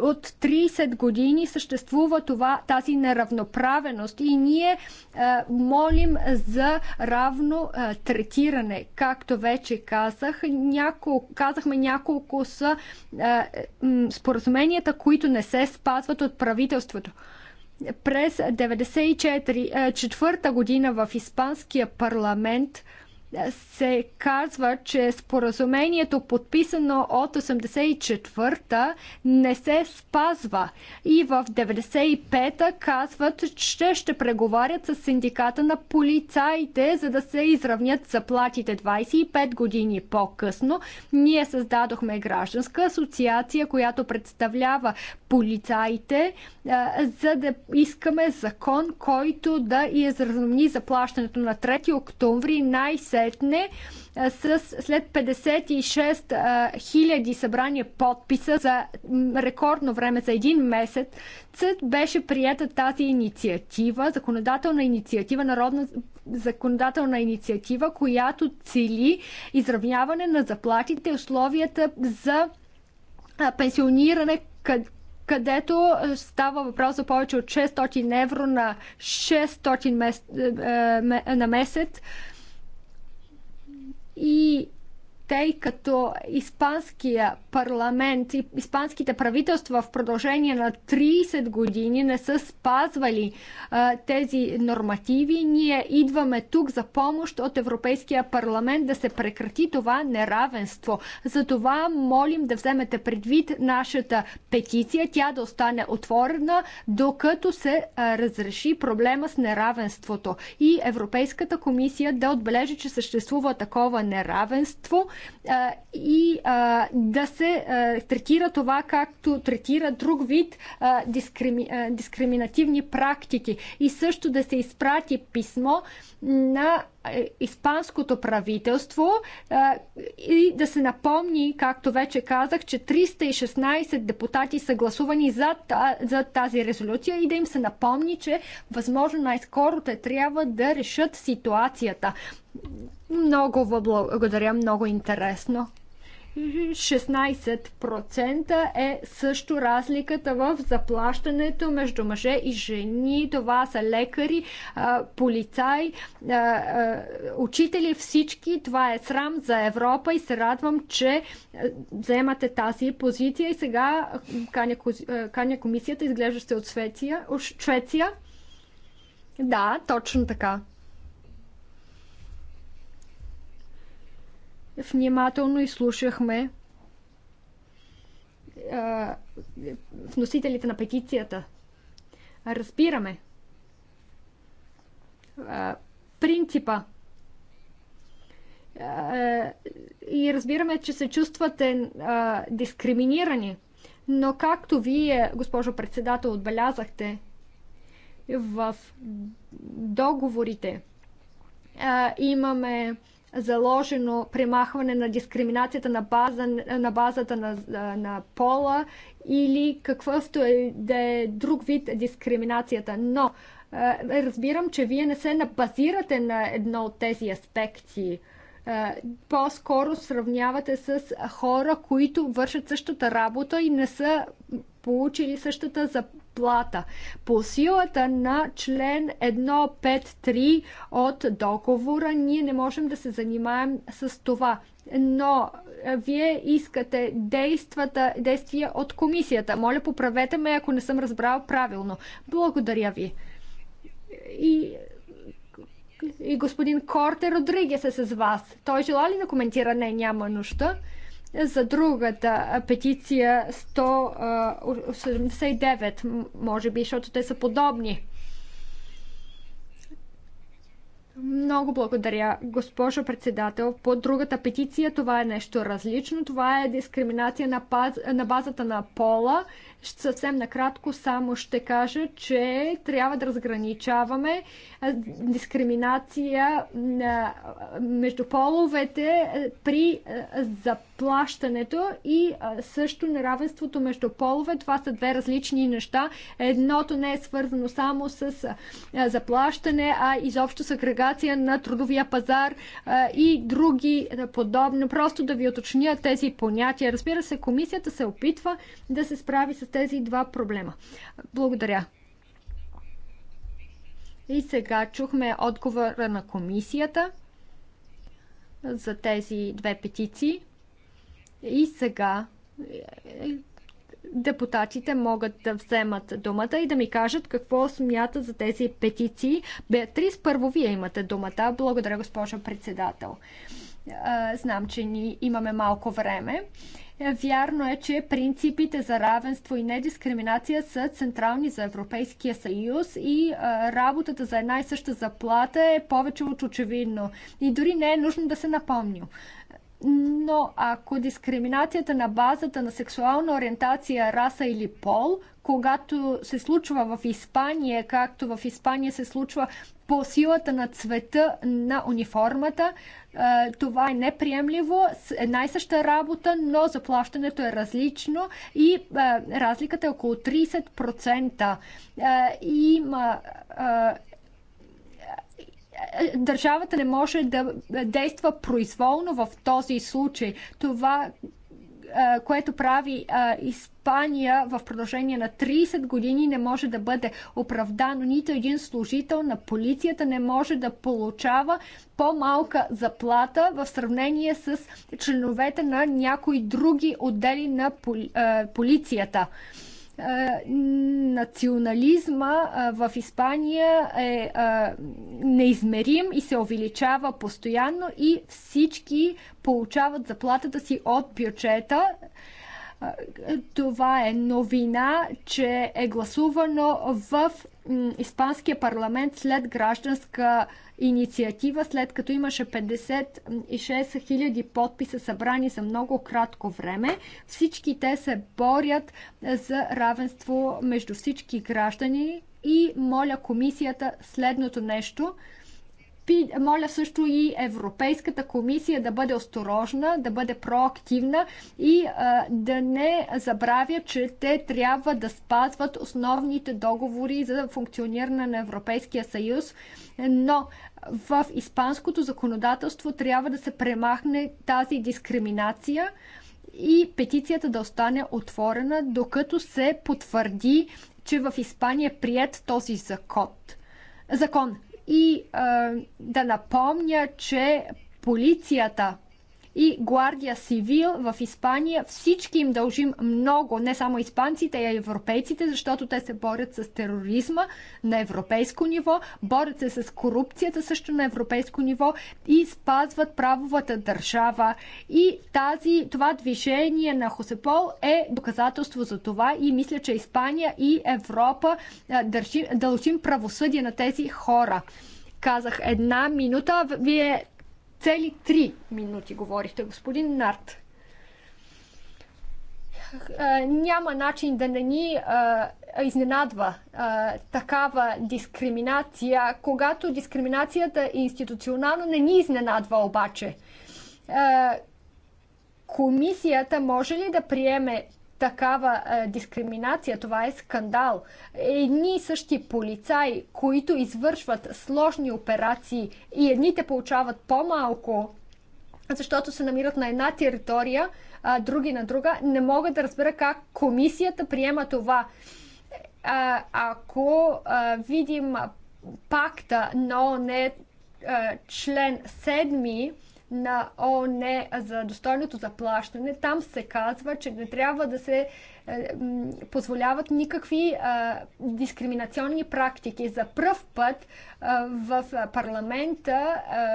от 30 години съществува това, тази неравноправеност и ние е, молим за равно е, третиране. Както вече казах, няколко, казахме няколко са е, споразуменията, които не се спазват от правителството през 1994 е, година в Испанския парламент се казва, че споразумението, подписано от 84-та, не се спазва. И в 95-та казват, че ще преговарят с синдиката на полицаите, за да се изравнят заплатите 25 години по-късно. Ние създадохме гражданска асоциация, която представлява полицаите, за да искаме закон, който да изравни заплащането на 3 октомври най-се сетне с след 56 хиляди събрания подписа за рекордно време за един месец беше прията тази инициатива, законодателна инициатива, народна законодателна инициатива, която цели изравняване на заплатите, условията за пенсиониране, където става въпрос за повече от 600 евро на 600 мес... на месец и тъй като Испанския парламент и испанските правителства в продължение на 30 години не са спазвали а, тези нормативи, ние идваме тук за помощ от Европейския парламент да се прекрати това неравенство. Затова молим да вземете предвид нашата петиция, тя да остане отворена, докато се а, разреши проблема с неравенството. И Европейската комисия да отбележи, че съществува такова неравенство и да се третира това, както третира друг вид дискрими, дискриминативни практики. И също да се изпрати писмо на испанското правителство и да се напомни, както вече казах, че 316 депутати са гласувани за, за тази резолюция и да им се напомни, че възможно най-скоро те трябва да решат ситуацията. Много благодаря, много интересно. 16% е също разликата в заплащането между мъже и жени. Това са лекари, полицай, учители, всички. Това е срам за Европа и се радвам, че вземате тази позиция. И сега каня комисията, изглеждаща от Швеция. Да, точно така. внимателно изслушахме вносителите на петицията. Разбираме принципа и разбираме, че се чувствате дискриминирани. Но както вие, госпожо председател, отбелязахте в договорите, имаме заложено премахване на дискриминацията на, база, на базата на, на пола или каквото е да е друг вид дискриминацията. Но разбирам, че вие не се базирате на едно от тези аспекти. По-скоро сравнявате с хора, които вършат същата работа и не са получили същата заплата плата по силата на член 153 от договора. Ние не можем да се занимаем с това. Но е, вие искате действата, действия от комисията. Моля, поправете ме, ако не съм разбрал правилно. Благодаря ви. И и господин Корте Родригес е с вас. Той желали да коментира? Не, няма нужда. За другата петиция 179, може би, защото те са подобни. Много благодаря, госпожо председател. По другата петиция това е нещо различно. Това е дискриминация на, базата на пола. Съвсем накратко само ще кажа, че трябва да разграничаваме дискриминация между половете при заплащането и също неравенството между полове. Това са две различни неща. Едното не е свързано само с заплащане, а изобщо с агрегация на трудовия пазар и други подобно. Просто да ви уточня тези понятия. Разбира се, комисията се опитва да се справи с тези два проблема. Благодаря. И сега чухме отговора на комисията за тези две петиции. И сега е, депутатите могат да вземат думата и да ми кажат какво смята за тези петиции. Беатрис, първо вие имате думата. Благодаря, госпожа председател. Е, знам, че ни имаме малко време. Вярно е, че принципите за равенство и недискриминация са централни за Европейския съюз и работата за една и съща заплата е повече от очевидно. И дори не е нужно да се напомня. Но ако дискриминацията на базата на сексуална ориентация, раса или пол, когато се случва в Испания, както в Испания се случва по силата на цвета на униформата. Това е неприемливо. Една и съща работа, но заплащането е различно и разликата е около 30%. Има държавата не може да действа произволно в този случай. Това, което прави из кампания в продължение на 30 години не може да бъде оправдано. Нито един служител на полицията не може да получава по-малка заплата в сравнение с членовете на някои други отдели на е, полицията е, национализма е, в Испания е неизмерим и се увеличава постоянно и всички получават заплатата си от бюджета това е новина, че е гласувано в Испанския парламент след гражданска инициатива, след като имаше 56 000 подписа събрани за много кратко време. Всички те се борят за равенство между всички граждани и моля комисията следното нещо – моля също и Европейската комисия да бъде осторожна, да бъде проактивна и а, да не забравя, че те трябва да спазват основните договори за функциониране на Европейския съюз, но в испанското законодателство трябва да се премахне тази дискриминация и петицията да остане отворена, докато се потвърди, че в Испания е прият този закон. Закон и а, да напомня, че полицията и Гвардия Сивил в Испания. Всички им дължим много, не само испанците, а и европейците, защото те се борят с тероризма на европейско ниво, борят се с корупцията също на европейско ниво и спазват правовата държава. И тази, това движение на Хосепол е доказателство за това и мисля, че Испания и Европа дължим, дължим правосъдие на тези хора казах една минута. Вие цели три минути говорихте, господин Нарт. Няма начин да не ни изненадва а, такава дискриминация, когато дискриминацията институционално не ни изненадва обаче. А, комисията може ли да приеме такава а, е, дискриминация. Това е скандал. Едни и същи полицаи, които извършват сложни операции и едните получават по-малко, защото се намират на една територия, а, други на друга, не мога да разбера как комисията приема това. А, ако а, видим пакта, но не а, член 7, на ООН за достойното заплащане, там се казва, че не трябва да се е, позволяват никакви а, е, дискриминационни практики. За пръв път а, е, в парламента а,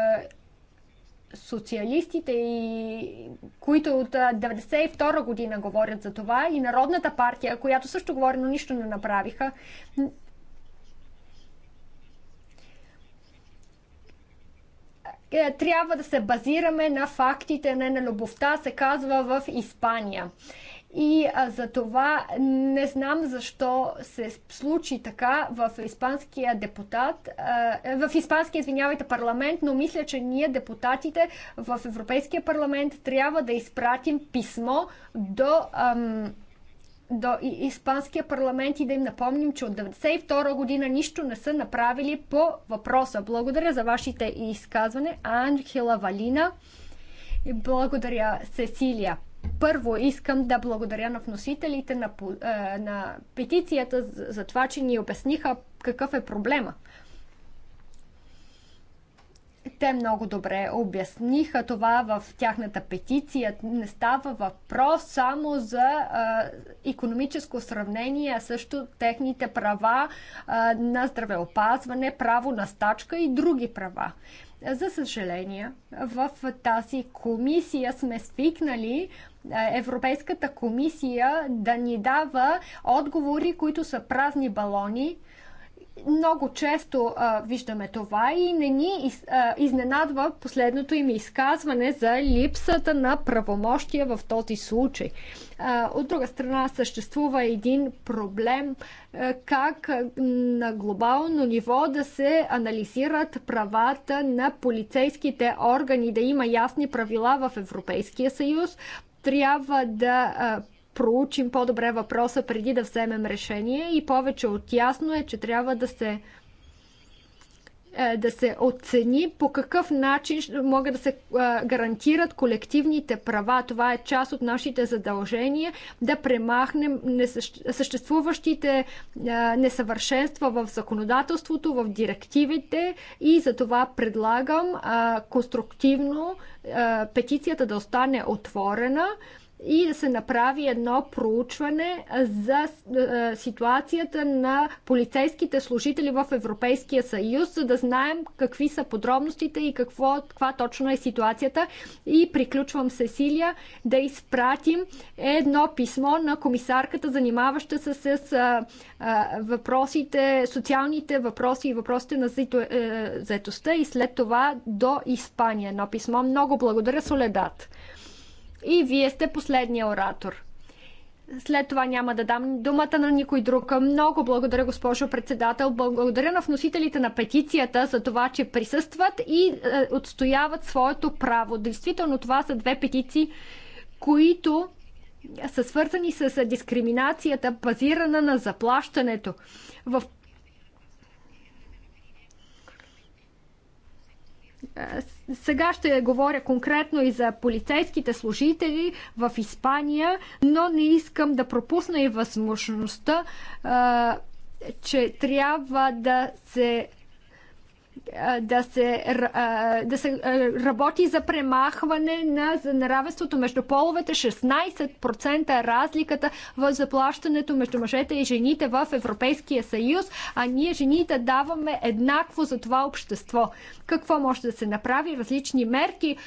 социалистите, и, които от 1992 година говорят за това, и Народната партия, която също говори, но нищо не направиха, Е, трябва да се базираме на фактите, не на любовта, се казва в Испания. И а, за това не знам защо се случи така в испанския депутат, а, е, в испанския, извинявайте, парламент, но мисля, че ние депутатите в Европейския парламент трябва да изпратим писмо до ам, до Испанския парламент и да им напомним, че от 1992 година нищо не са направили по въпроса. Благодаря за вашите изказване. Анхела Валина. Благодаря, Сесилия. Първо искам да благодаря на вносителите на, е, на петицията за това, че ни обясниха какъв е проблема. Те много добре обясниха това в тяхната петиция. Не става въпрос само за а, економическо сравнение, а също техните права а, на здравеопазване, право на стачка и други права. За съжаление, в тази комисия сме свикнали Европейската комисия да ни дава отговори, които са празни балони, много често а, виждаме това и не ни из, а, изненадва последното им изказване за липсата на правомощия в този случай. А, от друга страна съществува един проблем а, как на глобално ниво да се анализират правата на полицейските органи, да има ясни правила в Европейския съюз. Трябва да а, проучим по-добре въпроса преди да вземем решение и повече от ясно е, че трябва да се е, да се оцени по какъв начин могат да се е, гарантират колективните права. Това е част от нашите задължения да премахнем съществуващите е, несъвършенства в законодателството, в директивите и за това предлагам конструктивно петицията да остане отворена и да се направи едно проучване за е, ситуацията на полицейските служители в Европейския съюз, за да знаем какви са подробностите и какво, каква точно е ситуацията. И приключвам Сесилия да изпратим едно писмо на комисарката, занимаваща се с е, е, въпросите, социалните въпроси и въпросите на заетостта и след това до Испания. Едно писмо. Много благодаря, Соледат. И вие сте последния оратор. След това няма да дам думата на никой друг. Много благодаря, госпожо председател. Благодаря на вносителите на петицията за това, че присъстват и е, отстояват своето право. Действително, това са две петиции, които са свързани с дискриминацията, базирана на заплащането. В Сега ще говоря конкретно и за полицейските служители в Испания, но не искам да пропусна и възможността, че трябва да се да се, да се работи за премахване на неравенството между половете. 16% е разликата в заплащането между мъжете и жените в Европейския съюз, а ние жените даваме еднакво за това общество. Какво може да се направи? Различни мерки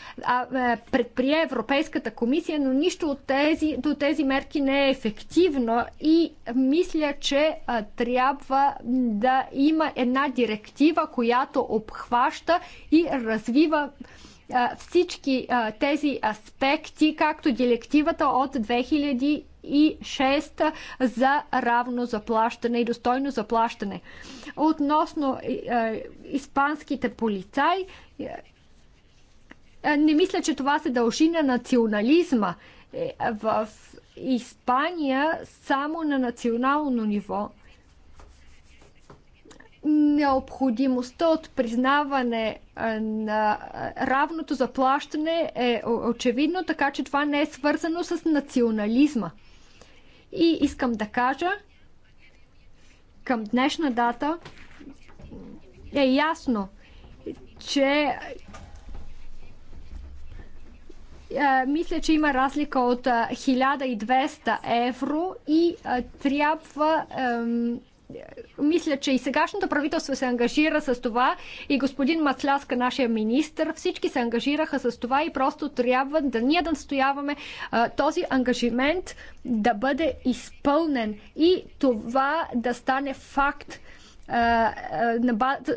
предприе Европейската комисия, но нищо от тези, до тези мерки не е ефективно и мисля, че трябва да има една директива, която обхваща и развива всички тези аспекти, както директивата от 2006 за равно заплащане и достойно заплащане. Относно испанските полицаи, не мисля, че това се дължи на национализма. Е, в Испания само на национално ниво Необходимостта от признаване на равното заплащане е очевидно, така че това не е свързано с национализма. И искам да кажа, към днешна дата е ясно, че мисля, че има разлика от 1200 евро и трябва мисля, че и сегашното правителство се ангажира с това и господин Мацляска, нашия министр, всички се ангажираха с това и просто трябва да ние да настояваме този ангажимент да бъде изпълнен и това да стане факт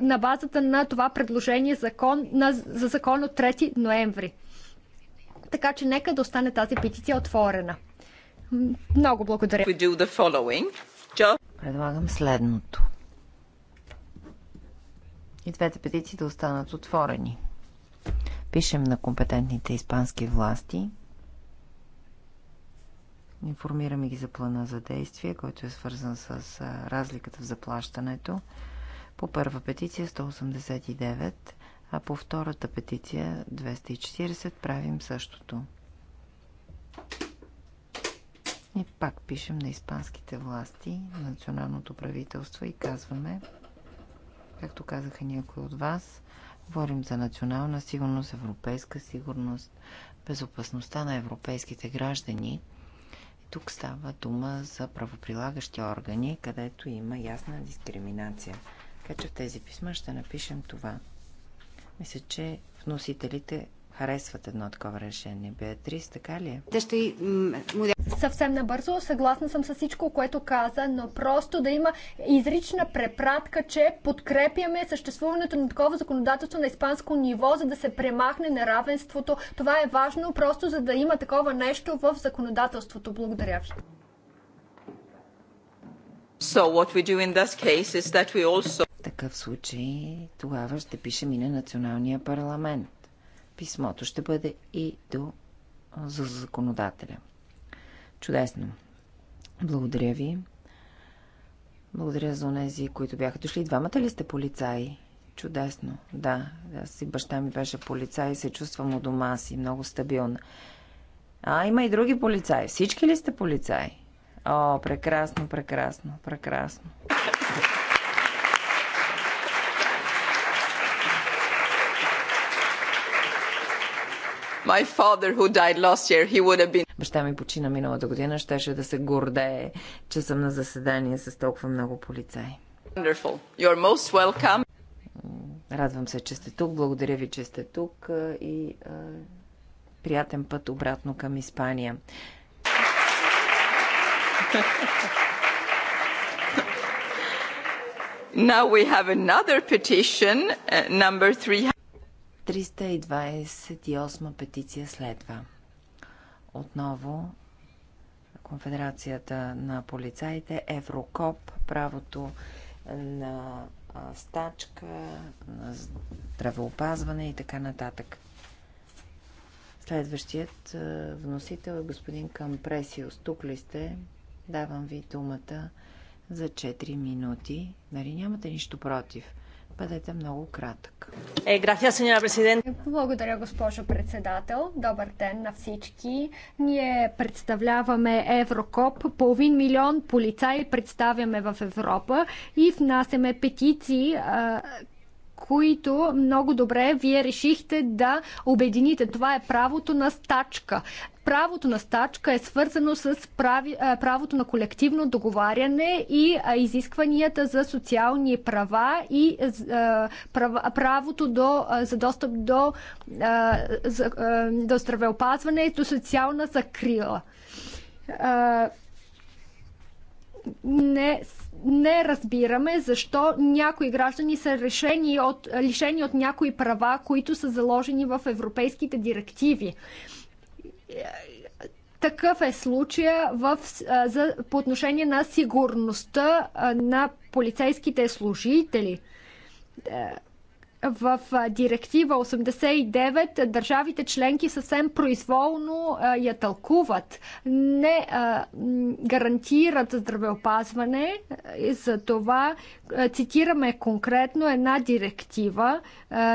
на базата на това предложение закон, на, за закон от 3 ноември. Така че нека да остане тази петиция отворена. Много благодаря. Предлагам следното. И двете петиции да останат отворени. Пишем на компетентните испански власти. Информираме ги за плана за действие, който е свързан с разликата в заплащането. По първа петиция 189, а по втората петиция 240 правим същото. Ние пак пишем на испанските власти, на националното правителство и казваме, както казаха някои от вас, говорим за национална сигурност, европейска сигурност, безопасността на европейските граждани. И тук става дума за правоприлагащи органи, където има ясна дискриминация. Така че в тези писма ще напишем това. Мисля, че вносителите харесват едно такова решение. Беатрис, така ли е? Те ще и... Съвсем набързо, съгласна съм с всичко, което каза, но просто да има изрична препратка, че подкрепяме съществуването на такова законодателство на испанско ниво, за да се премахне неравенството. Това е важно, просто за да има такова нещо в законодателството. Благодаря ви. So what we do in this case is that we also... В такъв случай тогава ще пишем и на националния парламент. Писмото ще бъде и до за законодателя. Чудесно. Благодаря ви. Благодаря за онези, които бяха дошли. Двамата ли сте полицаи? Чудесно. Да, аз и баща ми беше полицай и се чувствам у дома си. Много стабилна. А, има и други полицаи. Всички ли сте полицаи? О, прекрасно, прекрасно, прекрасно. Father, been... Баща ми почина миналата година, щеше да се гордее, че съм на заседание с толкова много полицаи. Радвам се, че сте тук. Благодаря ви, че сте тук и а, приятен път обратно към Испания. Now we have another petition, uh, number 300. 328 петиция следва. Отново Конфедерацията на полицаите, Еврокоп, правото на стачка, на здравеопазване и така нататък. Следващият вносител е господин Кампресиус. Тук ли сте? Давам ви думата за 4 минути. Нали нямате нищо против? Бъдете много кратък. Е, грация, сеньора президент. Благодаря, госпожо председател. Добър ден на всички. Ние представляваме Еврокоп. Половин милион полицаи представяме в Европа и внасяме петиции а, които много добре вие решихте да обедините. Това е правото на стачка. Правото на стачка е свързано с прави, правото на колективно договаряне и изискванията за социални права и правото до, за достъп до, за, до здравеопазване и до социална закрила. Не не разбираме защо някои граждани са решени от, лишени от някои права, които са заложени в европейските директиви. Такъв е случая в, за, по отношение на сигурността на полицейските служители е, в директива 89 държавите членки съвсем произволно я тълкуват, не гарантират здравеопазване. За това цитираме конкретно една директива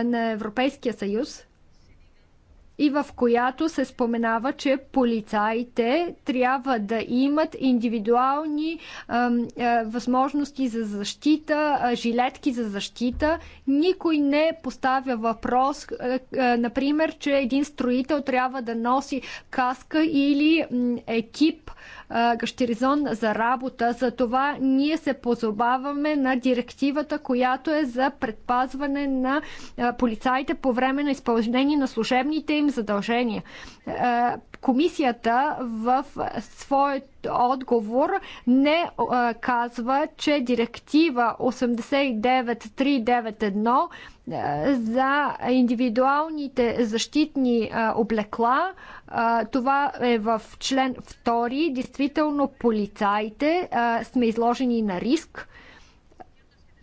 на Европейския съюз, и в която се споменава, че полицаите трябва да имат индивидуални а, а, е, възможности за защита, а, жилетки за защита. Никой не поставя въпрос, а, е, а, е, например, че един строител трябва да носи каска или м, екип гащеризон за работа. За това ние се позобаваме на директивата, която е за предпазване на полицаите по време на изпълнение на служебните им задължения. Е, комисията в своят отговор не е, казва, че директива 89391 е, за индивидуалните защитни облекла. Това е в член 2. Действително полицаите сме изложени на риск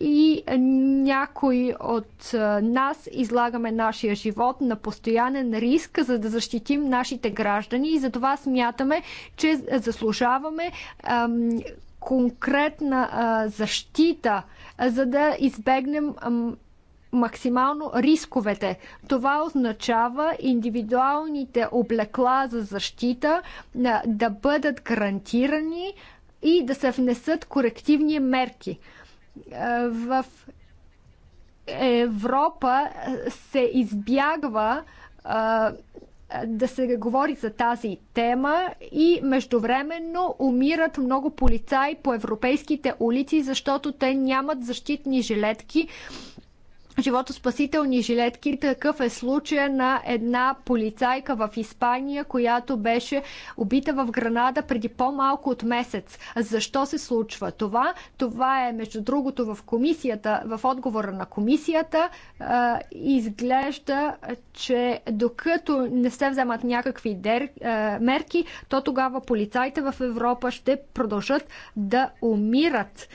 и някои от нас излагаме нашия живот на постоянен риск, за да защитим нашите граждани и затова смятаме, че заслужаваме конкретна защита, за да избегнем максимално рисковете. Това означава индивидуалните облекла за защита да бъдат гарантирани и да се внесат корективни мерки в Европа се избягва да се говори за тази тема и междувременно умират много полицаи по европейските улици, защото те нямат защитни жилетки, животоспасителни жилетки. Такъв е случая на една полицайка в Испания, която беше убита в Гранада преди по-малко от месец. Защо се случва това? Това е, между другото, в комисията, в отговора на комисията. Изглежда, че докато не се вземат някакви дер, мерки, то тогава полицайите в Европа ще продължат да умират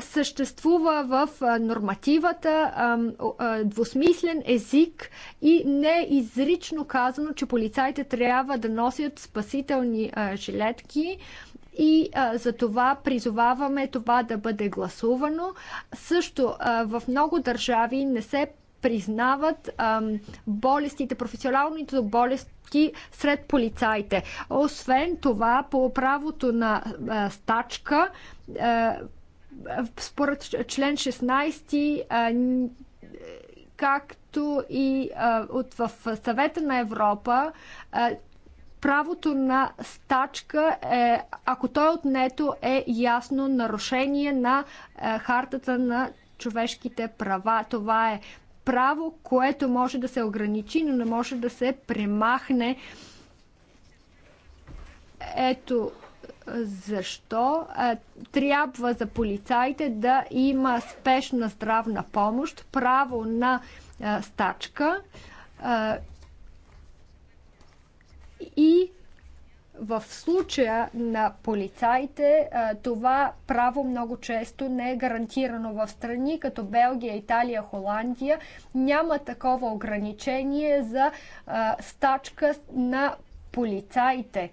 съществува в нормативата двусмислен език и не е изрично казано, че полицайите трябва да носят спасителни жилетки и а, за това призоваваме това да бъде гласувано. Също а, в много държави не се признават ам, болестите, професионалните болести сред полицаите. Освен това, по правото на а, стачка, а, според член 16, а, както и а, от, в съвета на Европа, а, правото на стачка, е, ако той е отнето, е ясно нарушение на е, хартата на човешките права. Това е право, което може да се ограничи, но не може да се премахне. Ето защо трябва за полицаите да има спешна здравна помощ, право на стачка и в случая на полицаите е, това право много често не е гарантирано в страни като Белгия, Италия, Холандия. Няма такова ограничение за е, стачка на полицаите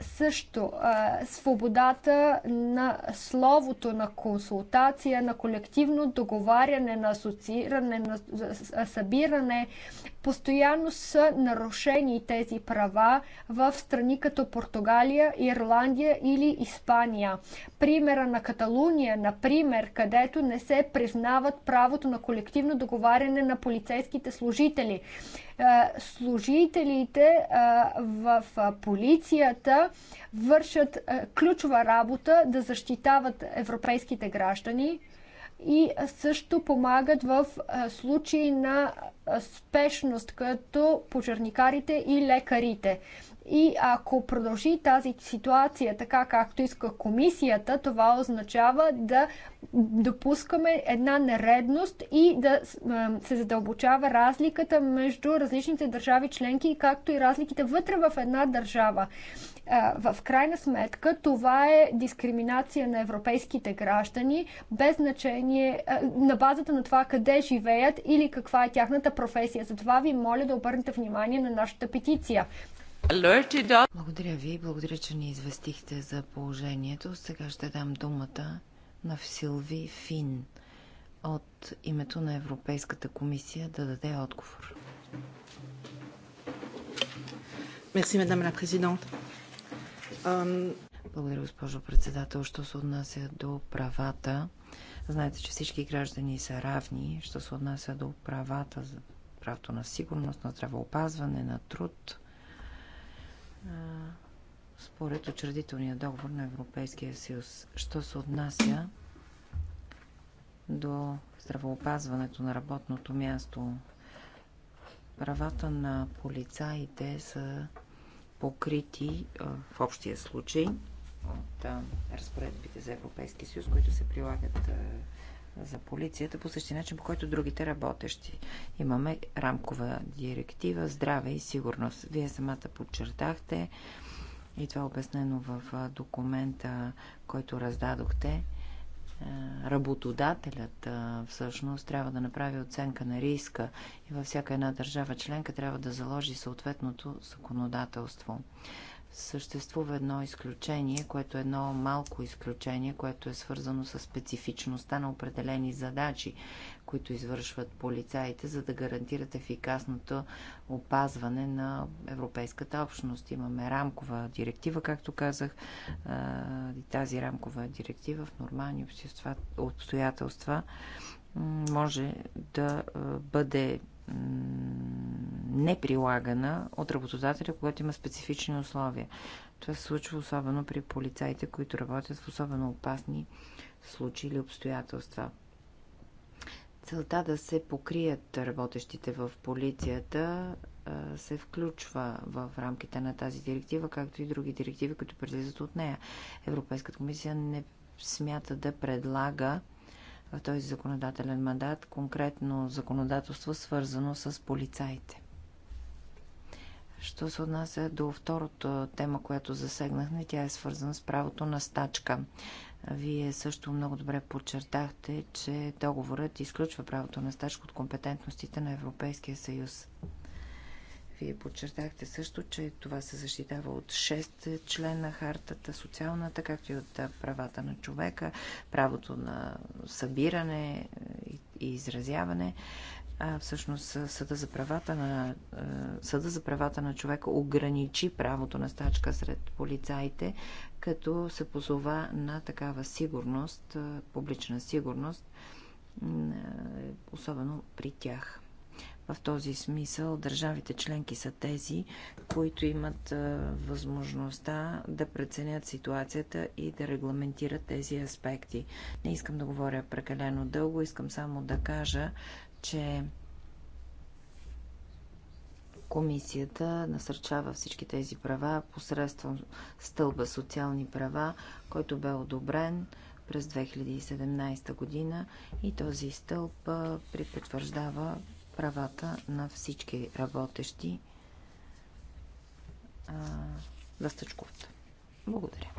също а, свободата на словото, на консултация, на колективно договаряне, на асоцииране, на събиране, постоянно са нарушени тези права в страни като Португалия, Ирландия или Испания. Примера на Каталуния, например, където не се признават правото на колективно договаряне на полицейските служители. Е, служителите е, в полицията вършат е, ключова работа да защитават европейските граждани и също помагат в случаи на спешност, като пожарникарите и лекарите. И ако продължи тази ситуация така, както иска комисията, това означава да допускаме една нередност и да е, се задълбочава разликата между различните държави членки, както и разликите вътре в една държава. Е, в крайна сметка това е дискриминация на европейските граждани, без значение е, на базата на това къде живеят или каква е тяхната професия. Затова ви моля да обърнете внимание на нашата петиция. Благодаря ви. Благодаря, че ни известихте за положението. Сега ще дам думата на Силви Фин от името на Европейската комисия да даде отговор. Мерси, мадам ла президент. Благодаря, госпожо председател. Що се отнася до правата, знаете, че всички граждани са равни. Що се отнася до правата, правото на сигурност, на здравеопазване, на труд, според учредителния договор на Европейския съюз. Що се отнася до здравеопазването на работното място, правата на полицаите са покрити в общия случай от разпоредбите за Европейския съюз, които се прилагат за полицията по същия начин, по който другите работещи. Имаме рамкова директива здраве и сигурност. Вие самата подчертахте и това е обяснено в документа, който раздадохте. Работодателят всъщност трябва да направи оценка на риска и във всяка една държава членка трябва да заложи съответното законодателство съществува едно изключение, което е едно малко изключение, което е свързано с специфичността на определени задачи, които извършват полицаите, за да гарантират ефикасното опазване на Европейската общност. Имаме рамкова директива, както казах, и тази рамкова директива в нормални обстоятелства може да бъде неприлагана от работодателя, когато има специфични условия. Това се случва особено при полицаите, които работят в особено опасни случаи или обстоятелства. Целта да се покрият работещите в полицията се включва в рамките на тази директива, както и други директиви, които прилизат от нея. Европейската комисия не смята да предлага в този законодателен мандат конкретно законодателство, свързано с полицаите. Що се отнася до втората тема, която засегнахме, тя е свързана с правото на стачка. Вие също много добре подчертахте, че договорът изключва правото на стачка от компетентностите на Европейския съюз. Вие подчертахте също, че това се защитава от 6 член на хартата, социалната, както и от правата на човека, правото на събиране е, и изразяване. А, всъщност съда за, правата на, съда за правата на човека ограничи правото на стачка сред полицаите, като се позова на такава сигурност, публична сигурност, особено при тях. В този смисъл държавите членки са тези, които имат възможността да преценят ситуацията и да регламентират тези аспекти. Не искам да говоря прекалено дълго, искам само да кажа, че комисията насърчава всички тези права посредством стълба социални права, който бе одобрен през 2017 година и този стълб припотвърждава правата на всички работещи а, да стъчкуват. Благодаря.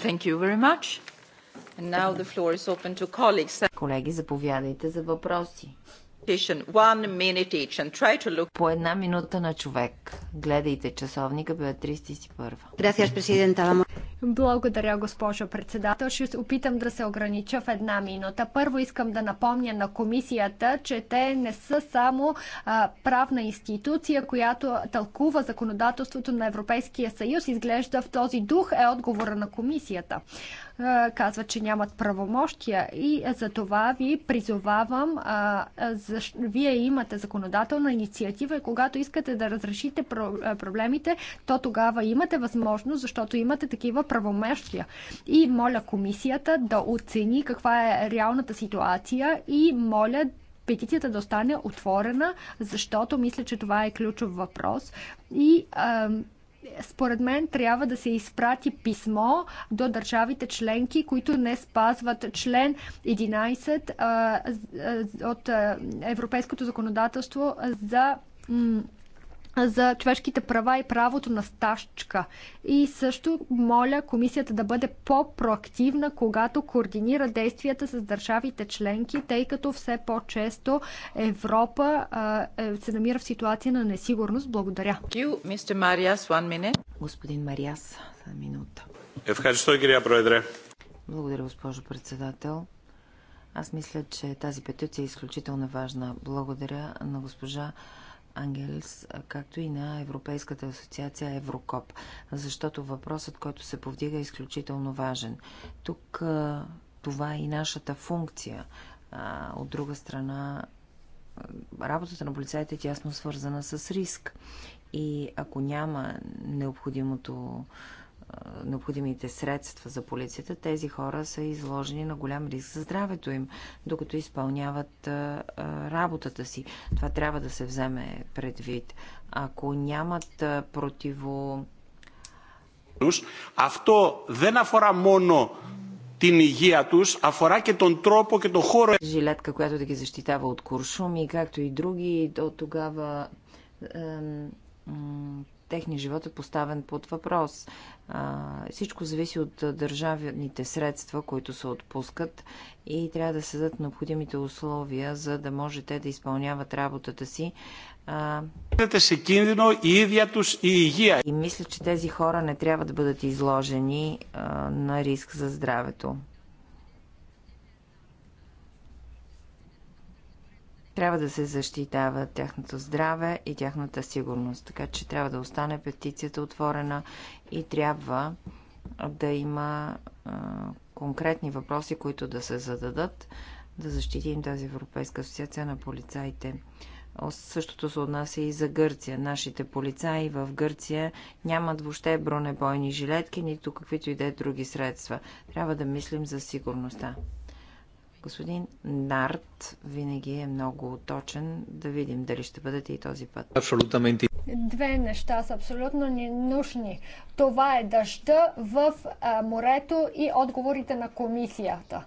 Thank you very much. And now the floor is open to colleagues. Колеги, заповядайте за въпроси. One minute each and try to Look... По една минута на човек. Гледайте часовника, Беатрис, ти си първа. Gracias, благодаря, госпожо председател. Ще се опитам да се огранича в една минута. Първо искам да напомня на комисията, че те не са само а, правна институция, която тълкува законодателството на Европейския съюз. Изглежда в този дух е отговора на комисията. Казва, че нямат правомощия и за това ви призовавам, защ... вие имате законодателна инициатива и когато искате да разрешите проблемите, то тогава имате възможност, защото имате такива правомощия. И моля комисията да оцени каква е реалната ситуация и моля петицията да остане отворена, защото мисля, че това е ключов въпрос. И а, според мен трябва да се изпрати писмо до държавите членки, които не спазват член 11 от европейското законодателство за за човешките права и правото на стажчка. И също моля комисията да бъде по-проактивна, когато координира действията с държавите членки, тъй като все по-често Европа а, е, се намира в ситуация на несигурност. Благодаря. Господин Мариас, за минута. Е, проедре. Благодаря, госпожо председател. Аз мисля, че тази петиция е изключително важна. Благодаря на госпожа Ангелс, както и на Европейската асоциация Еврокоп, защото въпросът, който се повдига е изключително важен. Тук това е и нашата функция. От друга страна, работата на полицаите е тясно свързана с риск. И ако няма необходимото необходимите средства за полицията, тези хора са изложени на голям риск за здравето им, докато изпълняват работата си. Това трябва да се вземе предвид. Ако нямат противо... Αυτό δεν αφορά μόνο την υγεία τους, αφορά και τον τρόπο και τον χώρο. Жилетка, която да ги защитава от куршуми, както и други, то тогава техния живот е поставен под въпрос. А, всичко зависи от държавните средства, които се отпускат и трябва да се дадат необходимите условия, за да може те да изпълняват работата си. А... Е, и мисля, че тези хора не трябва да бъдат изложени а, на риск за здравето. Трябва да се защитава тяхното здраве и тяхната сигурност. Така че трябва да остане петицията отворена и трябва да има а, конкретни въпроси, които да се зададат, да защитим тази Европейска асоциация на полицаите. Същото се отнася и за Гърция. Нашите полицаи в Гърция нямат въобще бронебойни жилетки, нито каквито и да е други средства. Трябва да мислим за сигурността. Господин Нарт винаги е много точен. Да видим дали ще бъдете и този път. Абсолютно. Две неща са абсолютно ненужни. Това е дъжда в морето и отговорите на комисията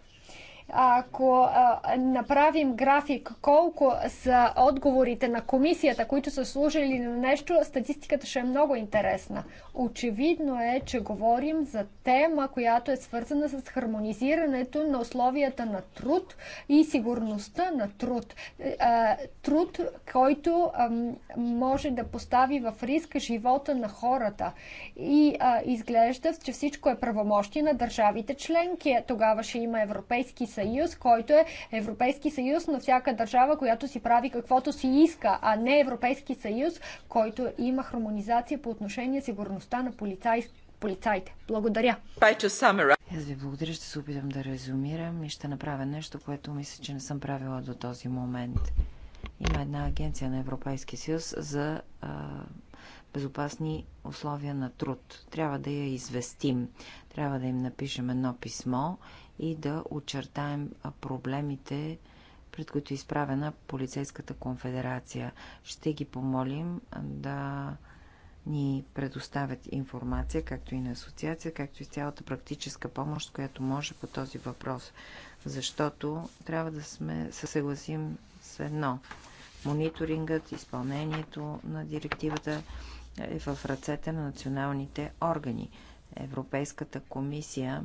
ако а, направим график колко са отговорите на комисията, които са служили на нещо, статистиката ще е много интересна. Очевидно е, че говорим за тема, която е свързана с хармонизирането на условията на труд и сигурността на труд. Е, а, труд, който а, може да постави в риск живота на хората. И а, изглежда, че всичко е правомощие на държавите членки. Е, тогава ще има Европейски съюз съюз, който е Европейски съюз на всяка държава, която си прави каквото си иска, а не Европейски съюз, който има хармонизация по отношение сигурността на полицайски полицаите. Благодаря. Аз ви благодаря, ще се опитам да резюмирам и ще направя нещо, което мисля, че не съм правила до този момент. Има една агенция на Европейския съюз за а, безопасни условия на труд. Трябва да я известим. Трябва да им напишем едно писмо и да очертаем проблемите, пред които е изправена Полицейската конфедерация. Ще ги помолим да ни предоставят информация, както и на асоциация, както и с цялата практическа помощ, която може по този въпрос. Защото трябва да сме, се съгласим с едно. Мониторингът, изпълнението на директивата е в ръцете на националните органи. Европейската комисия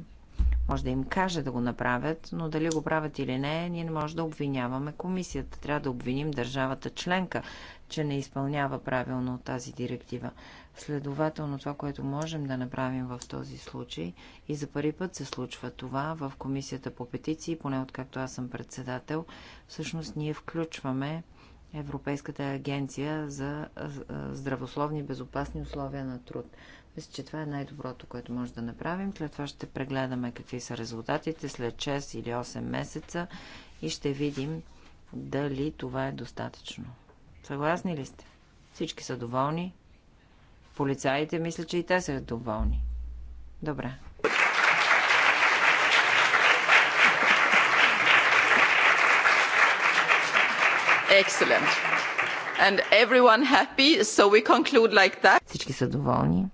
може да им каже да го направят, но дали го правят или не, ние не може да обвиняваме комисията. Трябва да обвиним държавата членка, че не изпълнява правилно тази директива. Следователно, това, което можем да направим в този случай, и за първи път се случва това в Комисията по петиции, поне откакто аз съм председател, всъщност ние включваме Европейската агенция за здравословни и безопасни условия на труд. Мисля, че това е най-доброто, което може да направим. След това ще прегледаме какви са резултатите след 6 или 8 месеца и ще видим дали това е достатъчно. Съгласни ли сте? Всички са доволни. Полицаите мисля, че и те са доволни. Добре. Excellent. And everyone happy, so we conclude like that. Всички са доволни.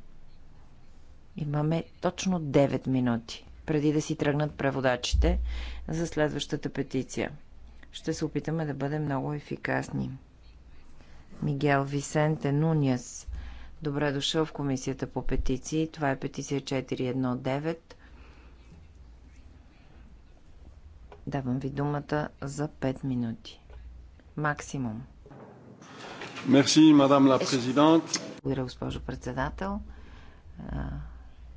Имаме точно 9 минути преди да си тръгнат преводачите за следващата петиция. Ще се опитаме да бъдем много ефикасни. Мигел Висенте Нуняс. Добре дошъл в комисията по петиции. Това е петиция 419. Давам ви думата за 5 минути. Максимум. Мерси, мадам ла президент. Благодаря, госпожо председател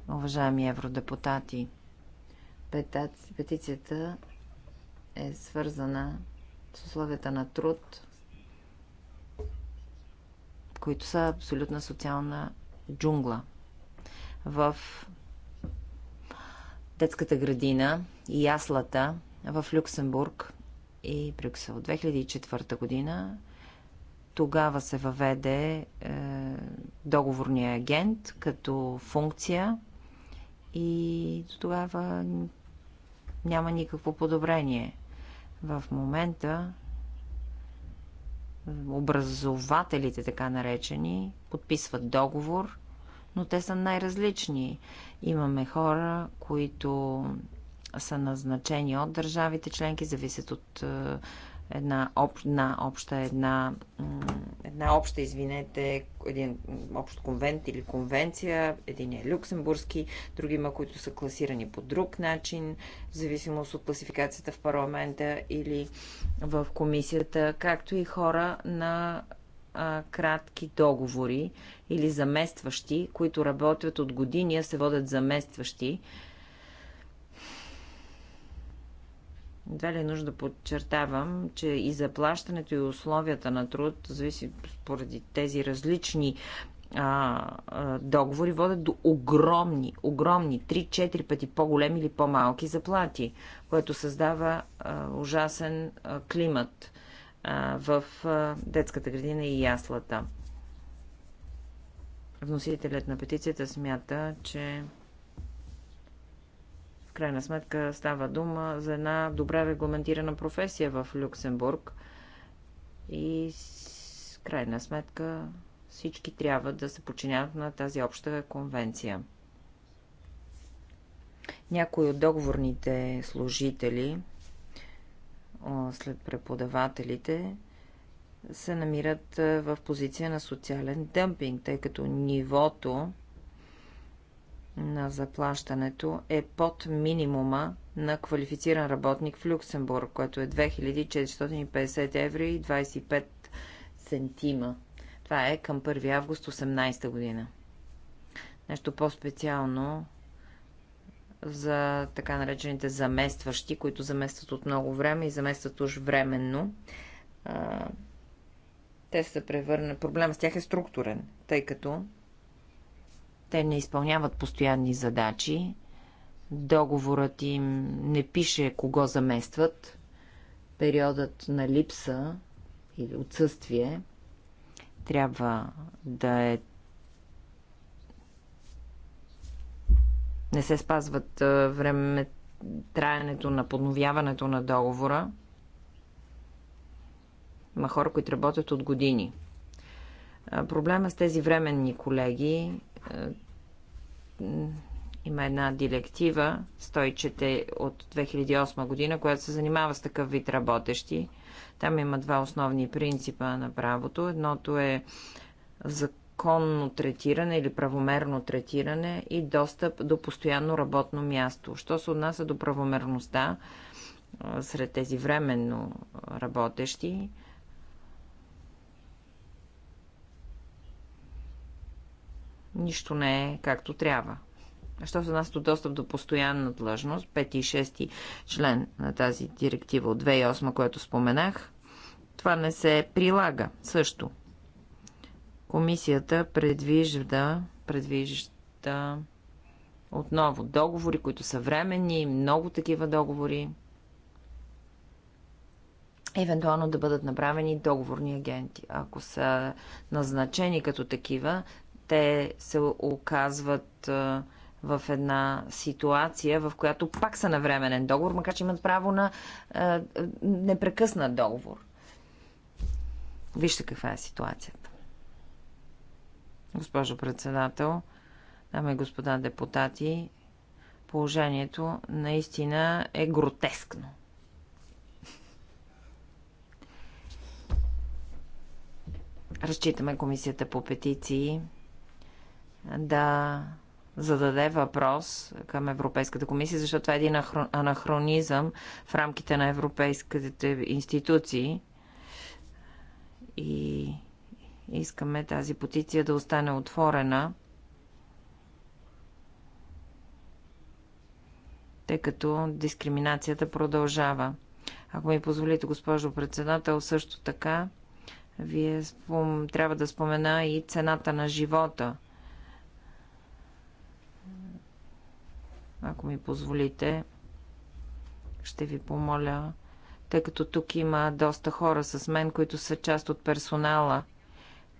уважаеми евродепутати. Петицията е свързана с условията на труд, които са абсолютна социална джунгла. В детската градина и яслата в Люксембург и Брюксел. 2004 година тогава се въведе е, договорния агент като функция и до тогава няма никакво подобрение. В момента образователите, така наречени, подписват договор, но те са най-различни. Имаме хора, които са назначени от държавите членки, зависят от е, една, об, една обща, една, една обща, извинете, един общ конвент или конвенция. Един е люксембургски, други има, които са класирани по друг начин, в зависимост от класификацията в парламента или в комисията, както и хора на а, кратки договори или заместващи, които работят от години, а се водят заместващи Едва ли е нужда да подчертавам, че и заплащането и условията на труд, зависи поради тези различни а, а, договори, водят до огромни, огромни, 3-4 пъти по-големи или по-малки заплати, което създава а, ужасен а, климат а, в а, детската градина и яслата. Вносителят на петицията смята, че крайна сметка става дума за една добре регламентирана професия в Люксембург и с крайна сметка всички трябва да се подчиняват на тази обща конвенция. Някои от договорните служители след преподавателите се намират е, в позиция на социален дъмпинг, тъй като нивото на заплащането е под минимума на квалифициран работник в Люксембург, което е 2450 евро и 25 центима. Това е към 1 август 18 година. Нещо по-специално за така наречените заместващи, които заместват от много време и заместват уж временно. те се превърна... Проблема с тях е структурен, тъй като те не изпълняват постоянни задачи. Договорът им не пише кого заместват. Периодът на липса или отсъствие трябва да е не се спазват време траенето на подновяването на договора. Има хора, които работят от години. Проблема с тези временни колеги е, има една директива, стойчете от 2008 година, която се занимава с такъв вид работещи. Там има два основни принципа на правото. Едното е законно третиране или правомерно третиране и достъп до постоянно работно място. Що се отнася до правомерността сред тези временно работещи, нищо не е както трябва. Що за нас до достъп до постоянна длъжност, 5 и 6 член на тази директива от 2008, което споменах, това не се прилага също. Комисията предвижда, предвижда отново договори, които са временни, много такива договори, евентуално да бъдат направени договорни агенти. Ако са назначени като такива, те се оказват в една ситуация, в която пак са на временен договор, макар че имат право на непрекъснат договор. Вижте каква е ситуацията. Госпожо председател, дами и господа депутати, положението наистина е гротескно. Разчитаме комисията по петиции да зададе въпрос към Европейската комисия, защото това е един анахронизъм в рамките на европейските институции. И искаме тази петиция да остане отворена, тъй като дискриминацията продължава. Ако ми позволите, госпожо председател, също така, вие спом... трябва да спомена и цената на живота – Ако ми позволите, ще ви помоля, тъй като тук има доста хора с мен, които са част от персонала.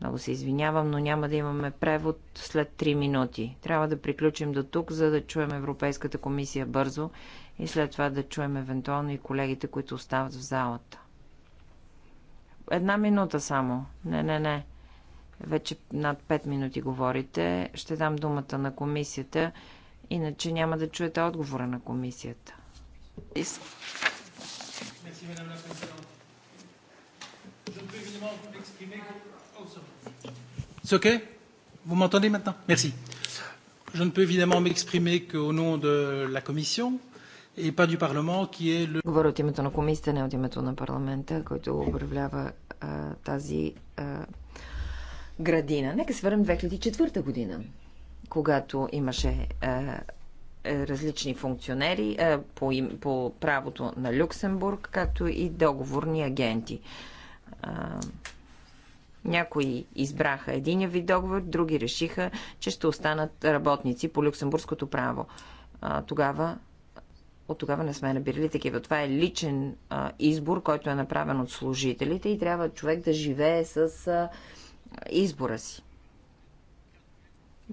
Много се извинявам, но няма да имаме превод след 3 минути. Трябва да приключим до тук, за да чуем Европейската комисия бързо и след това да чуем евентуално и колегите, които остават в залата. Една минута само. Не, не, не. Вече над 5 минути говорите. Ще дам думата на комисията Иначе няма да чуете отговора на комисията. C'est OK Vous m'entendez maintenant Merci. Je ne peux évidemment m'exprimer qu'au nom de la Commission Говоря от името на комисията, не от името на парламента, който управлява а, тази а, градина. Нека се върнем 2004 година когато имаше е, е, различни функционери е, по, им, по правото на Люксембург, както и договорни агенти. Някои избраха един вид договор, други решиха, че ще останат работници по люксембургското право. Тогава от тогава не сме набирали такива. Това е личен а, избор, който е направен от служителите и трябва човек да живее с а, избора си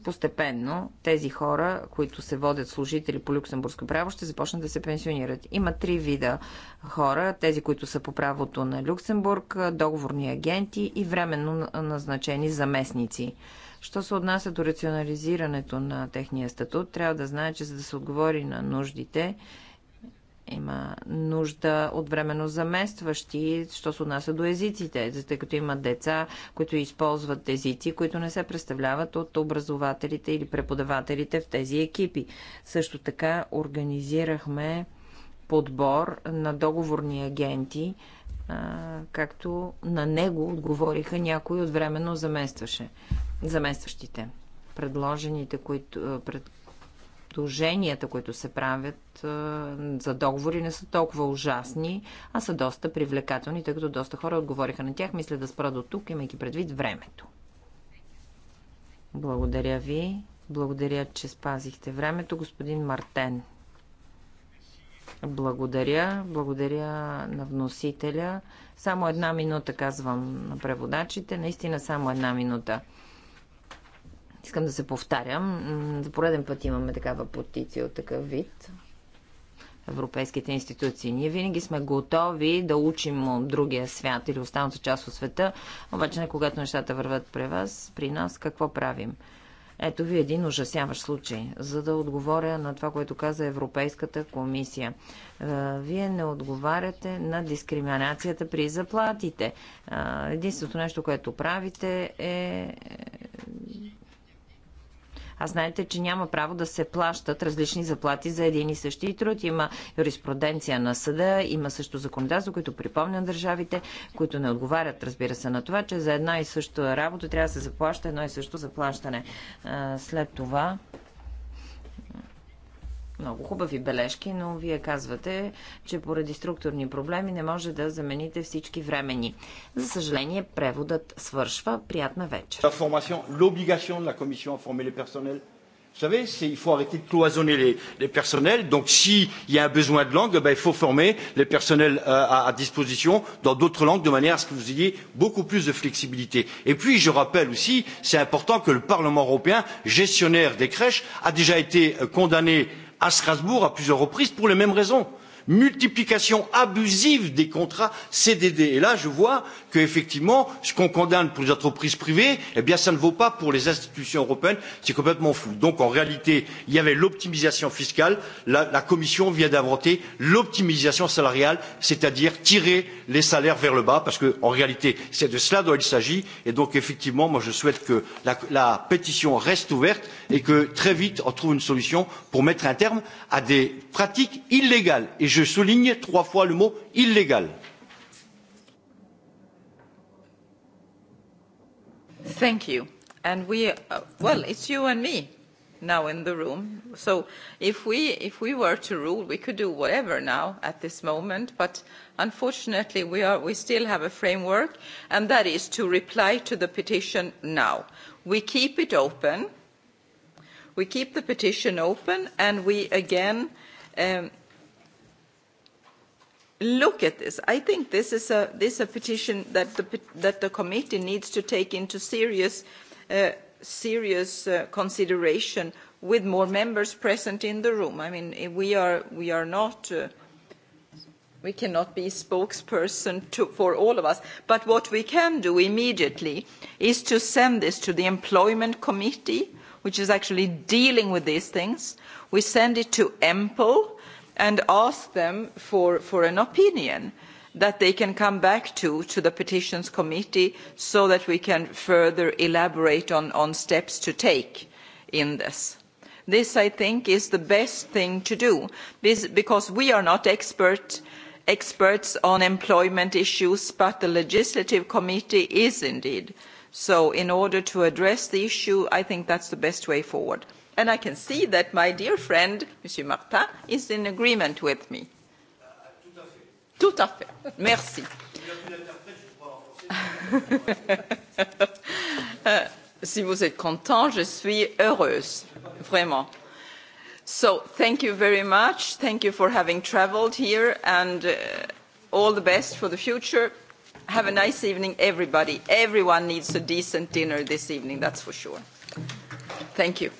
постепенно тези хора, които се водят служители по люксембургско право, ще започнат да се пенсионират. Има три вида хора. Тези, които са по правото на Люксембург, договорни агенти и временно назначени заместници. Що се отнася до рационализирането на техния статут, трябва да знае, че за да се отговори на нуждите има нужда от временно заместващи, що се отнася до езиците, тъй като има деца, които използват езици, които не се представляват от образователите или преподавателите в тези екипи. Също така организирахме подбор на договорни агенти, както на него отговориха някои от временно заместващите. Предложените, които, пред, предложенията, които се правят за договори, не са толкова ужасни, а са доста привлекателни, тъй като доста хора отговориха на тях. Мисля да спра до тук, имайки предвид времето. Благодаря ви. Благодаря, че спазихте времето, господин Мартен. Благодаря. Благодаря на вносителя. Само една минута, казвам на преводачите. Наистина само една минута. Искам да се повтарям. За пореден път имаме такава потиция от такъв вид. Европейските институции. Ние винаги сме готови да учим от другия свят или останалата част от света, обаче не когато нещата върват при вас, при нас, какво правим? Ето ви един ужасяващ случай, за да отговоря на това, което каза Европейската комисия. Е, вие не отговаряте на дискриминацията при заплатите. Е, единственото нещо, което правите е а знаете, че няма право да се плащат различни заплати за един и същи труд. Има юриспруденция на съда, има също законодателство, които припомня държавите, които не отговарят, разбира се, на това, че за една и съща работа трябва да се заплаща едно и също заплащане. След това много хубави бележки, но вие казвате, че поради структурни проблеми не може да замените всички времени. За съжаление, преводът свършва. Приятна вечер. L'obligation de la commission à former Vous savez, il faut arrêter de cloisonner les, les personnels. Donc, s'il y a un besoin de langue, ben, il faut former les personnels euh, à, à disposition dans d'autres langues de manière à ce que vous ayez beaucoup plus de flexibilité. Et puis, je rappelle aussi, c'est important que le Parlement européen, gestionnaire des crèches, a déjà été condamné euh, à Strasbourg à plusieurs reprises pour les mêmes raisons multiplication abusive des contrats cdd. et là je vois qu'effectivement ce qu'on condamne pour les entreprises privées eh bien, ça ne vaut pas pour les institutions européennes c'est complètement fou. donc en réalité il y avait l'optimisation fiscale la commission vient d'inventer l'optimisation salariale c'est à dire tirer les salaires vers le bas parce qu'en réalité c'est de cela dont il s'agit et donc effectivement moi je souhaite que la pétition reste ouverte et que très vite on trouve une solution pour mettre un terme à des pratiques illégales je souligne trois fois le mot illégal. And we, uh, well, it's you and me now in the room. So if we, if we were to rule, we could do whatever now at this moment. But unfortunately, we, are, we still have a framework, and that is to reply to the petition now. We keep it open. We keep the petition open, and we again um, look at this. I think this is a, this is a petition that the, that the committee needs to take into serious, uh, serious uh, consideration with more members present in the room. I mean, we are, we are not, uh, we cannot be spokesperson to, for all of us. But what we can do immediately is to send this to the Employment Committee, which is actually dealing with these things. We send it to EMPL, and ask them for, for an opinion that they can come back to to the petitions committee so that we can further elaborate on, on steps to take in this. This, I think, is the best thing to do because we are not expert, experts on employment issues, but the legislative committee is indeed. So in order to address the issue, I think that's the best way forward. And I can see that my dear friend, Monsieur Martin, is in agreement with me. Tout à fait. Merci. si vous êtes content, je suis heureuse, vraiment. So, thank you very much. Thank you for having traveled here and uh, all the best for the future. Have a nice evening, everybody. Everyone needs a decent dinner this evening, that's for sure. Thank you.